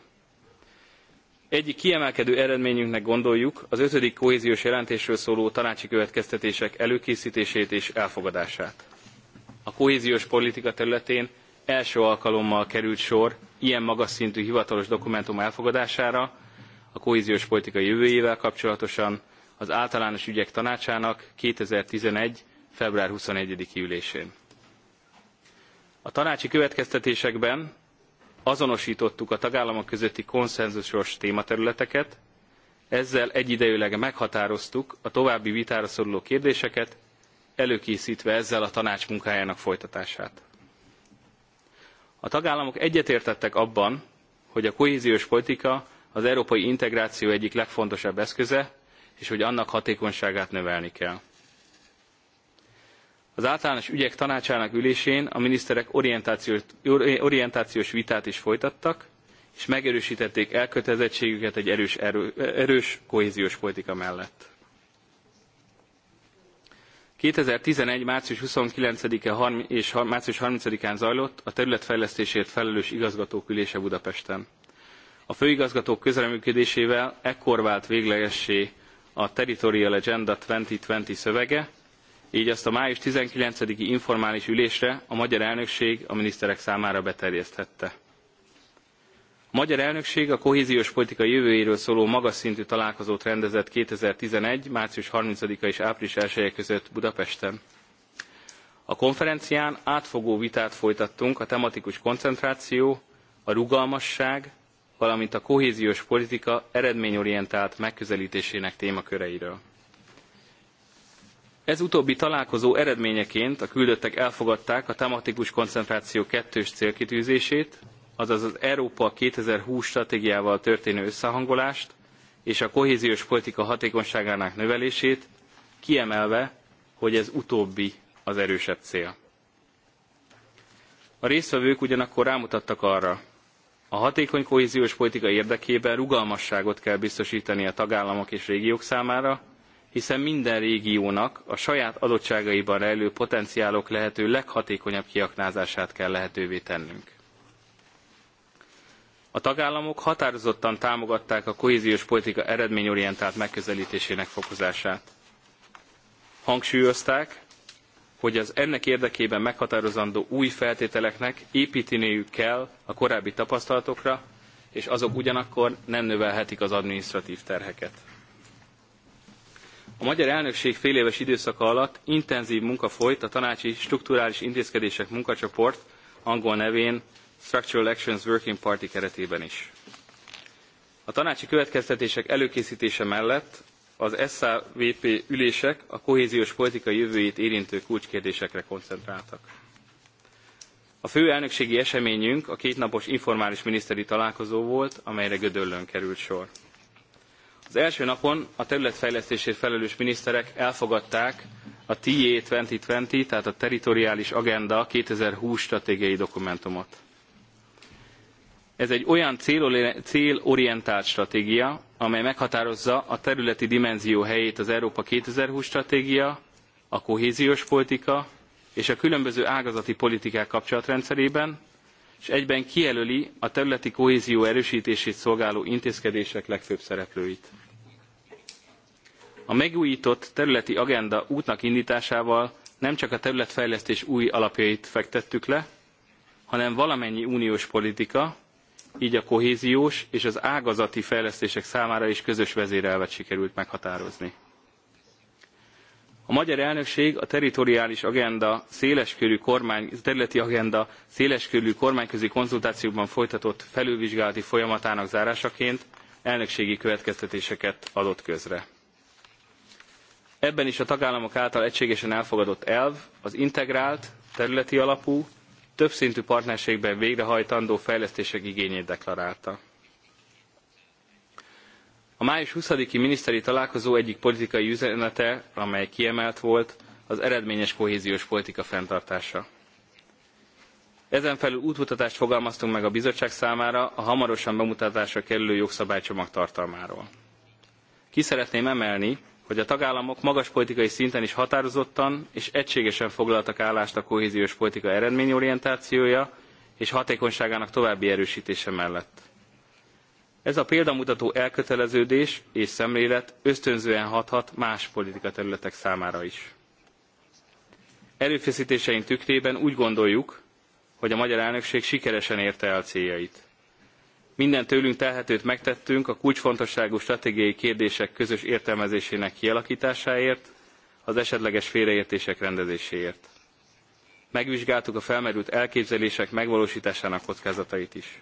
Egyik kiemelkedő eredményünknek gondoljuk az ötödik kohéziós jelentésről szóló tanácsi következtetések előkészítését és elfogadását. A kohéziós politika területén első alkalommal került sor ilyen magas szintű hivatalos dokumentum elfogadására a kohéziós politika jövőjével kapcsolatosan, az általános ügyek tanácsának 2011. február 21. ülésén. A tanácsi következtetésekben azonosítottuk a tagállamok közötti konszenzusos tématerületeket, ezzel egyidejűleg meghatároztuk a további vitára szoruló kérdéseket, előkészítve ezzel a tanács munkájának folytatását. A tagállamok egyetértettek abban, hogy a kohéziós politika az európai integráció egyik legfontosabb eszköze, és hogy annak hatékonyságát növelni kell. Az általános ügyek tanácsának ülésén a miniszterek orientációs, vitát is folytattak, és megerősítették elkötelezettségüket egy erős, erős kohéziós politika mellett. 2011. március 29-e és március 30-án zajlott a területfejlesztésért felelős igazgatók ülése Budapesten. A főigazgatók közreműködésével ekkor vált véglegessé a Territorial Agenda 2020 szövege, így azt a május 19-i informális ülésre a magyar elnökség a miniszterek számára beterjeszthette. A magyar elnökség a kohéziós politika jövőjéről szóló magas szintű találkozót rendezett 2011. március 30-a és április 1 között Budapesten. A konferencián átfogó vitát folytattunk a tematikus koncentráció, a rugalmasság, valamint a kohéziós politika eredményorientált megközelítésének témaköreiről. Ez utóbbi találkozó eredményeként a küldöttek elfogadták a tematikus koncentráció kettős célkitűzését, azaz az Európa 2020 stratégiával történő összehangolást és a kohéziós politika hatékonyságának növelését, kiemelve, hogy ez utóbbi az erősebb cél. A résztvevők ugyanakkor rámutattak arra, a hatékony kohéziós politika érdekében rugalmasságot kell biztosítani a tagállamok és régiók számára, hiszen minden régiónak a saját adottságaiban rejlő potenciálok lehető leghatékonyabb kiaknázását kell lehetővé tennünk. A tagállamok határozottan támogatták a kohéziós politika eredményorientált megközelítésének fokozását. Hangsúlyozták, hogy az ennek érdekében meghatározandó új feltételeknek építeniük kell a korábbi tapasztalatokra, és azok ugyanakkor nem növelhetik az adminisztratív terheket. A magyar elnökség féléves időszaka alatt intenzív munka folyt a tanácsi strukturális intézkedések munkacsoport, angol nevén Structural Actions Working Party keretében is. A tanácsi következtetések előkészítése mellett az SZVP ülések a kohéziós politika jövőjét érintő kulcskérdésekre koncentráltak. A fő elnökségi eseményünk a kétnapos informális miniszteri találkozó volt, amelyre Gödöllön került sor. Az első napon a területfejlesztésért felelős miniszterek elfogadták a TE 2020, tehát a Territoriális Agenda 2020 stratégiai dokumentumot. Ez egy olyan célorientált stratégia, amely meghatározza a területi dimenzió helyét az Európa 2020 stratégia, a kohéziós politika és a különböző ágazati politikák kapcsolatrendszerében, és egyben kijelöli a területi kohézió erősítését szolgáló intézkedések legfőbb szereplőit. A megújított területi agenda útnak indításával nem csak a területfejlesztés új alapjait fektettük le, hanem valamennyi uniós politika, így a kohéziós és az ágazati fejlesztések számára is közös vezérelvet sikerült meghatározni. A magyar elnökség a teritoriális agenda széleskörű kormány, területi agenda széleskörű kormányközi konzultációkban folytatott felülvizsgálati folyamatának zárásaként elnökségi következtetéseket adott közre. Ebben is a tagállamok által egységesen elfogadott elv az integrált, területi alapú, többszintű partnerségben végrehajtandó fejlesztések igényét deklarálta. A május 20-i miniszteri találkozó egyik politikai üzenete, amely kiemelt volt, az eredményes kohéziós politika fenntartása. Ezen felül útmutatást fogalmaztunk meg a bizottság számára a hamarosan bemutatásra kerülő jogszabálycsomag tartalmáról. Ki szeretném emelni, hogy a tagállamok magas politikai szinten is határozottan és egységesen foglaltak állást a kohéziós politika eredményorientációja és hatékonyságának további erősítése mellett. Ez a példamutató elköteleződés és szemlélet ösztönzően hathat más politikaterületek számára is. Erőfeszítéseink tükrében úgy gondoljuk, hogy a magyar elnökség sikeresen érte el céljait. Minden tőlünk telhetőt megtettünk a kulcsfontosságú stratégiai kérdések közös értelmezésének kialakításáért, az esetleges félreértések rendezéséért. Megvizsgáltuk a felmerült elképzelések megvalósításának kockázatait is.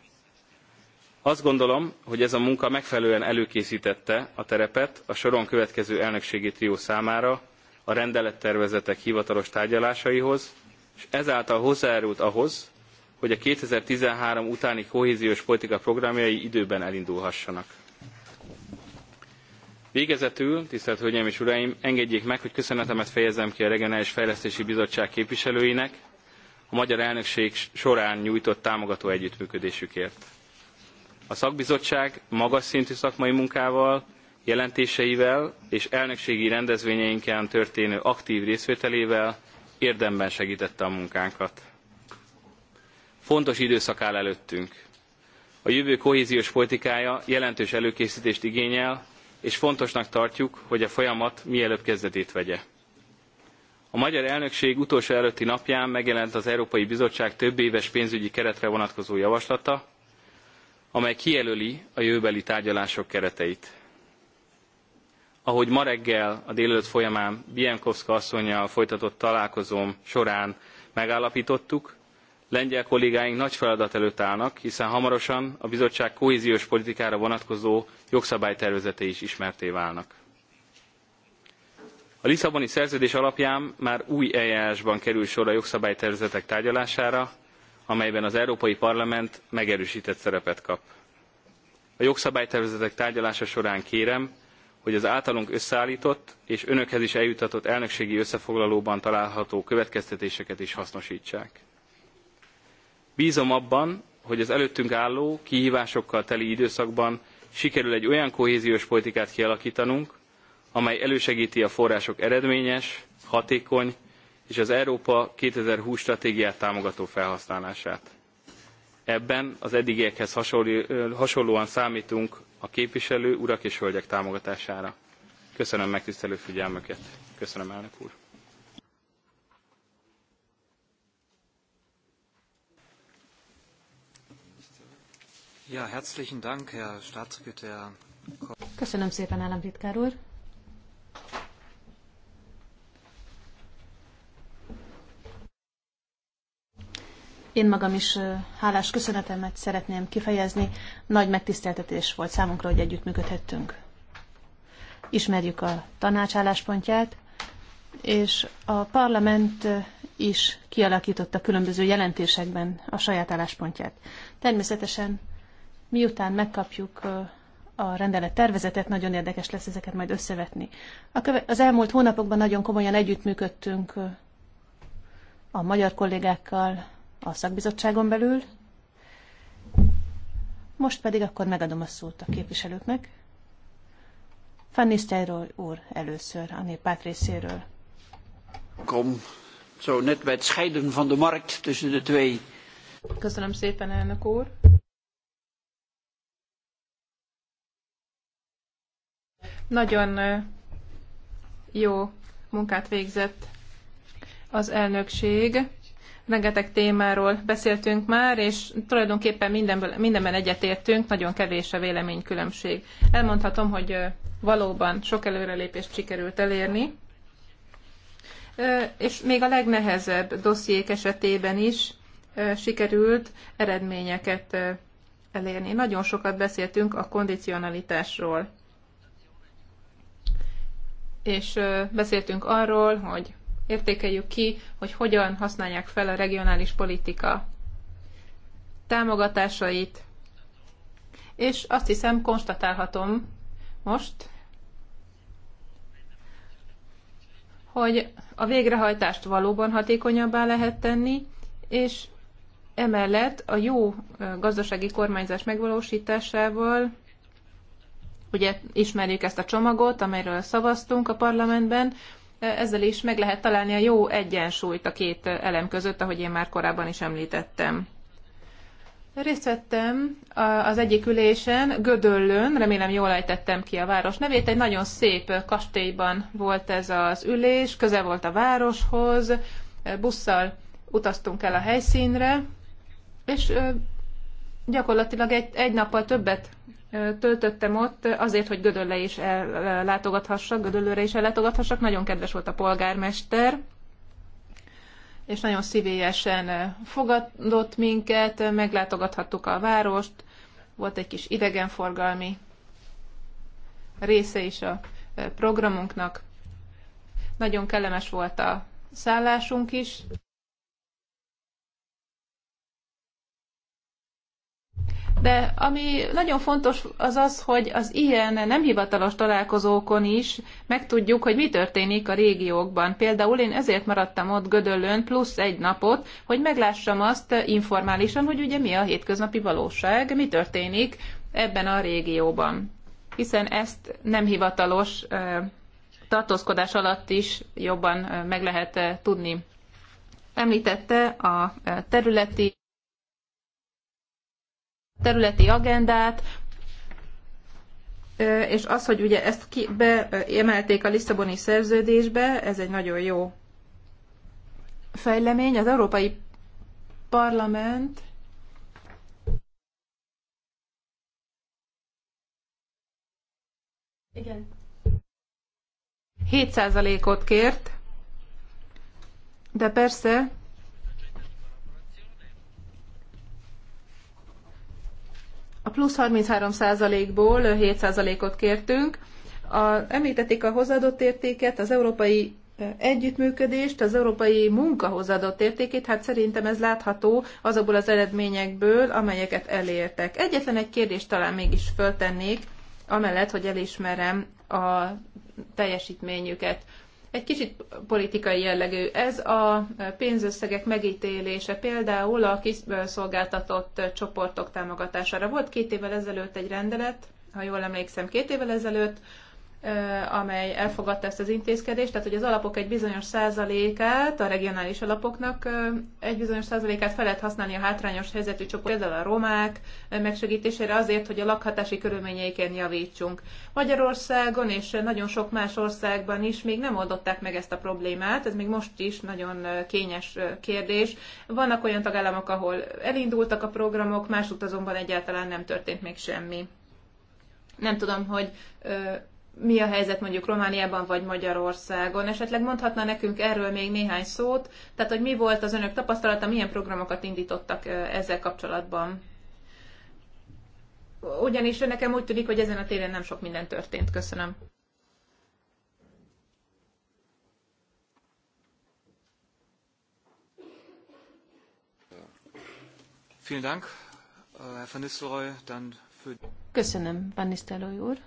Azt gondolom, hogy ez a munka megfelelően előkészítette a terepet a soron következő elnökségi trió számára a rendelettervezetek hivatalos tárgyalásaihoz, és ezáltal hozzájárult ahhoz, hogy a 2013 utáni kohéziós politika programjai időben elindulhassanak. Végezetül, tisztelt Hölgyeim és Uraim, engedjék meg, hogy köszönetemet fejezem ki a Regionális Fejlesztési Bizottság képviselőinek a magyar elnökség során nyújtott támogató együttműködésükért. A szakbizottság magas szintű szakmai munkával, jelentéseivel és elnökségi rendezvényeinken történő aktív részvételével érdemben segítette a munkánkat. Fontos időszak áll előttünk. A jövő kohéziós politikája jelentős előkészítést igényel, és fontosnak tartjuk, hogy a folyamat mielőbb kezdetét vegye. A magyar elnökség utolsó előtti napján megjelent az Európai Bizottság több éves pénzügyi keretre vonatkozó javaslata, amely kijelöli a jövőbeli tárgyalások kereteit. Ahogy ma reggel a délelőtt folyamán Bienkowska asszonynal folytatott találkozóm során megállapítottuk, lengyel kollégáink nagy feladat előtt állnak hiszen hamarosan a bizottság kohéziós politikára vonatkozó jogszabálytervezetei is ismertté válnak. a lisszaboni szerződés alapján már új eljárásban kerül sor a jogszabálytervezetek tárgyalására amelyben az európai parlament megerőstett szerepet kap. a jogszabálytervezetek tárgyalása során kérem hogy az általunk összeállított és önökhez is eljuttatott elnökségi összefoglalóban található következtetéseket is hasznosítsák Bízom abban, hogy az előttünk álló, kihívásokkal teli időszakban sikerül egy olyan kohéziós politikát kialakítanunk, amely elősegíti a források eredményes, hatékony és az Európa 2020 stratégiát támogató felhasználását. Ebben az eddigiekhez hasonlóan számítunk a képviselő urak és hölgyek támogatására. Köszönöm megtisztelő figyelmüket. Köszönöm, elnök úr. Ja, herzlichen Dank, Herr Staatssekretär. Köszönöm szépen, államtitkár úr. Én magam is hálás köszönetemet szeretném kifejezni. Nagy megtiszteltetés volt számunkra, hogy együttműködhettünk. Ismerjük a tanács álláspontját, és a parlament is kialakította különböző jelentésekben a saját álláspontját. Természetesen Miután megkapjuk a rendelet tervezetet, nagyon érdekes lesz ezeket majd összevetni. Az elmúlt hónapokban nagyon komolyan együttműködtünk a magyar kollégákkal a szakbizottságon belül. Most pedig akkor megadom a szót a képviselőknek. Fanny Steyról úr először a néppárt részéről. Kom, zo net bij het scheiden van de markt tussen de twee. Köszönöm szépen, elnök úr. Nagyon jó munkát végzett az elnökség. Rengeteg témáról beszéltünk már, és tulajdonképpen mindenből, mindenben egyetértünk, nagyon kevés a véleménykülönbség. Elmondhatom, hogy valóban sok előrelépést sikerült elérni, és még a legnehezebb dossziék esetében is sikerült eredményeket elérni. Nagyon sokat beszéltünk a kondicionalitásról és beszéltünk arról, hogy értékeljük ki, hogy hogyan használják fel a regionális politika támogatásait, és azt hiszem konstatálhatom most, hogy a végrehajtást valóban hatékonyabbá lehet tenni, és emellett a jó gazdasági kormányzás megvalósításával Ugye ismerjük ezt a csomagot, amelyről szavaztunk a parlamentben, ezzel is meg lehet találni a jó egyensúlyt a két elem között, ahogy én már korábban is említettem. Részt vettem az egyik ülésen, Gödöllön, remélem jól ejtettem ki a város nevét, egy nagyon szép kastélyban volt ez az ülés, közel volt a városhoz, busszal utaztunk el a helyszínre, és gyakorlatilag egy, egy nappal többet töltöttem ott azért, hogy Gödölle is ellátogathassak, Gödöllőre is ellátogathassak. Nagyon kedves volt a polgármester, és nagyon szívélyesen fogadott minket, meglátogathattuk a várost, volt egy kis idegenforgalmi része is a eh, programunknak. Nagyon kellemes volt a szállásunk is. De ami nagyon fontos az az, hogy az ilyen nem hivatalos találkozókon is megtudjuk, hogy mi történik a régiókban. Például én ezért maradtam ott Gödöllön plusz egy napot, hogy meglássam azt informálisan, hogy ugye mi a hétköznapi valóság, mi történik ebben a régióban. Hiszen ezt nem hivatalos tartózkodás alatt is jobban meg lehet tudni. Említette a területi területi agendát, és az, hogy ugye ezt ki, beemelték a Lisszaboni szerződésbe, ez egy nagyon jó fejlemény. Az Európai Parlament Igen. 7%-ot kért, de persze A plusz 33%-ból 7%-ot kértünk. A, említették a hozzáadott értéket, az európai együttműködést, az európai munkahozadott értékét, hát szerintem ez látható azokból az eredményekből, amelyeket elértek. Egyetlen egy kérdést talán mégis föltennék, amellett, hogy elismerem a teljesítményüket egy kicsit politikai jellegű. Ez a pénzösszegek megítélése például a kiszolgáltatott csoportok támogatására. Volt két évvel ezelőtt egy rendelet, ha jól emlékszem, két évvel ezelőtt, amely elfogadta ezt az intézkedést, tehát hogy az alapok egy bizonyos százalékát, a regionális alapoknak egy bizonyos százalékát fel lehet használni a hátrányos helyzetű csoport, például a romák megsegítésére azért, hogy a lakhatási körülményeiken javítsunk. Magyarországon és nagyon sok más országban is még nem oldották meg ezt a problémát, ez még most is nagyon kényes kérdés. Vannak olyan tagállamok, ahol elindultak a programok, más azonban egyáltalán nem történt még semmi. Nem tudom, hogy mi a helyzet mondjuk Romániában vagy Magyarországon. Esetleg mondhatna nekünk erről még néhány szót, tehát hogy mi volt az önök tapasztalata, milyen programokat indítottak ezzel kapcsolatban. Ugyanis nekem úgy tűnik, hogy ezen a téren nem sok minden történt. Köszönöm. Köszönöm, Van Nistelrooy úr.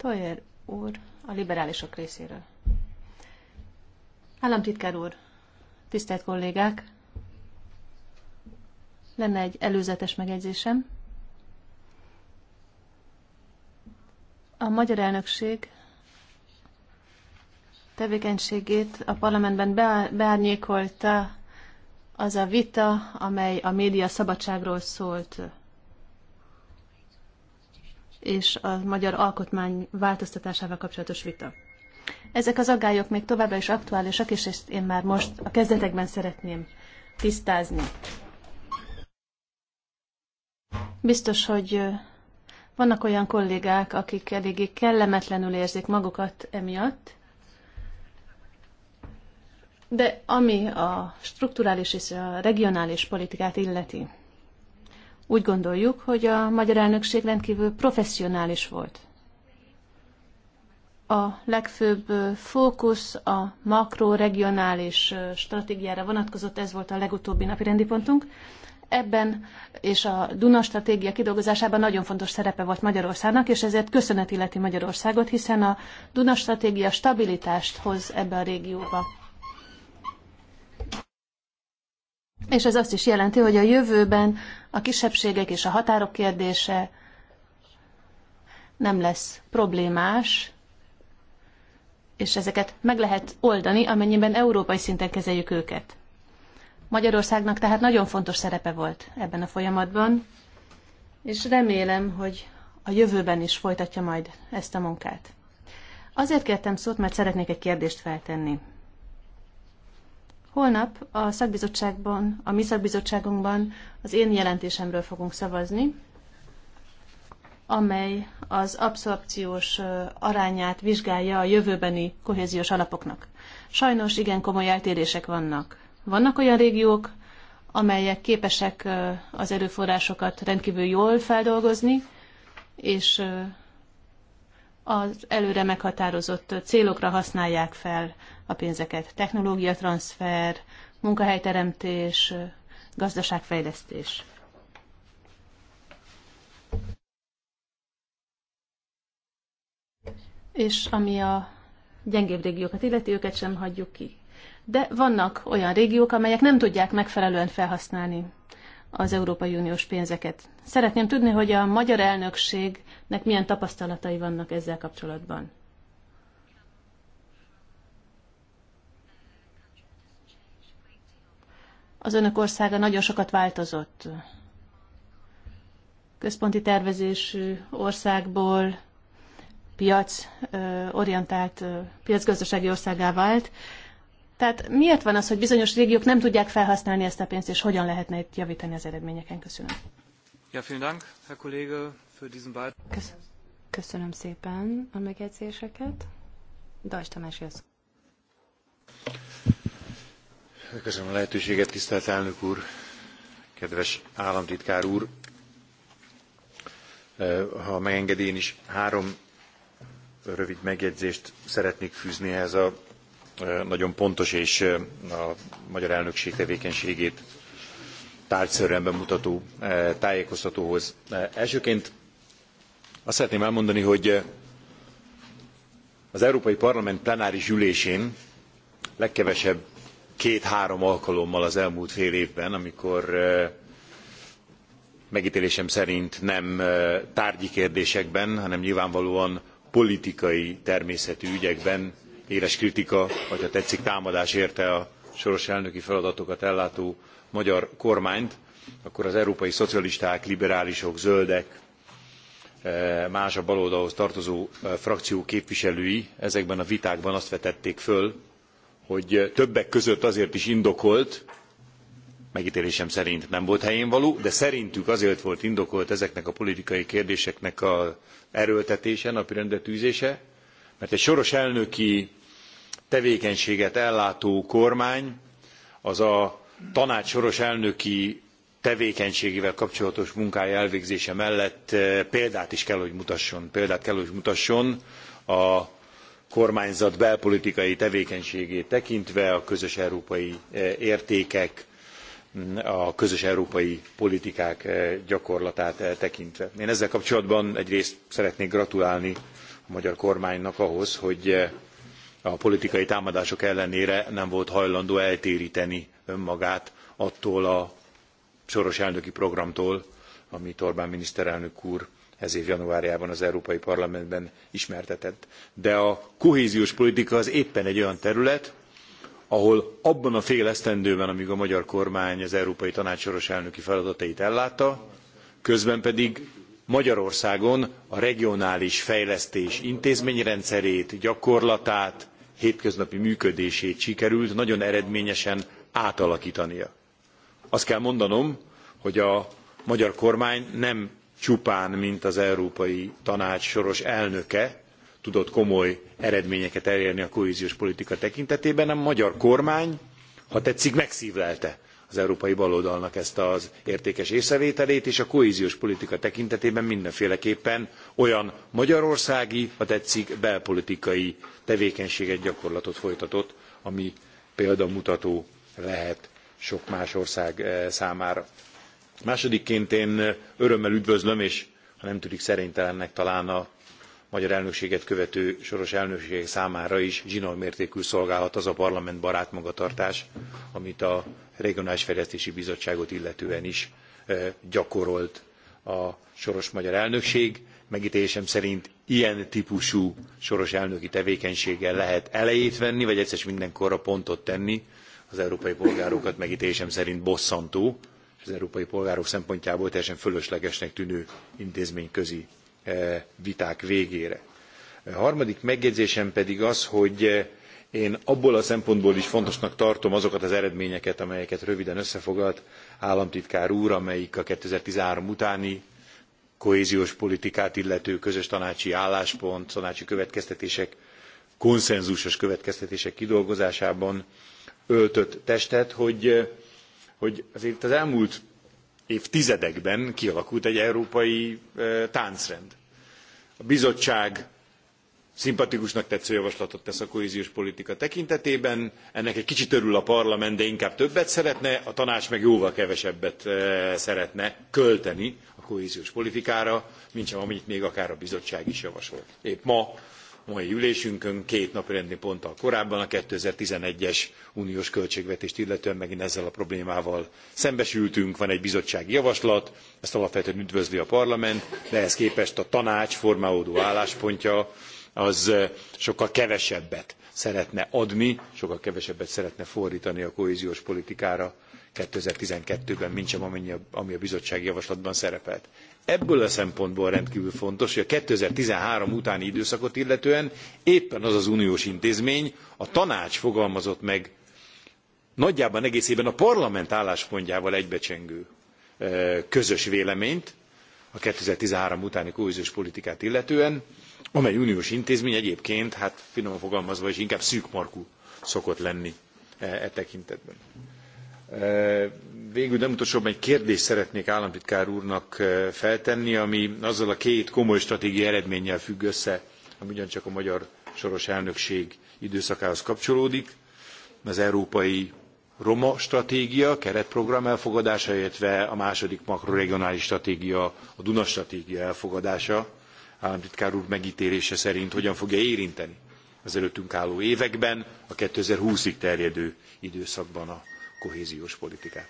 Toyer úr a liberálisok részéről. Államtitkár úr, tisztelt kollégák, lenne egy előzetes megjegyzésem. A magyar elnökség tevékenységét a parlamentben beárnyékolta az a vita, amely a média szabadságról szólt és a magyar alkotmány változtatásával kapcsolatos vita. Ezek az aggályok még továbbra is aktuálisak, és ezt én már most a kezdetekben szeretném tisztázni. Biztos, hogy vannak olyan kollégák, akik eléggé kellemetlenül érzik magukat emiatt, de ami a strukturális és a regionális politikát illeti, úgy gondoljuk, hogy a magyar elnökség rendkívül professzionális volt. A legfőbb fókusz a makroregionális stratégiára vonatkozott, ez volt a legutóbbi napi rendi pontunk. Ebben és a Duna stratégia kidolgozásában nagyon fontos szerepe volt Magyarországnak, és ezért köszönet illeti Magyarországot, hiszen a Duna stratégia stabilitást hoz ebbe a régióba És ez azt is jelenti, hogy a jövőben a kisebbségek és a határok kérdése nem lesz problémás, és ezeket meg lehet oldani, amennyiben európai szinten kezeljük őket. Magyarországnak tehát nagyon fontos szerepe volt ebben a folyamatban, és remélem, hogy a jövőben is folytatja majd ezt a munkát. Azért kértem szót, mert szeretnék egy kérdést feltenni. Holnap a szakbizottságban, a mi szakbizottságunkban az én jelentésemről fogunk szavazni, amely az abszorpciós arányát vizsgálja a jövőbeni kohéziós alapoknak. Sajnos igen komoly eltérések vannak. Vannak olyan régiók, amelyek képesek az erőforrásokat rendkívül jól feldolgozni, és az előre meghatározott célokra használják fel a pénzeket. Technológia transfer, munkahelyteremtés, gazdaságfejlesztés. És ami a gyengébb régiókat illeti, őket sem hagyjuk ki. De vannak olyan régiók, amelyek nem tudják megfelelően felhasználni az Európai Uniós pénzeket. Szeretném tudni, hogy a magyar elnökségnek milyen tapasztalatai vannak ezzel kapcsolatban. Az önök országa nagyon sokat változott. Központi tervezésű országból piac orientált piacgazdasági országá vált, tehát miért van az, hogy bizonyos régiók nem tudják felhasználni ezt a pénzt, és hogyan lehetne itt javítani az eredményeken? Köszönöm. Ja, vielen Dank, Herr Kollege, für diesen Köszönöm. Köszönöm szépen a megjegyzéseket. Dajs Tamás, jössz. Köszönöm a lehetőséget, tisztelt elnök úr, kedves államtitkár úr. Eh, ha megengedi, én is három rövid megjegyzést szeretnék fűzni ehhez a nagyon pontos és a magyar elnökség tevékenységét tárgyszerűen bemutató tájékoztatóhoz. Elsőként azt szeretném elmondani, hogy az Európai Parlament plenáris ülésén legkevesebb két-három alkalommal az elmúlt fél évben, amikor megítélésem szerint nem tárgyi kérdésekben, hanem nyilvánvalóan politikai természetű ügyekben éles kritika, vagy ha tetszik támadás érte a soros elnöki feladatokat ellátó magyar kormányt, akkor az európai szocialisták, liberálisok, zöldek, eh, más a baloldalhoz tartozó eh, frakció képviselői ezekben a vitákban azt vetették föl, hogy többek között azért is indokolt, megítélésem szerint nem volt helyén való, de szerintük azért volt indokolt ezeknek a politikai kérdéseknek a erőltetése, napirendre tűzése, mert egy soros elnöki tevékenységet ellátó kormány az a tanács soros elnöki tevékenységével kapcsolatos munkája elvégzése mellett eh, példát is kell, hogy mutasson, példát kell, hogy mutasson a kormányzat belpolitikai tevékenységét tekintve a közös európai eh, értékek, a közös európai politikák eh, gyakorlatát tekintve. Én ezzel kapcsolatban egyrészt szeretnék gratulálni a magyar kormánynak ahhoz, hogy a politikai támadások ellenére nem volt hajlandó eltérteni önmagát attól a soros elnöki programtól, amit Orbán miniszterelnök úr ez év januárjában az Európai Parlamentben ismertetett. De a kohéziós politika az éppen egy olyan terület, ahol abban a fél esztendőben, amíg a magyar kormány az Európai Tanács soros elnöki feladatait ellátta, közben pedig Magyarországon a regionális fejlesztés intézményrendszerét, gyakorlatát, hétköznapi működését sikerült nagyon eredményesen átalakítania. Azt kell mondanom, hogy a magyar kormány nem csupán, mint az Európai Tanács soros elnöke tudott komoly eredményeket elérni a kohéziós politika tekintetében, hanem a magyar kormány, ha tetszik, megszívlelte az európai baloldalnak ezt az értékes észrevételét, és a kohéziós politika tekintetében mindenféleképpen olyan magyarországi, ha tetszik, belpolitikai tevékenységet, gyakorlatot folytatott, ami példamutató lehet sok más ország eh, számára. Másodikként én eh, örömmel üdvözlöm, és ha nem tűnik szerénytelennek talán a magyar elnökséget követő soros elnökség számára is zsinórmértékű szolgálhat az a parlamentbarát magatartás, amit a Regionális Fejlesztési Bizottságot illetően is gyakorolt a soros magyar elnökség. Megítélésem szerint ilyen típusú soros elnöki tevékenységgel lehet elejét venni, vagy egyszer mindenkorra pontot tenni. Az európai polgárokat megítélésem szerint bosszantó, és az európai polgárok szempontjából teljesen fölöslegesnek tűnő intézményközi viták végére. A harmadik megjegyzésem pedig az, hogy én abból a szempontból is fontosnak tartom azokat az eredményeket, amelyeket röviden összefoglalt államtitkár úr, amelyik a 2013 utáni kohéziós politikát illető közös tanácsi álláspont, tanácsi következtetések, konszenzusos következtetések kidolgozásában öltött testet, hogy, hogy azért az elmúlt évtizedekben kialakult egy európai eh, táncrend. A bizottság szimpatikusnak tetsző javaslatot tesz a kohéziós politika tekintetében ennek egy kicsit örül a parlament de inkább többet szeretne a tanács meg jóval kevesebbet eh, szeretne költeni a kohéziós politikára mintsem amit még akár a bizottság is javasolt. épp ma mai ülésünkön két napirendi ponttal korábban a two thousand and eleven es uniós költségvetést illetően megint ezzel a problémával szembesültünk van egy bizottsági javaslat ezt alapvetően üdvözli a parlament de ehhez képest a tanács formálódó álláspontja az sokkal kevesebbet szeretne adni, sokkal kevesebbet szeretne fordítani a kohéziós politikára 2012-ben, mint sem amennyi, ami a bizottsági javaslatban szerepelt. Ebből a szempontból rendkívül fontos, hogy a 2013 utáni időszakot illetően éppen az az uniós intézmény, a tanács fogalmazott meg nagyjában egészében a parlament álláspontjával egybecsengő közös véleményt a 2013 utáni kohéziós politikát illetően, amely uniós intézmény egyébként, hát finoman fogalmazva is inkább szűkmarkú szokott lenni e, e tekintetben. E, végül nem utolsóbb egy kérdést szeretnék államtitkár úrnak e, feltenni, ami azzal a két komoly stratégiai eredménnyel függ össze, ami ugyancsak a magyar soros elnökség időszakához kapcsolódik, az európai roma stratégia, keretprogram elfogadása, illetve a második makroregionális stratégia, a Duna stratégia elfogadása államtitkár úr megítélése szerint hogyan fogja érinteni az előttünk álló években, a 2020-ig terjedő időszakban a kohéziós politikát.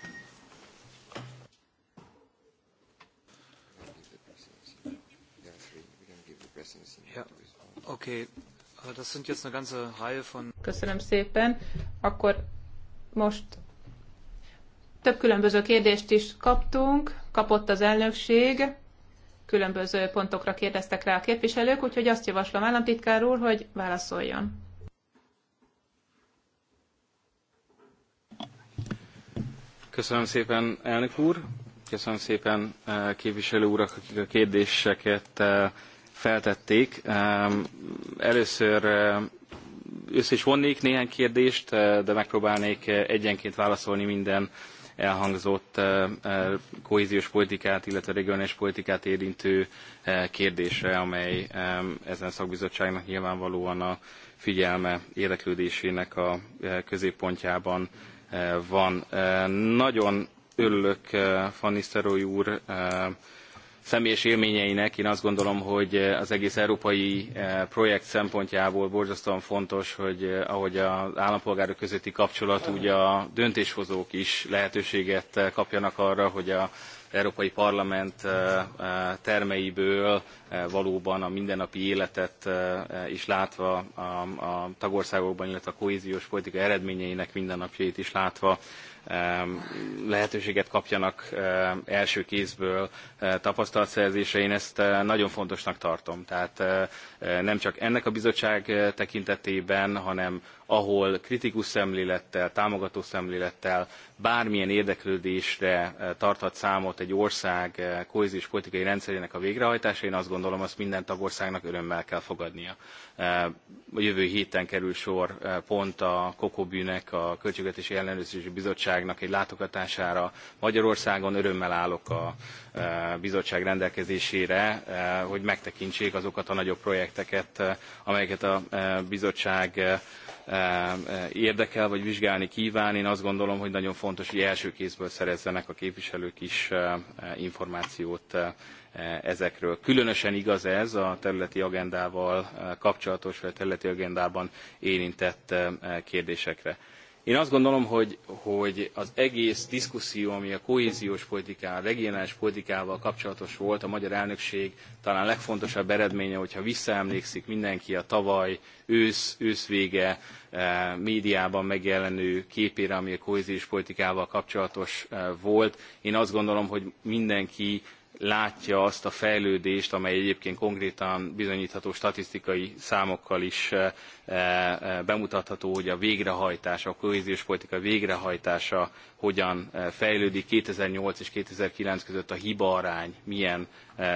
Köszönöm szépen. Akkor most több különböző kérdést is kaptunk, kapott az elnökség különböző pontokra kérdeztek rá a képviselők, úgyhogy azt javaslom államtitkár úr, hogy válaszoljon. Köszönöm szépen, elnök úr! Köszönöm szépen eh, képviselő urak, akik a kérdéseket eh, feltették. Eh, először össze is vonnék néhány kérdést, de megpróbálnék egyenként válaszolni minden elhangzott eh, eh, kohéziós politikát, illetve regionális politikát érintő eh, kérdésre, amely ezen a szakbizottságnak nyilvánvalóan a figyelme érdeklődésének a középpontjában van. Nagyon örülök Van Nisztelrooy úr személyes élményeinek én azt gondolom, hogy az egész európai eh, projekt szempontjából borzasztóan fontos, hogy eh, ahogy az állampolgárok közötti kapcsolat, úgy a döntéshozók is lehetőséget eh, kapjanak arra, hogy a Európai Parlament termeiből valóban a mindennapi életet is látva a, tagországokban, illetve a kohéziós politika eredményeinek mindennapjait is látva lehetőséget kapjanak első kézből tapasztalatszerzésre. Én ezt nagyon fontosnak tartom. Tehát nem csak ennek a bizottság tekintetében, hanem ahol kritikus szemlélettel, támogató szemlélettel, bármilyen érdeklődésre eh, tarthat számot egy ország eh, kohéziós politikai rendszerének a végrehajtása, én azt gondolom, azt minden tagországnak örömmel kell fogadnia. Eh, a jövő héten kerül sor pont a Kokobűnek, a Költségvetési Ellenőrzési Bizottságnak egy látogatására Magyarországon. Örömmel állok a bizottság rendelkezésére, hogy megtekintsék azokat a nagyobb projekteket, amelyeket a bizottság érdekel, vagy vizsgálni kíván. Én azt gondolom, hogy nagyon fontos, hogy első kézből szerezzenek a képviselők is információt ezekről. Különösen igaz ez a területi agendával kapcsolatos, vagy a területi agendában érintett kérdésekre. Én azt gondolom, hogy, hogy az egész diszkuszió, ami a kohéziós politikával, a regionális politikával kapcsolatos volt, a magyar elnökség talán legfontosabb eredménye, hogyha visszaemlékszik mindenki a tavaly ősz, őszvége eh, médiában megjelenő képére, ami a kohéziós politikával kapcsolatos eh, volt. Én azt gondolom, hogy mindenki látja azt a fejlődést, amely egyébként konkrétan bizonyítható statisztikai számokkal is eh, eh, bemutatható, hogy a végrehajtása, a kohéziós politika végrehajtása hogyan eh, fejlődik. 2008 és 2009 között a hibaarány milyen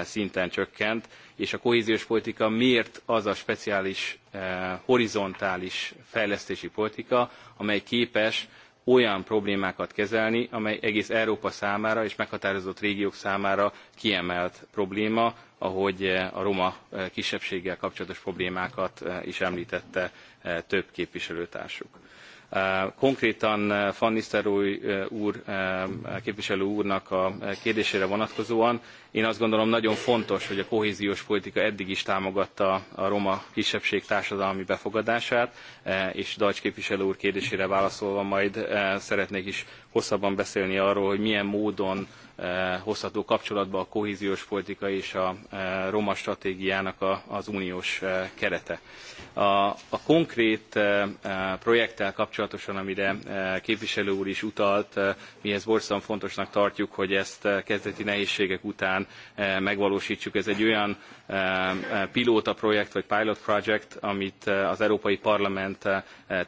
szinten csökkent, és a kohéziós politika miért az a speciális horizontális fejlesztési politika, amely képes olyan problémákat kezelni, amely egész Európa számára és meghatározott régiók számára kiemelt probléma, ahogy eh, a roma eh, kisebbséggel kapcsolatos problémákat eh, is említette több képviselőtársuk Konkrétan Van Nisztelrooy úr, képviselő úrnak a kérdésére vonatkozóan, én azt gondolom nagyon fontos, hogy a kohéziós politika eddig is támogatta a roma kisebbség társadalmi befogadását, és Dajcs képviselő úr kérdésére válaszolva majd szeretnék is hosszabban beszélni arról, hogy milyen módon Eh, hozható kapcsolatba a kohéziós politika és a eh, roma stratégiának az uniós eh, kerete. A, konkrét projekttel kapcsolatosan, amire képviselő úr is utalt, mi ezt borzasztóan fontosnak tartjuk, hogy ezt kezdeti nehézségek után megvalósítsuk. Ez egy olyan pilóta projekt, vagy pilot project, amit az Európai Parlament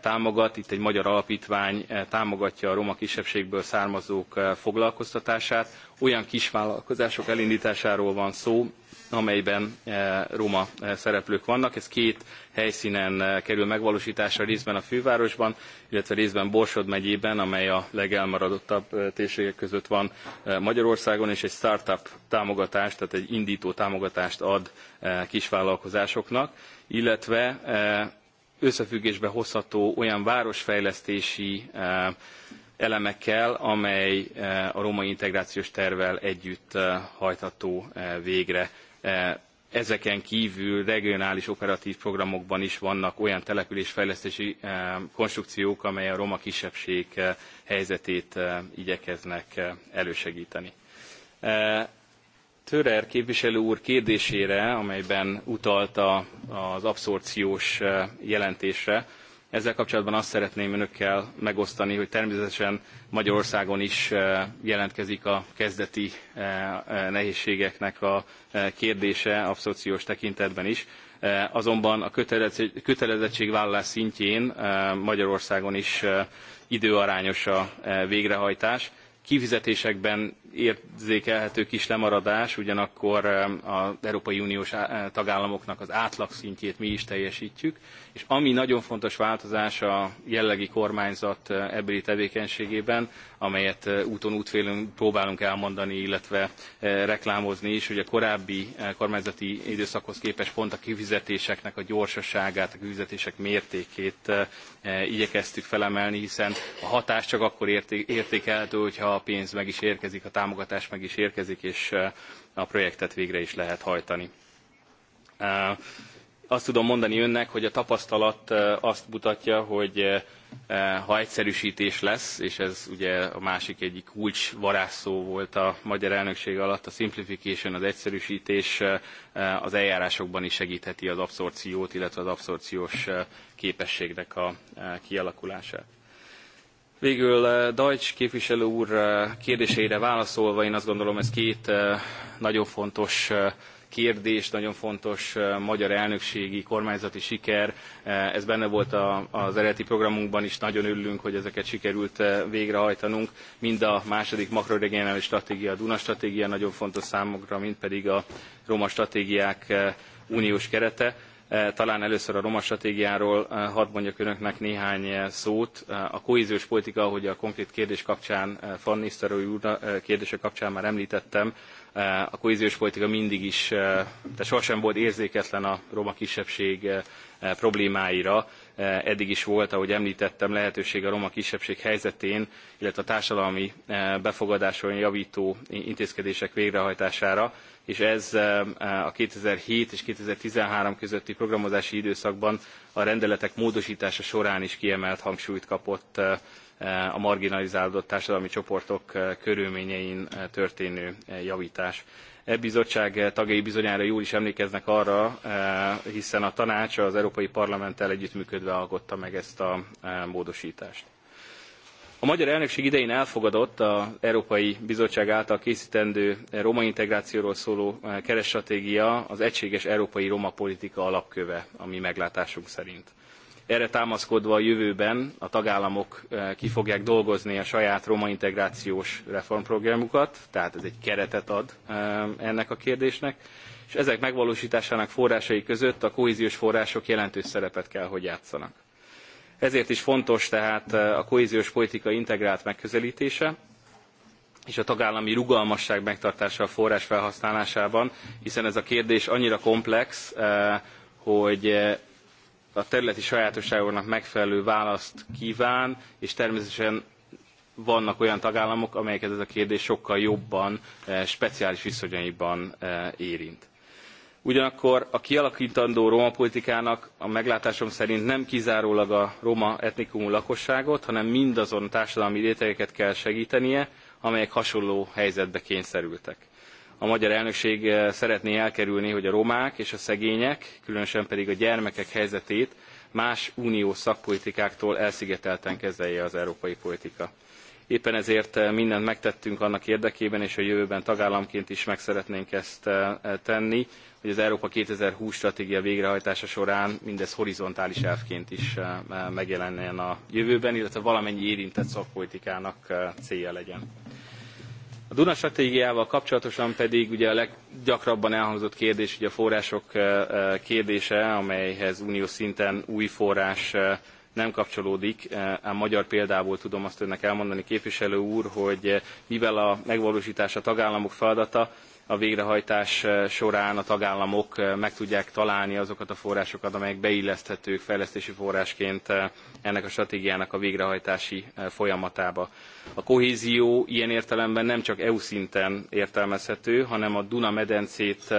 támogat. Itt egy magyar alapítvány támogatja a roma kisebbségből származók foglalkoztatását olyan kisvállalkozások elindításáról van szó, amelyben eh, roma eh, szereplők vannak. Ez két helyszínen eh, kerül megvalósításra, részben a fővárosban, illetve részben Borsod megyében, amely a legelmaradottabb térségek között van Magyarországon, és egy startup támogatást, tehát egy indító támogatást ad kisvállalkozásoknak, illetve összefüggésbe hozható olyan városfejlesztési elemekkel, amely eh, a római integrációs tervvel együtt eh, hajtható eh, végre. Ezeken kívül regionális operatív programokban is vannak olyan településfejlesztési konstrukciók, amely a roma kisebbség helyzetét igyekeznek elősegíteni. Törer képviselő úr kérdésére, amelyben utalt az abszorpciós jelentésre, ezzel kapcsolatban azt szeretném önökkel megosztani, hogy természetesen Magyarországon is eh, jelentkezik a kezdeti eh, eh, nehézségeknek a kérdése abszorciós tekintetben is. Azonban a kötelezettségvállalás szintjén Magyarországon is időarányos a végrehajtás. Kifizetésekben érzékelhető kis lemaradás, ugyanakkor eh, az Európai Uniós eh, tagállamoknak az átlag szintjét mi is teljesítjük, és ami nagyon fontos változás a jellegi kormányzat eh, ebbeli tevékenységében, amelyet úton útfélünk próbálunk elmondani, illetve reklámozni is, hogy a korábbi kormányzati időszakhoz képest pont a kifizetéseknek a gyorsaságát, a kifizetések mértékét igyekeztük felemelni, hiszen a hatás csak akkor értékelhető, hogyha a pénz meg is érkezik a támogatás meg is érkezik, és a projektet végre is lehet hajtani. Azt tudom mondani önnek, hogy a tapasztalat azt mutatja, hogy ha egyszerűsítés lesz, és ez ugye a másik egyik kulcs varázsszó volt a magyar elnökség alatt, a simplification, az egyszerűsítés az eljárásokban is segítheti az abszorciót, illetve az abszorciós képességnek a kialakulását. Végül eh, Deutsch képviselő úr eh, kérdéseire válaszolva, én azt gondolom ez két eh, nagyon fontos kérdés, nagyon fontos magyar elnökségi, kormányzati siker. Ez benne volt az eredeti programunkban is, nagyon örülünk, hogy ezeket sikerült végrehajtanunk. Mind a második makroregionális stratégia, a Duna stratégia nagyon fontos számunkra, mind pedig a Roma stratégiák uniós kerete Eh, talán először a roma stratégiáról eh, hadd mondjak önöknek néhány eh, szót. A kohéziós politika, ahogy a konkrét kérdés kapcsán, Van Nisztelrooy úr kérdése kapcsán már említettem, a kohéziós politika mindig is, de sohasem volt érzéketlen a roma kisebbség problémáira. Eddig is volt, ahogy említettem, lehetőség a roma kisebbség helyzetén, illetve a társadalmi befogadáson javító intézkedések végrehajtására és ez a 2007 és 2013 közötti programozási időszakban a rendeletek módosítása során is kiemelt hangsúlyt kapott a marginalizálódott társadalmi csoportok körülményein történő javítás. E bizottság tagjai bizonyára jól is emlékeznek arra, hiszen a tanács az Európai Parlamenttel együttműködve alkotta meg ezt a módosítást. A magyar elnökség idején elfogadott az Európai Bizottság által készítendő roma integrációról szóló eh, keretstratégia az egységes európai roma politika alapköve, ami meglátásunk szerint. Erre támaszkodva a jövőben a tagállamok eh, ki fogják dolgozni a saját roma integrációs reformprogramjukat, tehát ez egy keretet ad eh, ennek a kérdésnek, és ezek megvalósításának forrásai között a kohéziós források jelentős szerepet kell, hogy játszanak. Ezért is fontos tehát eh, a kohéziós politika integrált megközelítése, és a tagállami rugalmasság megtartása a forrás felhasználásában, hiszen ez a kérdés annyira komplex, eh, hogy eh, a területi sajátosságoknak megfelelő választ kíván, és természetesen vannak olyan tagállamok, amelyeket ez a kérdés sokkal jobban, speciális viszonyaiban érint ugyanakkor a kialaktandó roma politikának a meglátásom szerint nem kizárólag a roma etnikumú lakosságot hanem mindazon társadalmi rétegeket kell segtenie amelyek hasonló helyzetbe kényszerültek. a magyar elnökség eh, szeretné elkerülni hogy a romák és a szegények különösen pedig a gyermekek helyzetét más uniós szakpolitikáktól elszigetelten kezelje az európai politika éppen ezért eh, mindent megtettünk annak érdekében és a jövőben tagállamként is meg szeretnénk ezt eh, eh, tenni hogy az európa two thousand and twenty stratégia végrehajtása során mindez horizontális elvként is megjelenjen a jövőben illetve valamennyi érintett szakpolitikának célja legyen. A Duna stratégiával kapcsolatosan pedig ugye a leggyakrabban elhangzott kérdés ugye a források kérdése, amelyhez uniós szinten új forrás nem kapcsolódik, e, ám magyar példából tudom azt önnek elmondani, képviselő úr, hogy e, mivel a megvalósítás a tagállamok feladata, a végrehajtás e, során a tagállamok meg tudják találni azokat a forrásokat, amelyek beilleszthetők fejlesztési forrásként ennek a stratégiának a végrehajtási folyamatába. A kohézió ilyen értelemben nem csak EU szinten értelmezhető, hanem a Duna medencét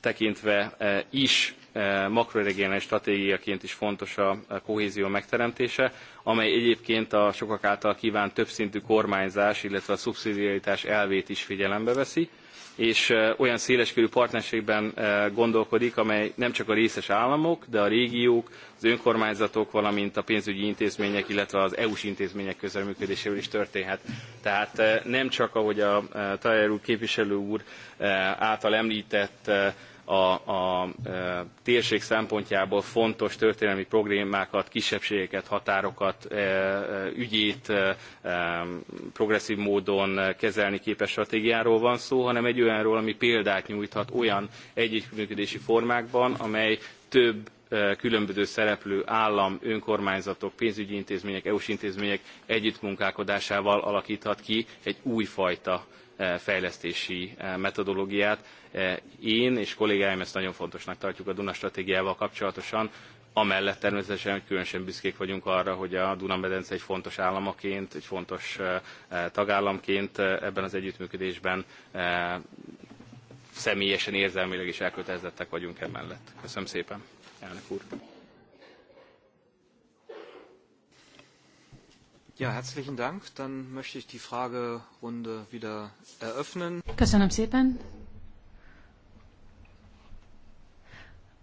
tekintve is E, makroregionális stratégiaként is fontos a kohézió megteremtése, amely egyébként a sokak által kívánt többszintű kormányzás, illetve a szubszidiaritás elvét is figyelembe veszi és e, olyan széleskörű partnerségben e, gondolkodik, amely nem csak a részes államok, de a régiók, az önkormányzatok, valamint a pénzügyi intézmények, illetve az EU-s intézmények közreműködésével is történhet. Tehát nem csak, ahogy a Tajer úr képviselő úr által említett a, a e, térség szempontjából fontos történelmi problémákat, kisebbségeket, határokat, e, e, ügyét progresszív módon kezelni képes stratégiáról van szó, hanem egy olyanról, ami példát nyújthat olyan együttműködési formákban, amely több különböző szereplő állam önkormányzatok pénzügyi intézmények eu s intézmények együttmunkálkodásával alakthat ki egy újfajta E, fejlesztési e, metodológiát. E, én és kollégáim ezt nagyon fontosnak tartjuk a Duna stratégiával kapcsolatosan, amellett természetesen, hogy különösen büszkék vagyunk arra, hogy a Dunamedence egy fontos államaként, egy fontos tagállamként ebben az együttműködésben személyesen érzelmileg is elkötelezettek vagyunk emellett. Köszönöm szépen, elnök úr! Ja, herzlichen Dank. Dann möchte ich die Fragerunde wieder eröffnen. Köszönöm szépen.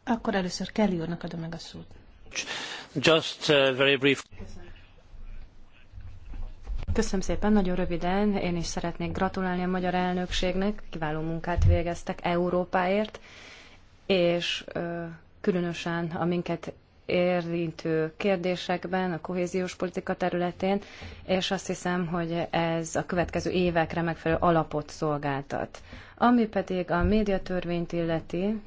Akkor először Kelly úrnak adom meg a szót. Just uh, very brief. Köszönöm. szépen, nagyon röviden. Én is szeretnék gratulálni a magyar elnökségnek, kiváló munkát végeztek Európáért, és különösen a minket érintő kérdésekben, a kohéziós politika területén, és azt hiszem, hogy ez a következő évekre megfelelő alapot szolgáltat. Ami pedig a médiatörvényt illeti,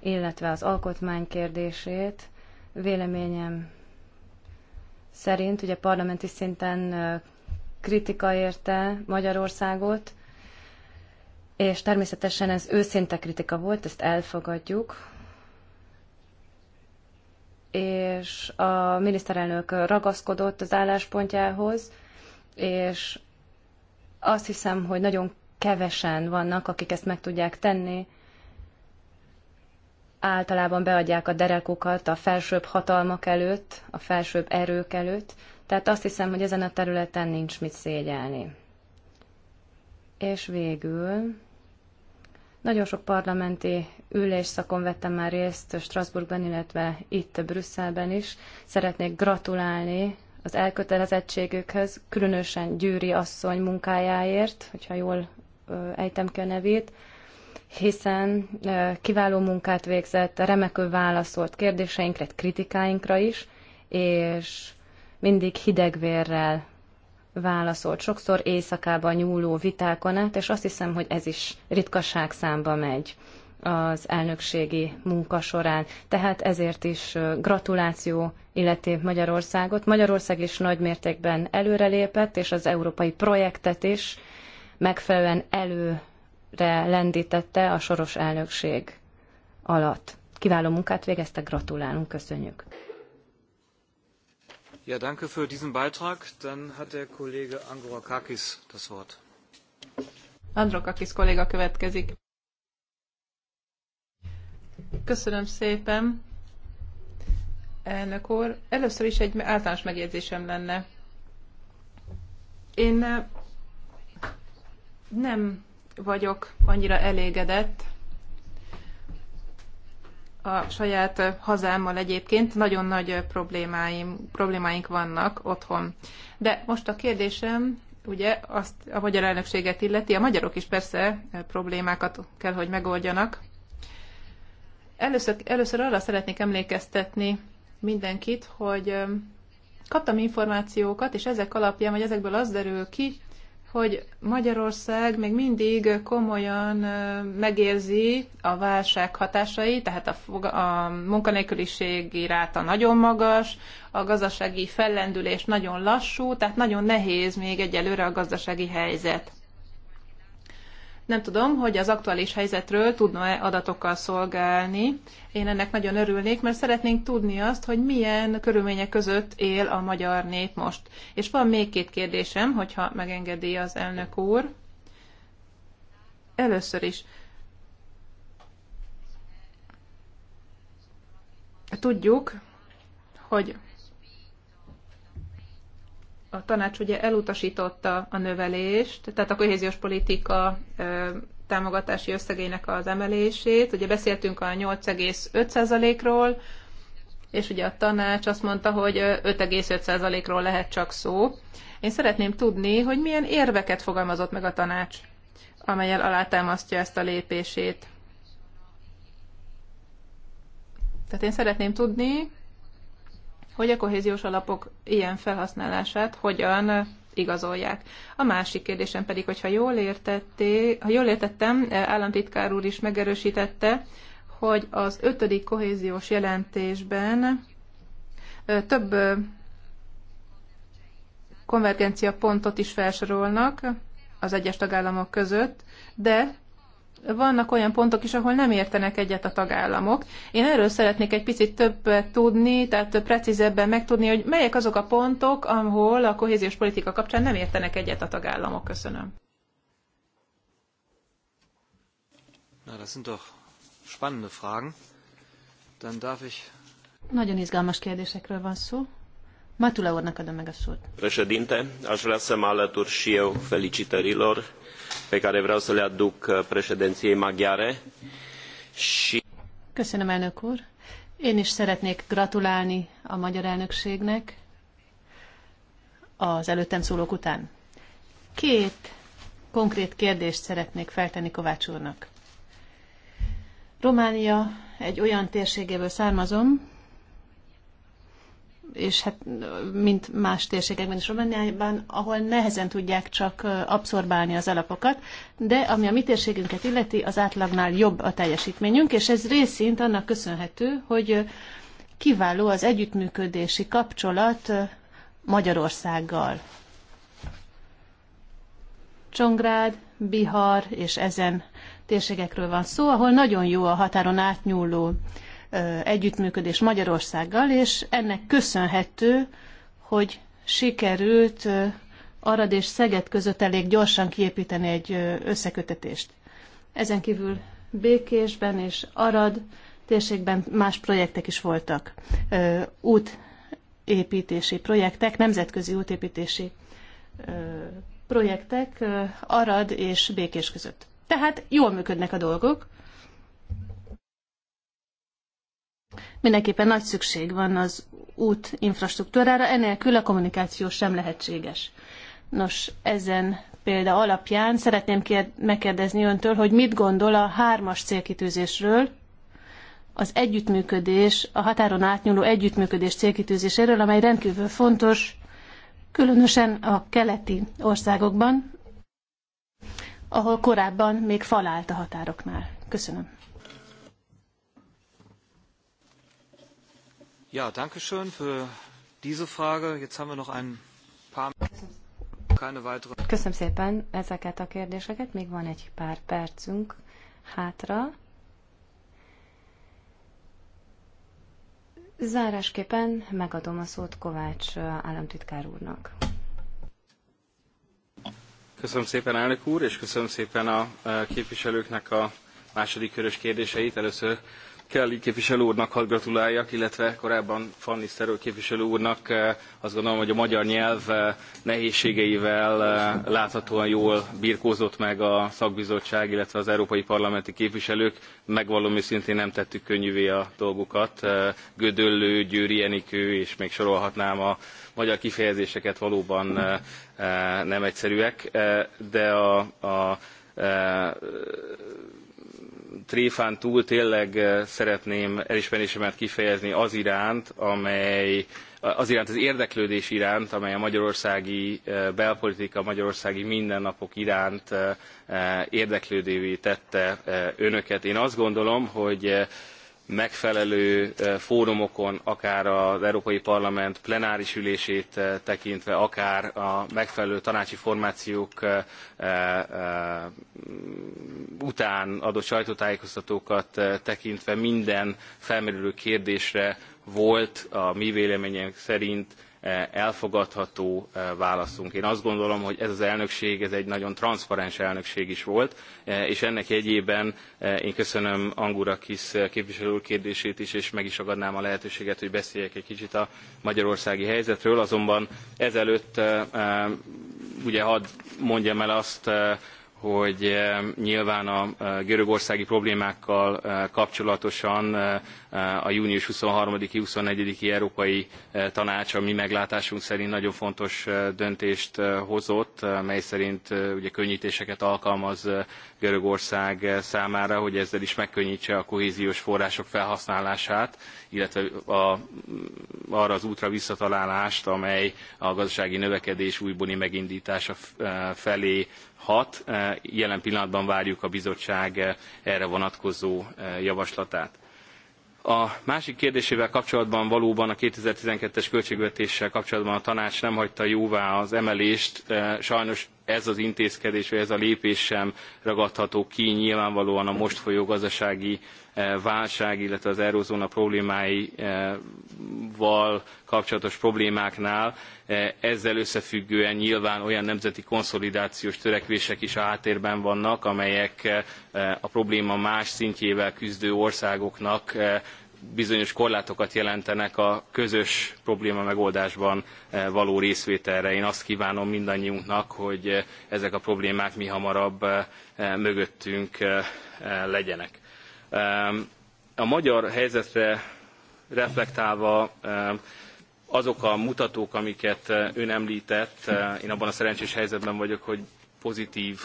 illetve az alkotmány kérdését, véleményem szerint ugye parlamenti szinten kritika érte Magyarországot, és természetesen ez őszinte kritika volt, ezt elfogadjuk, és a miniszterelnök ragaszkodott az álláspontjához, és azt hiszem, hogy nagyon kevesen vannak, akik ezt meg tudják tenni. Általában beadják a derekukat a felsőbb hatalmak előtt, a felsőbb erők előtt, tehát azt hiszem, hogy ezen a területen nincs mit szégyelni. És végül nagyon sok parlamenti ülésszakon vettem már részt Strasbourgban, illetve itt Brüsszelben is. Szeretnék gratulálni az elkötelezettségükhöz, különösen Győri asszony munkájáért, hogyha jól ejtem ki a nevét, hiszen kiváló munkát végzett, remekül válaszolt kérdéseinkre, kritikáinkra is, és mindig hidegvérrel válaszolt sokszor éjszakában nyúló vitákon át, és azt hiszem, hogy ez is ritkaság számba megy az elnökségi munka során. Tehát ezért is gratuláció illeti Magyarországot. Magyarország is nagy mértékben előrelépett, és az európai projektet is megfelelően előre lendítette a soros elnökség alatt. Kiváló munkát végeztek, gratulálunk, köszönjük! Ja, danke für diesen Beitrag. Dann hat der Kollege Androkakis das Wort. Androkakis következik. Köszönöm szépen, elnök úr. Először is egy általános megjegyzésem lenne. Én eh, nem vagyok annyira elégedett a saját hazámmal egyébként nagyon nagy problémáim, problémáink vannak otthon. De most a kérdésem ugye azt a magyar elnökséget illeti, a magyarok is persze problémákat kell, hogy megoldjanak. Először, először arra szeretnék emlékeztetni mindenkit, hogy kaptam információkat, és ezek alapján, vagy ezekből az derül ki, hogy Magyarország még mindig komolyan megérzi a válság hatásai, tehát a, a munkanélküliségi ráta nagyon magas, a gazdasági fellendülés nagyon lassú, tehát nagyon nehéz még egyelőre a gazdasági helyzet. Nem tudom, hogy az aktuális helyzetről tudna-e adatokkal szolgálni. Én ennek nagyon örülnék, mert szeretnénk tudni azt, hogy milyen körülmények között él a magyar nép most. És van még két kérdésem, hogyha megengedi az elnök úr. Először is. Tudjuk, hogy a tanács ugye elutasította a növelést, tehát a kohéziós politika támogatási összegének az emelését. Ugye beszéltünk a 8,5%-ról, és ugye a tanács azt mondta, hogy 5,5%-ról lehet csak szó. Én szeretném tudni, hogy milyen érveket fogalmazott meg a tanács, amelyel alátámasztja ezt a lépését. Tehát én szeretném tudni, hogy a kohéziós alapok ilyen felhasználását hogyan igazolják. A másik kérdésem pedig, hogyha jól, értetté, ha jól értettem, e, államtitkár úr is megerősítette, hogy az ötödik kohéziós jelentésben több konvergencia pontot is felsorolnak az egyes tagállamok között, de vannak olyan pontok is, ahol nem értenek egyet a tagállamok. Én erről szeretnék egy picit több tudni, tehát több precízebben megtudni, hogy melyek azok a pontok, ahol a kohéziós politika kapcsán nem értenek egyet a tagállamok. Köszönöm. Na, das sind doch spannende Fragen. Dann darf ich... Nagyon izgalmas kérdésekről van szó. Matula úrnak adom meg a szót. Președinte, aș vrea să mă alătur și eu felicitărilor pe care vreau să le aduc uh, președinției maghiare. Și... Köszönöm, elnök úr. Én is szeretnék gratulálni a magyar elnökségnek az előttem szólók után. Két konkrét kérdést szeretnék feltenni Kovács úrnak. Románia egy olyan térségéből származom, és hát mint más térségekben is Romániában, ahol nehezen tudják csak abszorbálni az alapokat, de ami a mi térségünket illeti, az átlagnál jobb a teljesítményünk, és ez részint annak köszönhető, hogy kiváló az együttműködési kapcsolat Magyarországgal. Csongrád, Bihar és ezen térségekről van szó, ahol nagyon jó a határon átnyúló együttműködés Magyarországgal, és ennek köszönhető, hogy sikerült Arad és Szeged között elég gyorsan kiépíteni egy összekötetést. Ezen kívül Békésben és Arad térségben más projektek is voltak. Útépítési projektek, nemzetközi útépítési projektek Arad és Békés között. Tehát jól működnek a dolgok, Mindenképpen nagy szükség van az út infrastruktúrára, enélkül a kommunikáció sem lehetséges. Nos, ezen példa alapján szeretném megkérdezni öntől, hogy mit gondol a hármas célkitűzésről, az együttműködés, a határon átnyúló együttműködés célkitűzéséről, amely rendkívül fontos, különösen a keleti országokban, ahol korábban még falált a határoknál. Köszönöm. Ja, danke schön für diese Frage. Jetzt haben wir noch ein paar... Keine weitere... Köszönöm szépen ezeket a kérdéseket. Még van egy pár percünk hátra. Zárásképpen megadom a szót Kovács államtitkár úrnak. Köszönöm szépen, elnök úr, és köszönöm szépen a képviselőknek a második körös kérdéseit. Először Kelly képviselő úrnak hadd gratuláljak, illetve korábban fanni Szerő képviselő úrnak. Eh, azt gondolom, hogy a magyar nyelv eh, nehézségeivel eh, láthatóan jól birkózott meg a szakbizottság, illetve az európai parlamenti képviselők. Megvallom őszintén nem tettük könnyűvé a dolgukat. Gödöllő, Győri Enikő, és még sorolhatnám a magyar kifejezéseket valóban nem egyszerűek, de a, a tréfán túl tényleg eh, szeretném elismerésemet kifejezni az iránt, amely az iránt, az érdeklődés iránt, amely a magyarországi eh, belpolitika, magyarországi mindennapok iránt eh, érdeklődővé tette önöket. Én azt gondolom, hogy megfelelő eh, fórumokon, akár az Európai Parlament plenáris ülését eh, tekintve, akár a megfelelő tanácsi formációk eh, után adott sajtótájékoztatókat tekintve minden felmerülő kérdésre volt a mi véleményünk szerint E, elfogadható e, válaszunk. Én azt gondolom, hogy ez az elnökség ez egy nagyon transzparens elnökség is volt, e, és ennek jegyében én köszönöm kis képviselő úr kérdését is, és meg is agadnám a lehetőséget, hogy beszéljek egy kicsit a magyarországi helyzetről, azonban ezelőtt ugye hadd mondjam el azt, hogy eh, nyilván a eh, görögországi problémákkal eh, kapcsolatosan a június 23-i 24-i Európai Tanács a mi meglátásunk szerint nagyon fontos döntést hozott, mely szerint ugye könnyítéseket alkalmaz Görögország számára, hogy ezzel is megkönnyítse a kohéziós források felhasználását, illetve a, arra az útra visszatalálást, amely a gazdasági növekedés újbóli megindítása felé hat. Eh, jelen pillanatban várjuk a bizottság eh, erre vonatkozó eh, javaslatát. A másik kérdésével kapcsolatban valóban a 2012-es költségvetéssel kapcsolatban a tanács nem hagyta jóvá az emelést. Sajnos ez az intézkedés, vagy ez a lépés sem ragadható ki nyilvánvalóan a most folyó gazdasági eh, válság, illetve az eurozóna problémáival kapcsolatos problémáknál. Eh, ezzel összefüggően nyilván olyan nemzeti konszolidációs törekvések is a háttérben vannak, amelyek eh, a probléma más szintjével küzdő országoknak bizonyos korlátokat jelentenek a közös probléma megoldásban eh, való részvételre. Én azt kívánom mindannyiunknak, hogy eh, ezek a problémák mihamarabb eh, mögöttünk legyenek. A magyar helyzetre reflektálva azok a mutatók, amiket ön említett, én abban a szerencsés helyzetben vagyok, hogy pozitív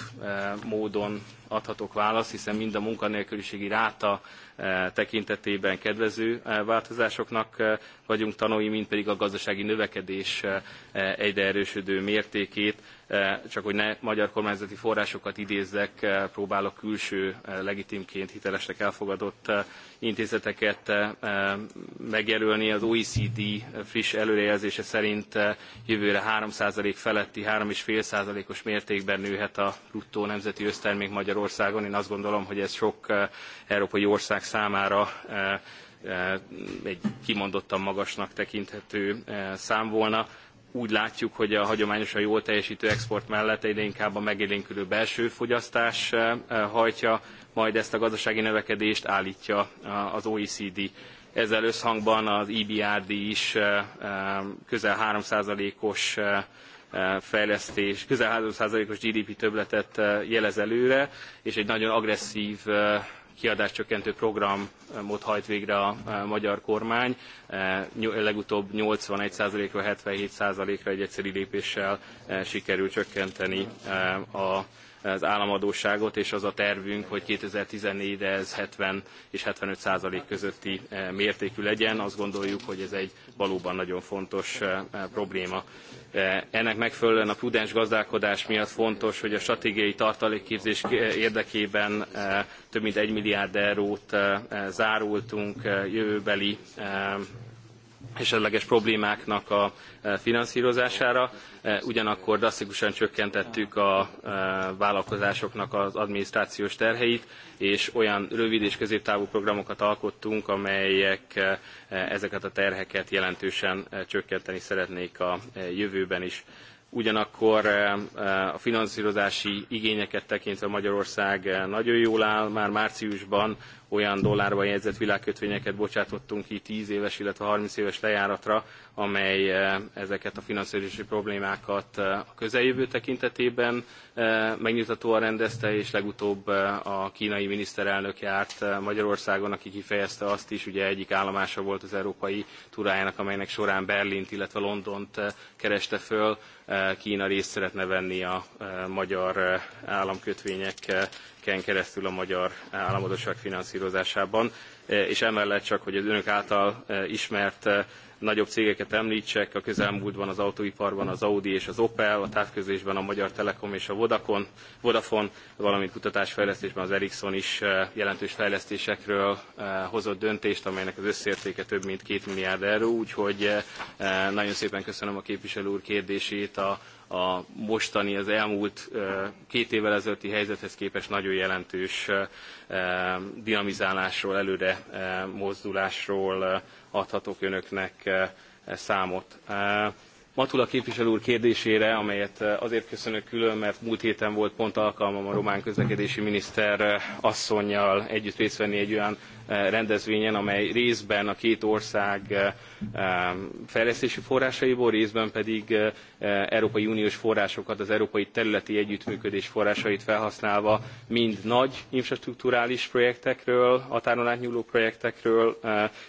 módon adhatok választ, hiszen mind a munkanélküliségi ráta, E, tekintetében kedvező e, változásoknak e, vagyunk tanulni, mint pedig a gazdasági növekedés egyre erősödő mértékét. Csak hogy ne magyar kormányzati forrásokat idézzek, próbálok külső legitimként hitelesnek elfogadott intézeteket megjelölni. Az OECD friss előrejelzése szerint jövőre 3% feletti, 3,5%-os mértékben nőhet a bruttó nemzeti össztermék Magyarországon. Én azt gondolom, hogy ez sok európai ország lakosság számára eh, eh, egy kimondottan magasnak tekinthető eh, szám volna. Úgy látjuk, hogy a hagyományosan jól teljesítő export mellett egyre inkább a megélénkülő belső fogyasztás hajtja, majd ezt a gazdasági növekedést állítja az OECD. Ezzel összhangban az EBRD is közel 3%-os fejlesztés, közel 3%-os GDP többletet jelez előre, és egy nagyon agresszív kiadáscsökkentő programot hajt végre a magyar kormány. E, legutóbb 81%-ról 77%-ra egy egyszerű lépéssel e, sikerült csökkenteni e, a az államadóságot, és az a tervünk, hogy 2014-re ez 70 és 75 százalék közötti eh, mértékű legyen. Azt gondoljuk, hogy ez egy valóban nagyon fontos eh, eh, probléma. Ennek megfelelően a prudens gazdálkodás miatt fontos, hogy a stratégiai tartalékképzés érdekében több mint 1 milliárd eurót zárultunk jövőbeli esetleges problémáknak a e, finanszírozására, e, ugyanakkor drasztikusan csökkentettük a e, vállalkozásoknak az adminisztrációs terheit, és olyan rövid és középtávú programokat alkottunk, amelyek ezeket a terheket jelentősen csökkenteni szeretnék a jövőben is. Ugyanakkor a finanszírozási igényeket tekintve Magyarország nagyon jól áll, már márciusban olyan dollárba jegyzett világkötvényeket bocsátottunk ki 10 éves, illetve 30 éves lejáratra, amely eh, ezeket a finanszírozási problémákat eh, a közeljövő tekintetében eh, megnyugtatóan rendezte, és legutóbb a kínai miniszterelnök járt Magyarországon, aki kifejezte azt is, ugye egyik állomása volt az európai turájának, amelynek során Berlint, illetve Londont kereste föl. Kína részt szeretne venni a magyar államkötvényeken keresztül a magyar államadósság finanszírozásában. Eh, és emellett csak, hogy az önök által eh, ismert eh, nagyobb cégeket említsek, a közelmúltban az autóiparban az Audi és az Opel, a távközlésben a Magyar Telekom és a Vodafone, Vodafone valamint kutatásfejlesztésben az Ericsson is jelentős fejlesztésekről hozott döntést, amelynek az összértéke több mint két milliárd euró, úgyhogy nagyon szépen köszönöm a képviselő úr kérdését a, a mostani, az elmúlt két évvel ezelőtti helyzethez képest nagyon jelentős dinamizálásról, előre mozdulásról adhatok önöknek számot. Matula képviselő úr kérdésére, amelyet eh, azért köszönök külön, mert múlt héten volt pont alkalmam a román közlekedési miniszter eh, asszonynal együtt részt venni egy olyan eh, rendezvényen, amely részben a két ország fejlesztési forrásaiból, részben pedig Európai Uniós forrásokat, az Európai Területi Együttműködés forrásait felhasználva mind nagy infrastrukturális projektekről, határon átnyúló projektekről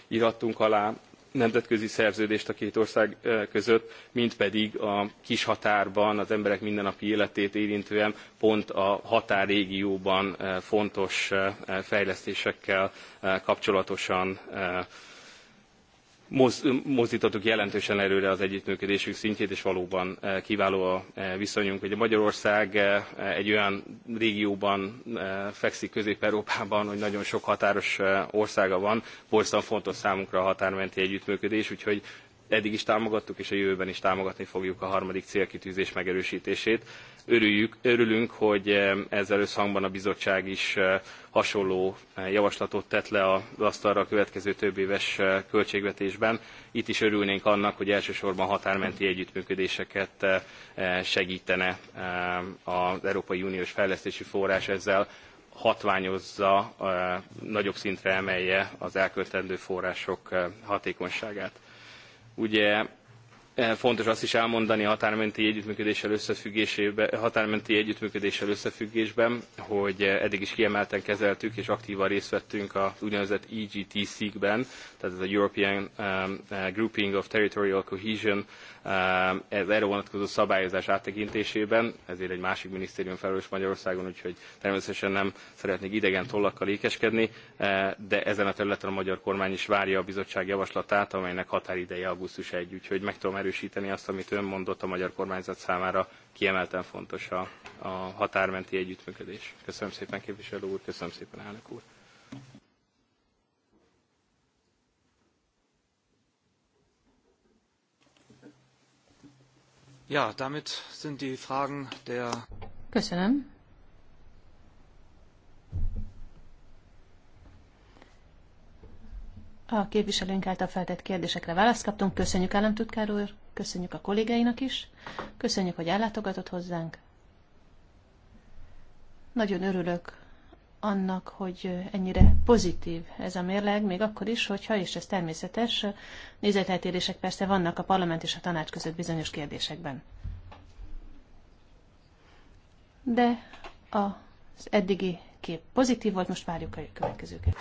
irattunk alá, nemzetközi szerződést a két ország között, mint pedig a kis határban az emberek mindennapi életét érintően pont a határrégióban fontos fejlesztésekkel kapcsolatosan mozdítottuk jelentősen előre az együttműködésünk szintjét, és valóban e, kiváló a e, viszonyunk. Ugye Magyarország e, egy olyan régióban fekszik Közép-Európában, hogy nagyon sok határos országa van, borzasztóan fontos számunkra a határmenti együttműködés, úgyhogy eddig is támogattuk, és a jövőben is támogatni fogjuk a harmadik célkitűzés megerősítését. Örüljük, örülünk, hogy eh, ezzel összhangban a bizottság is eh, hasonló eh, javaslatot tett le az asztalra a következő több éves költségvetésben. Itt is örülnénk annak, hogy elsősorban határmenti együttműködéseket segítene az Európai Uniós Fejlesztési Forrás ezzel hatványozza, nagyobb szintre emelje az elköltendő források hatékonyságát Ugye eh, fontos azt is elmondani a határmenti együttműködéssel határmenti együttműködéssel összefüggésben, hogy eh, eddig is kiemelten kezeltük és aktívan részt vettünk az úgynevezett EGTC-kben, tehát ez a European eh, Grouping of Territorial Cohesion ez erre vonatkozó szabályozás áttekintésében, ezért egy másik minisztérium felelős Magyarországon, úgyhogy természetesen nem szeretnék idegen tollakkal ékeskedni, e, de ezen a területen a magyar kormány is várja a bizottság javaslatát, amelynek határideje augusztus 1, úgyhogy meg tudom erősíteni azt, amit ön mondott a magyar kormányzat számára, kiemelten fontos a, a határmenti együttműködés. Köszönöm szépen képviselő úr, köszönöm szépen elnök úr. Ja, damit sind die Fragen der... Köszönöm. A képviselőnk által feltett kérdésekre választ kaptunk. Köszönjük államtitkár úr, köszönjük a kollégáinak is, köszönjük, hogy ellátogatott hozzánk. Nagyon örülök, annak, hogy ennyire pozitív ez a mérleg, még akkor is, hogyha, és ez természetes, nézeteltérések persze vannak a parlament és a tanács között bizonyos kérdésekben. De az eddigi kép pozitív volt, most várjuk a következőket.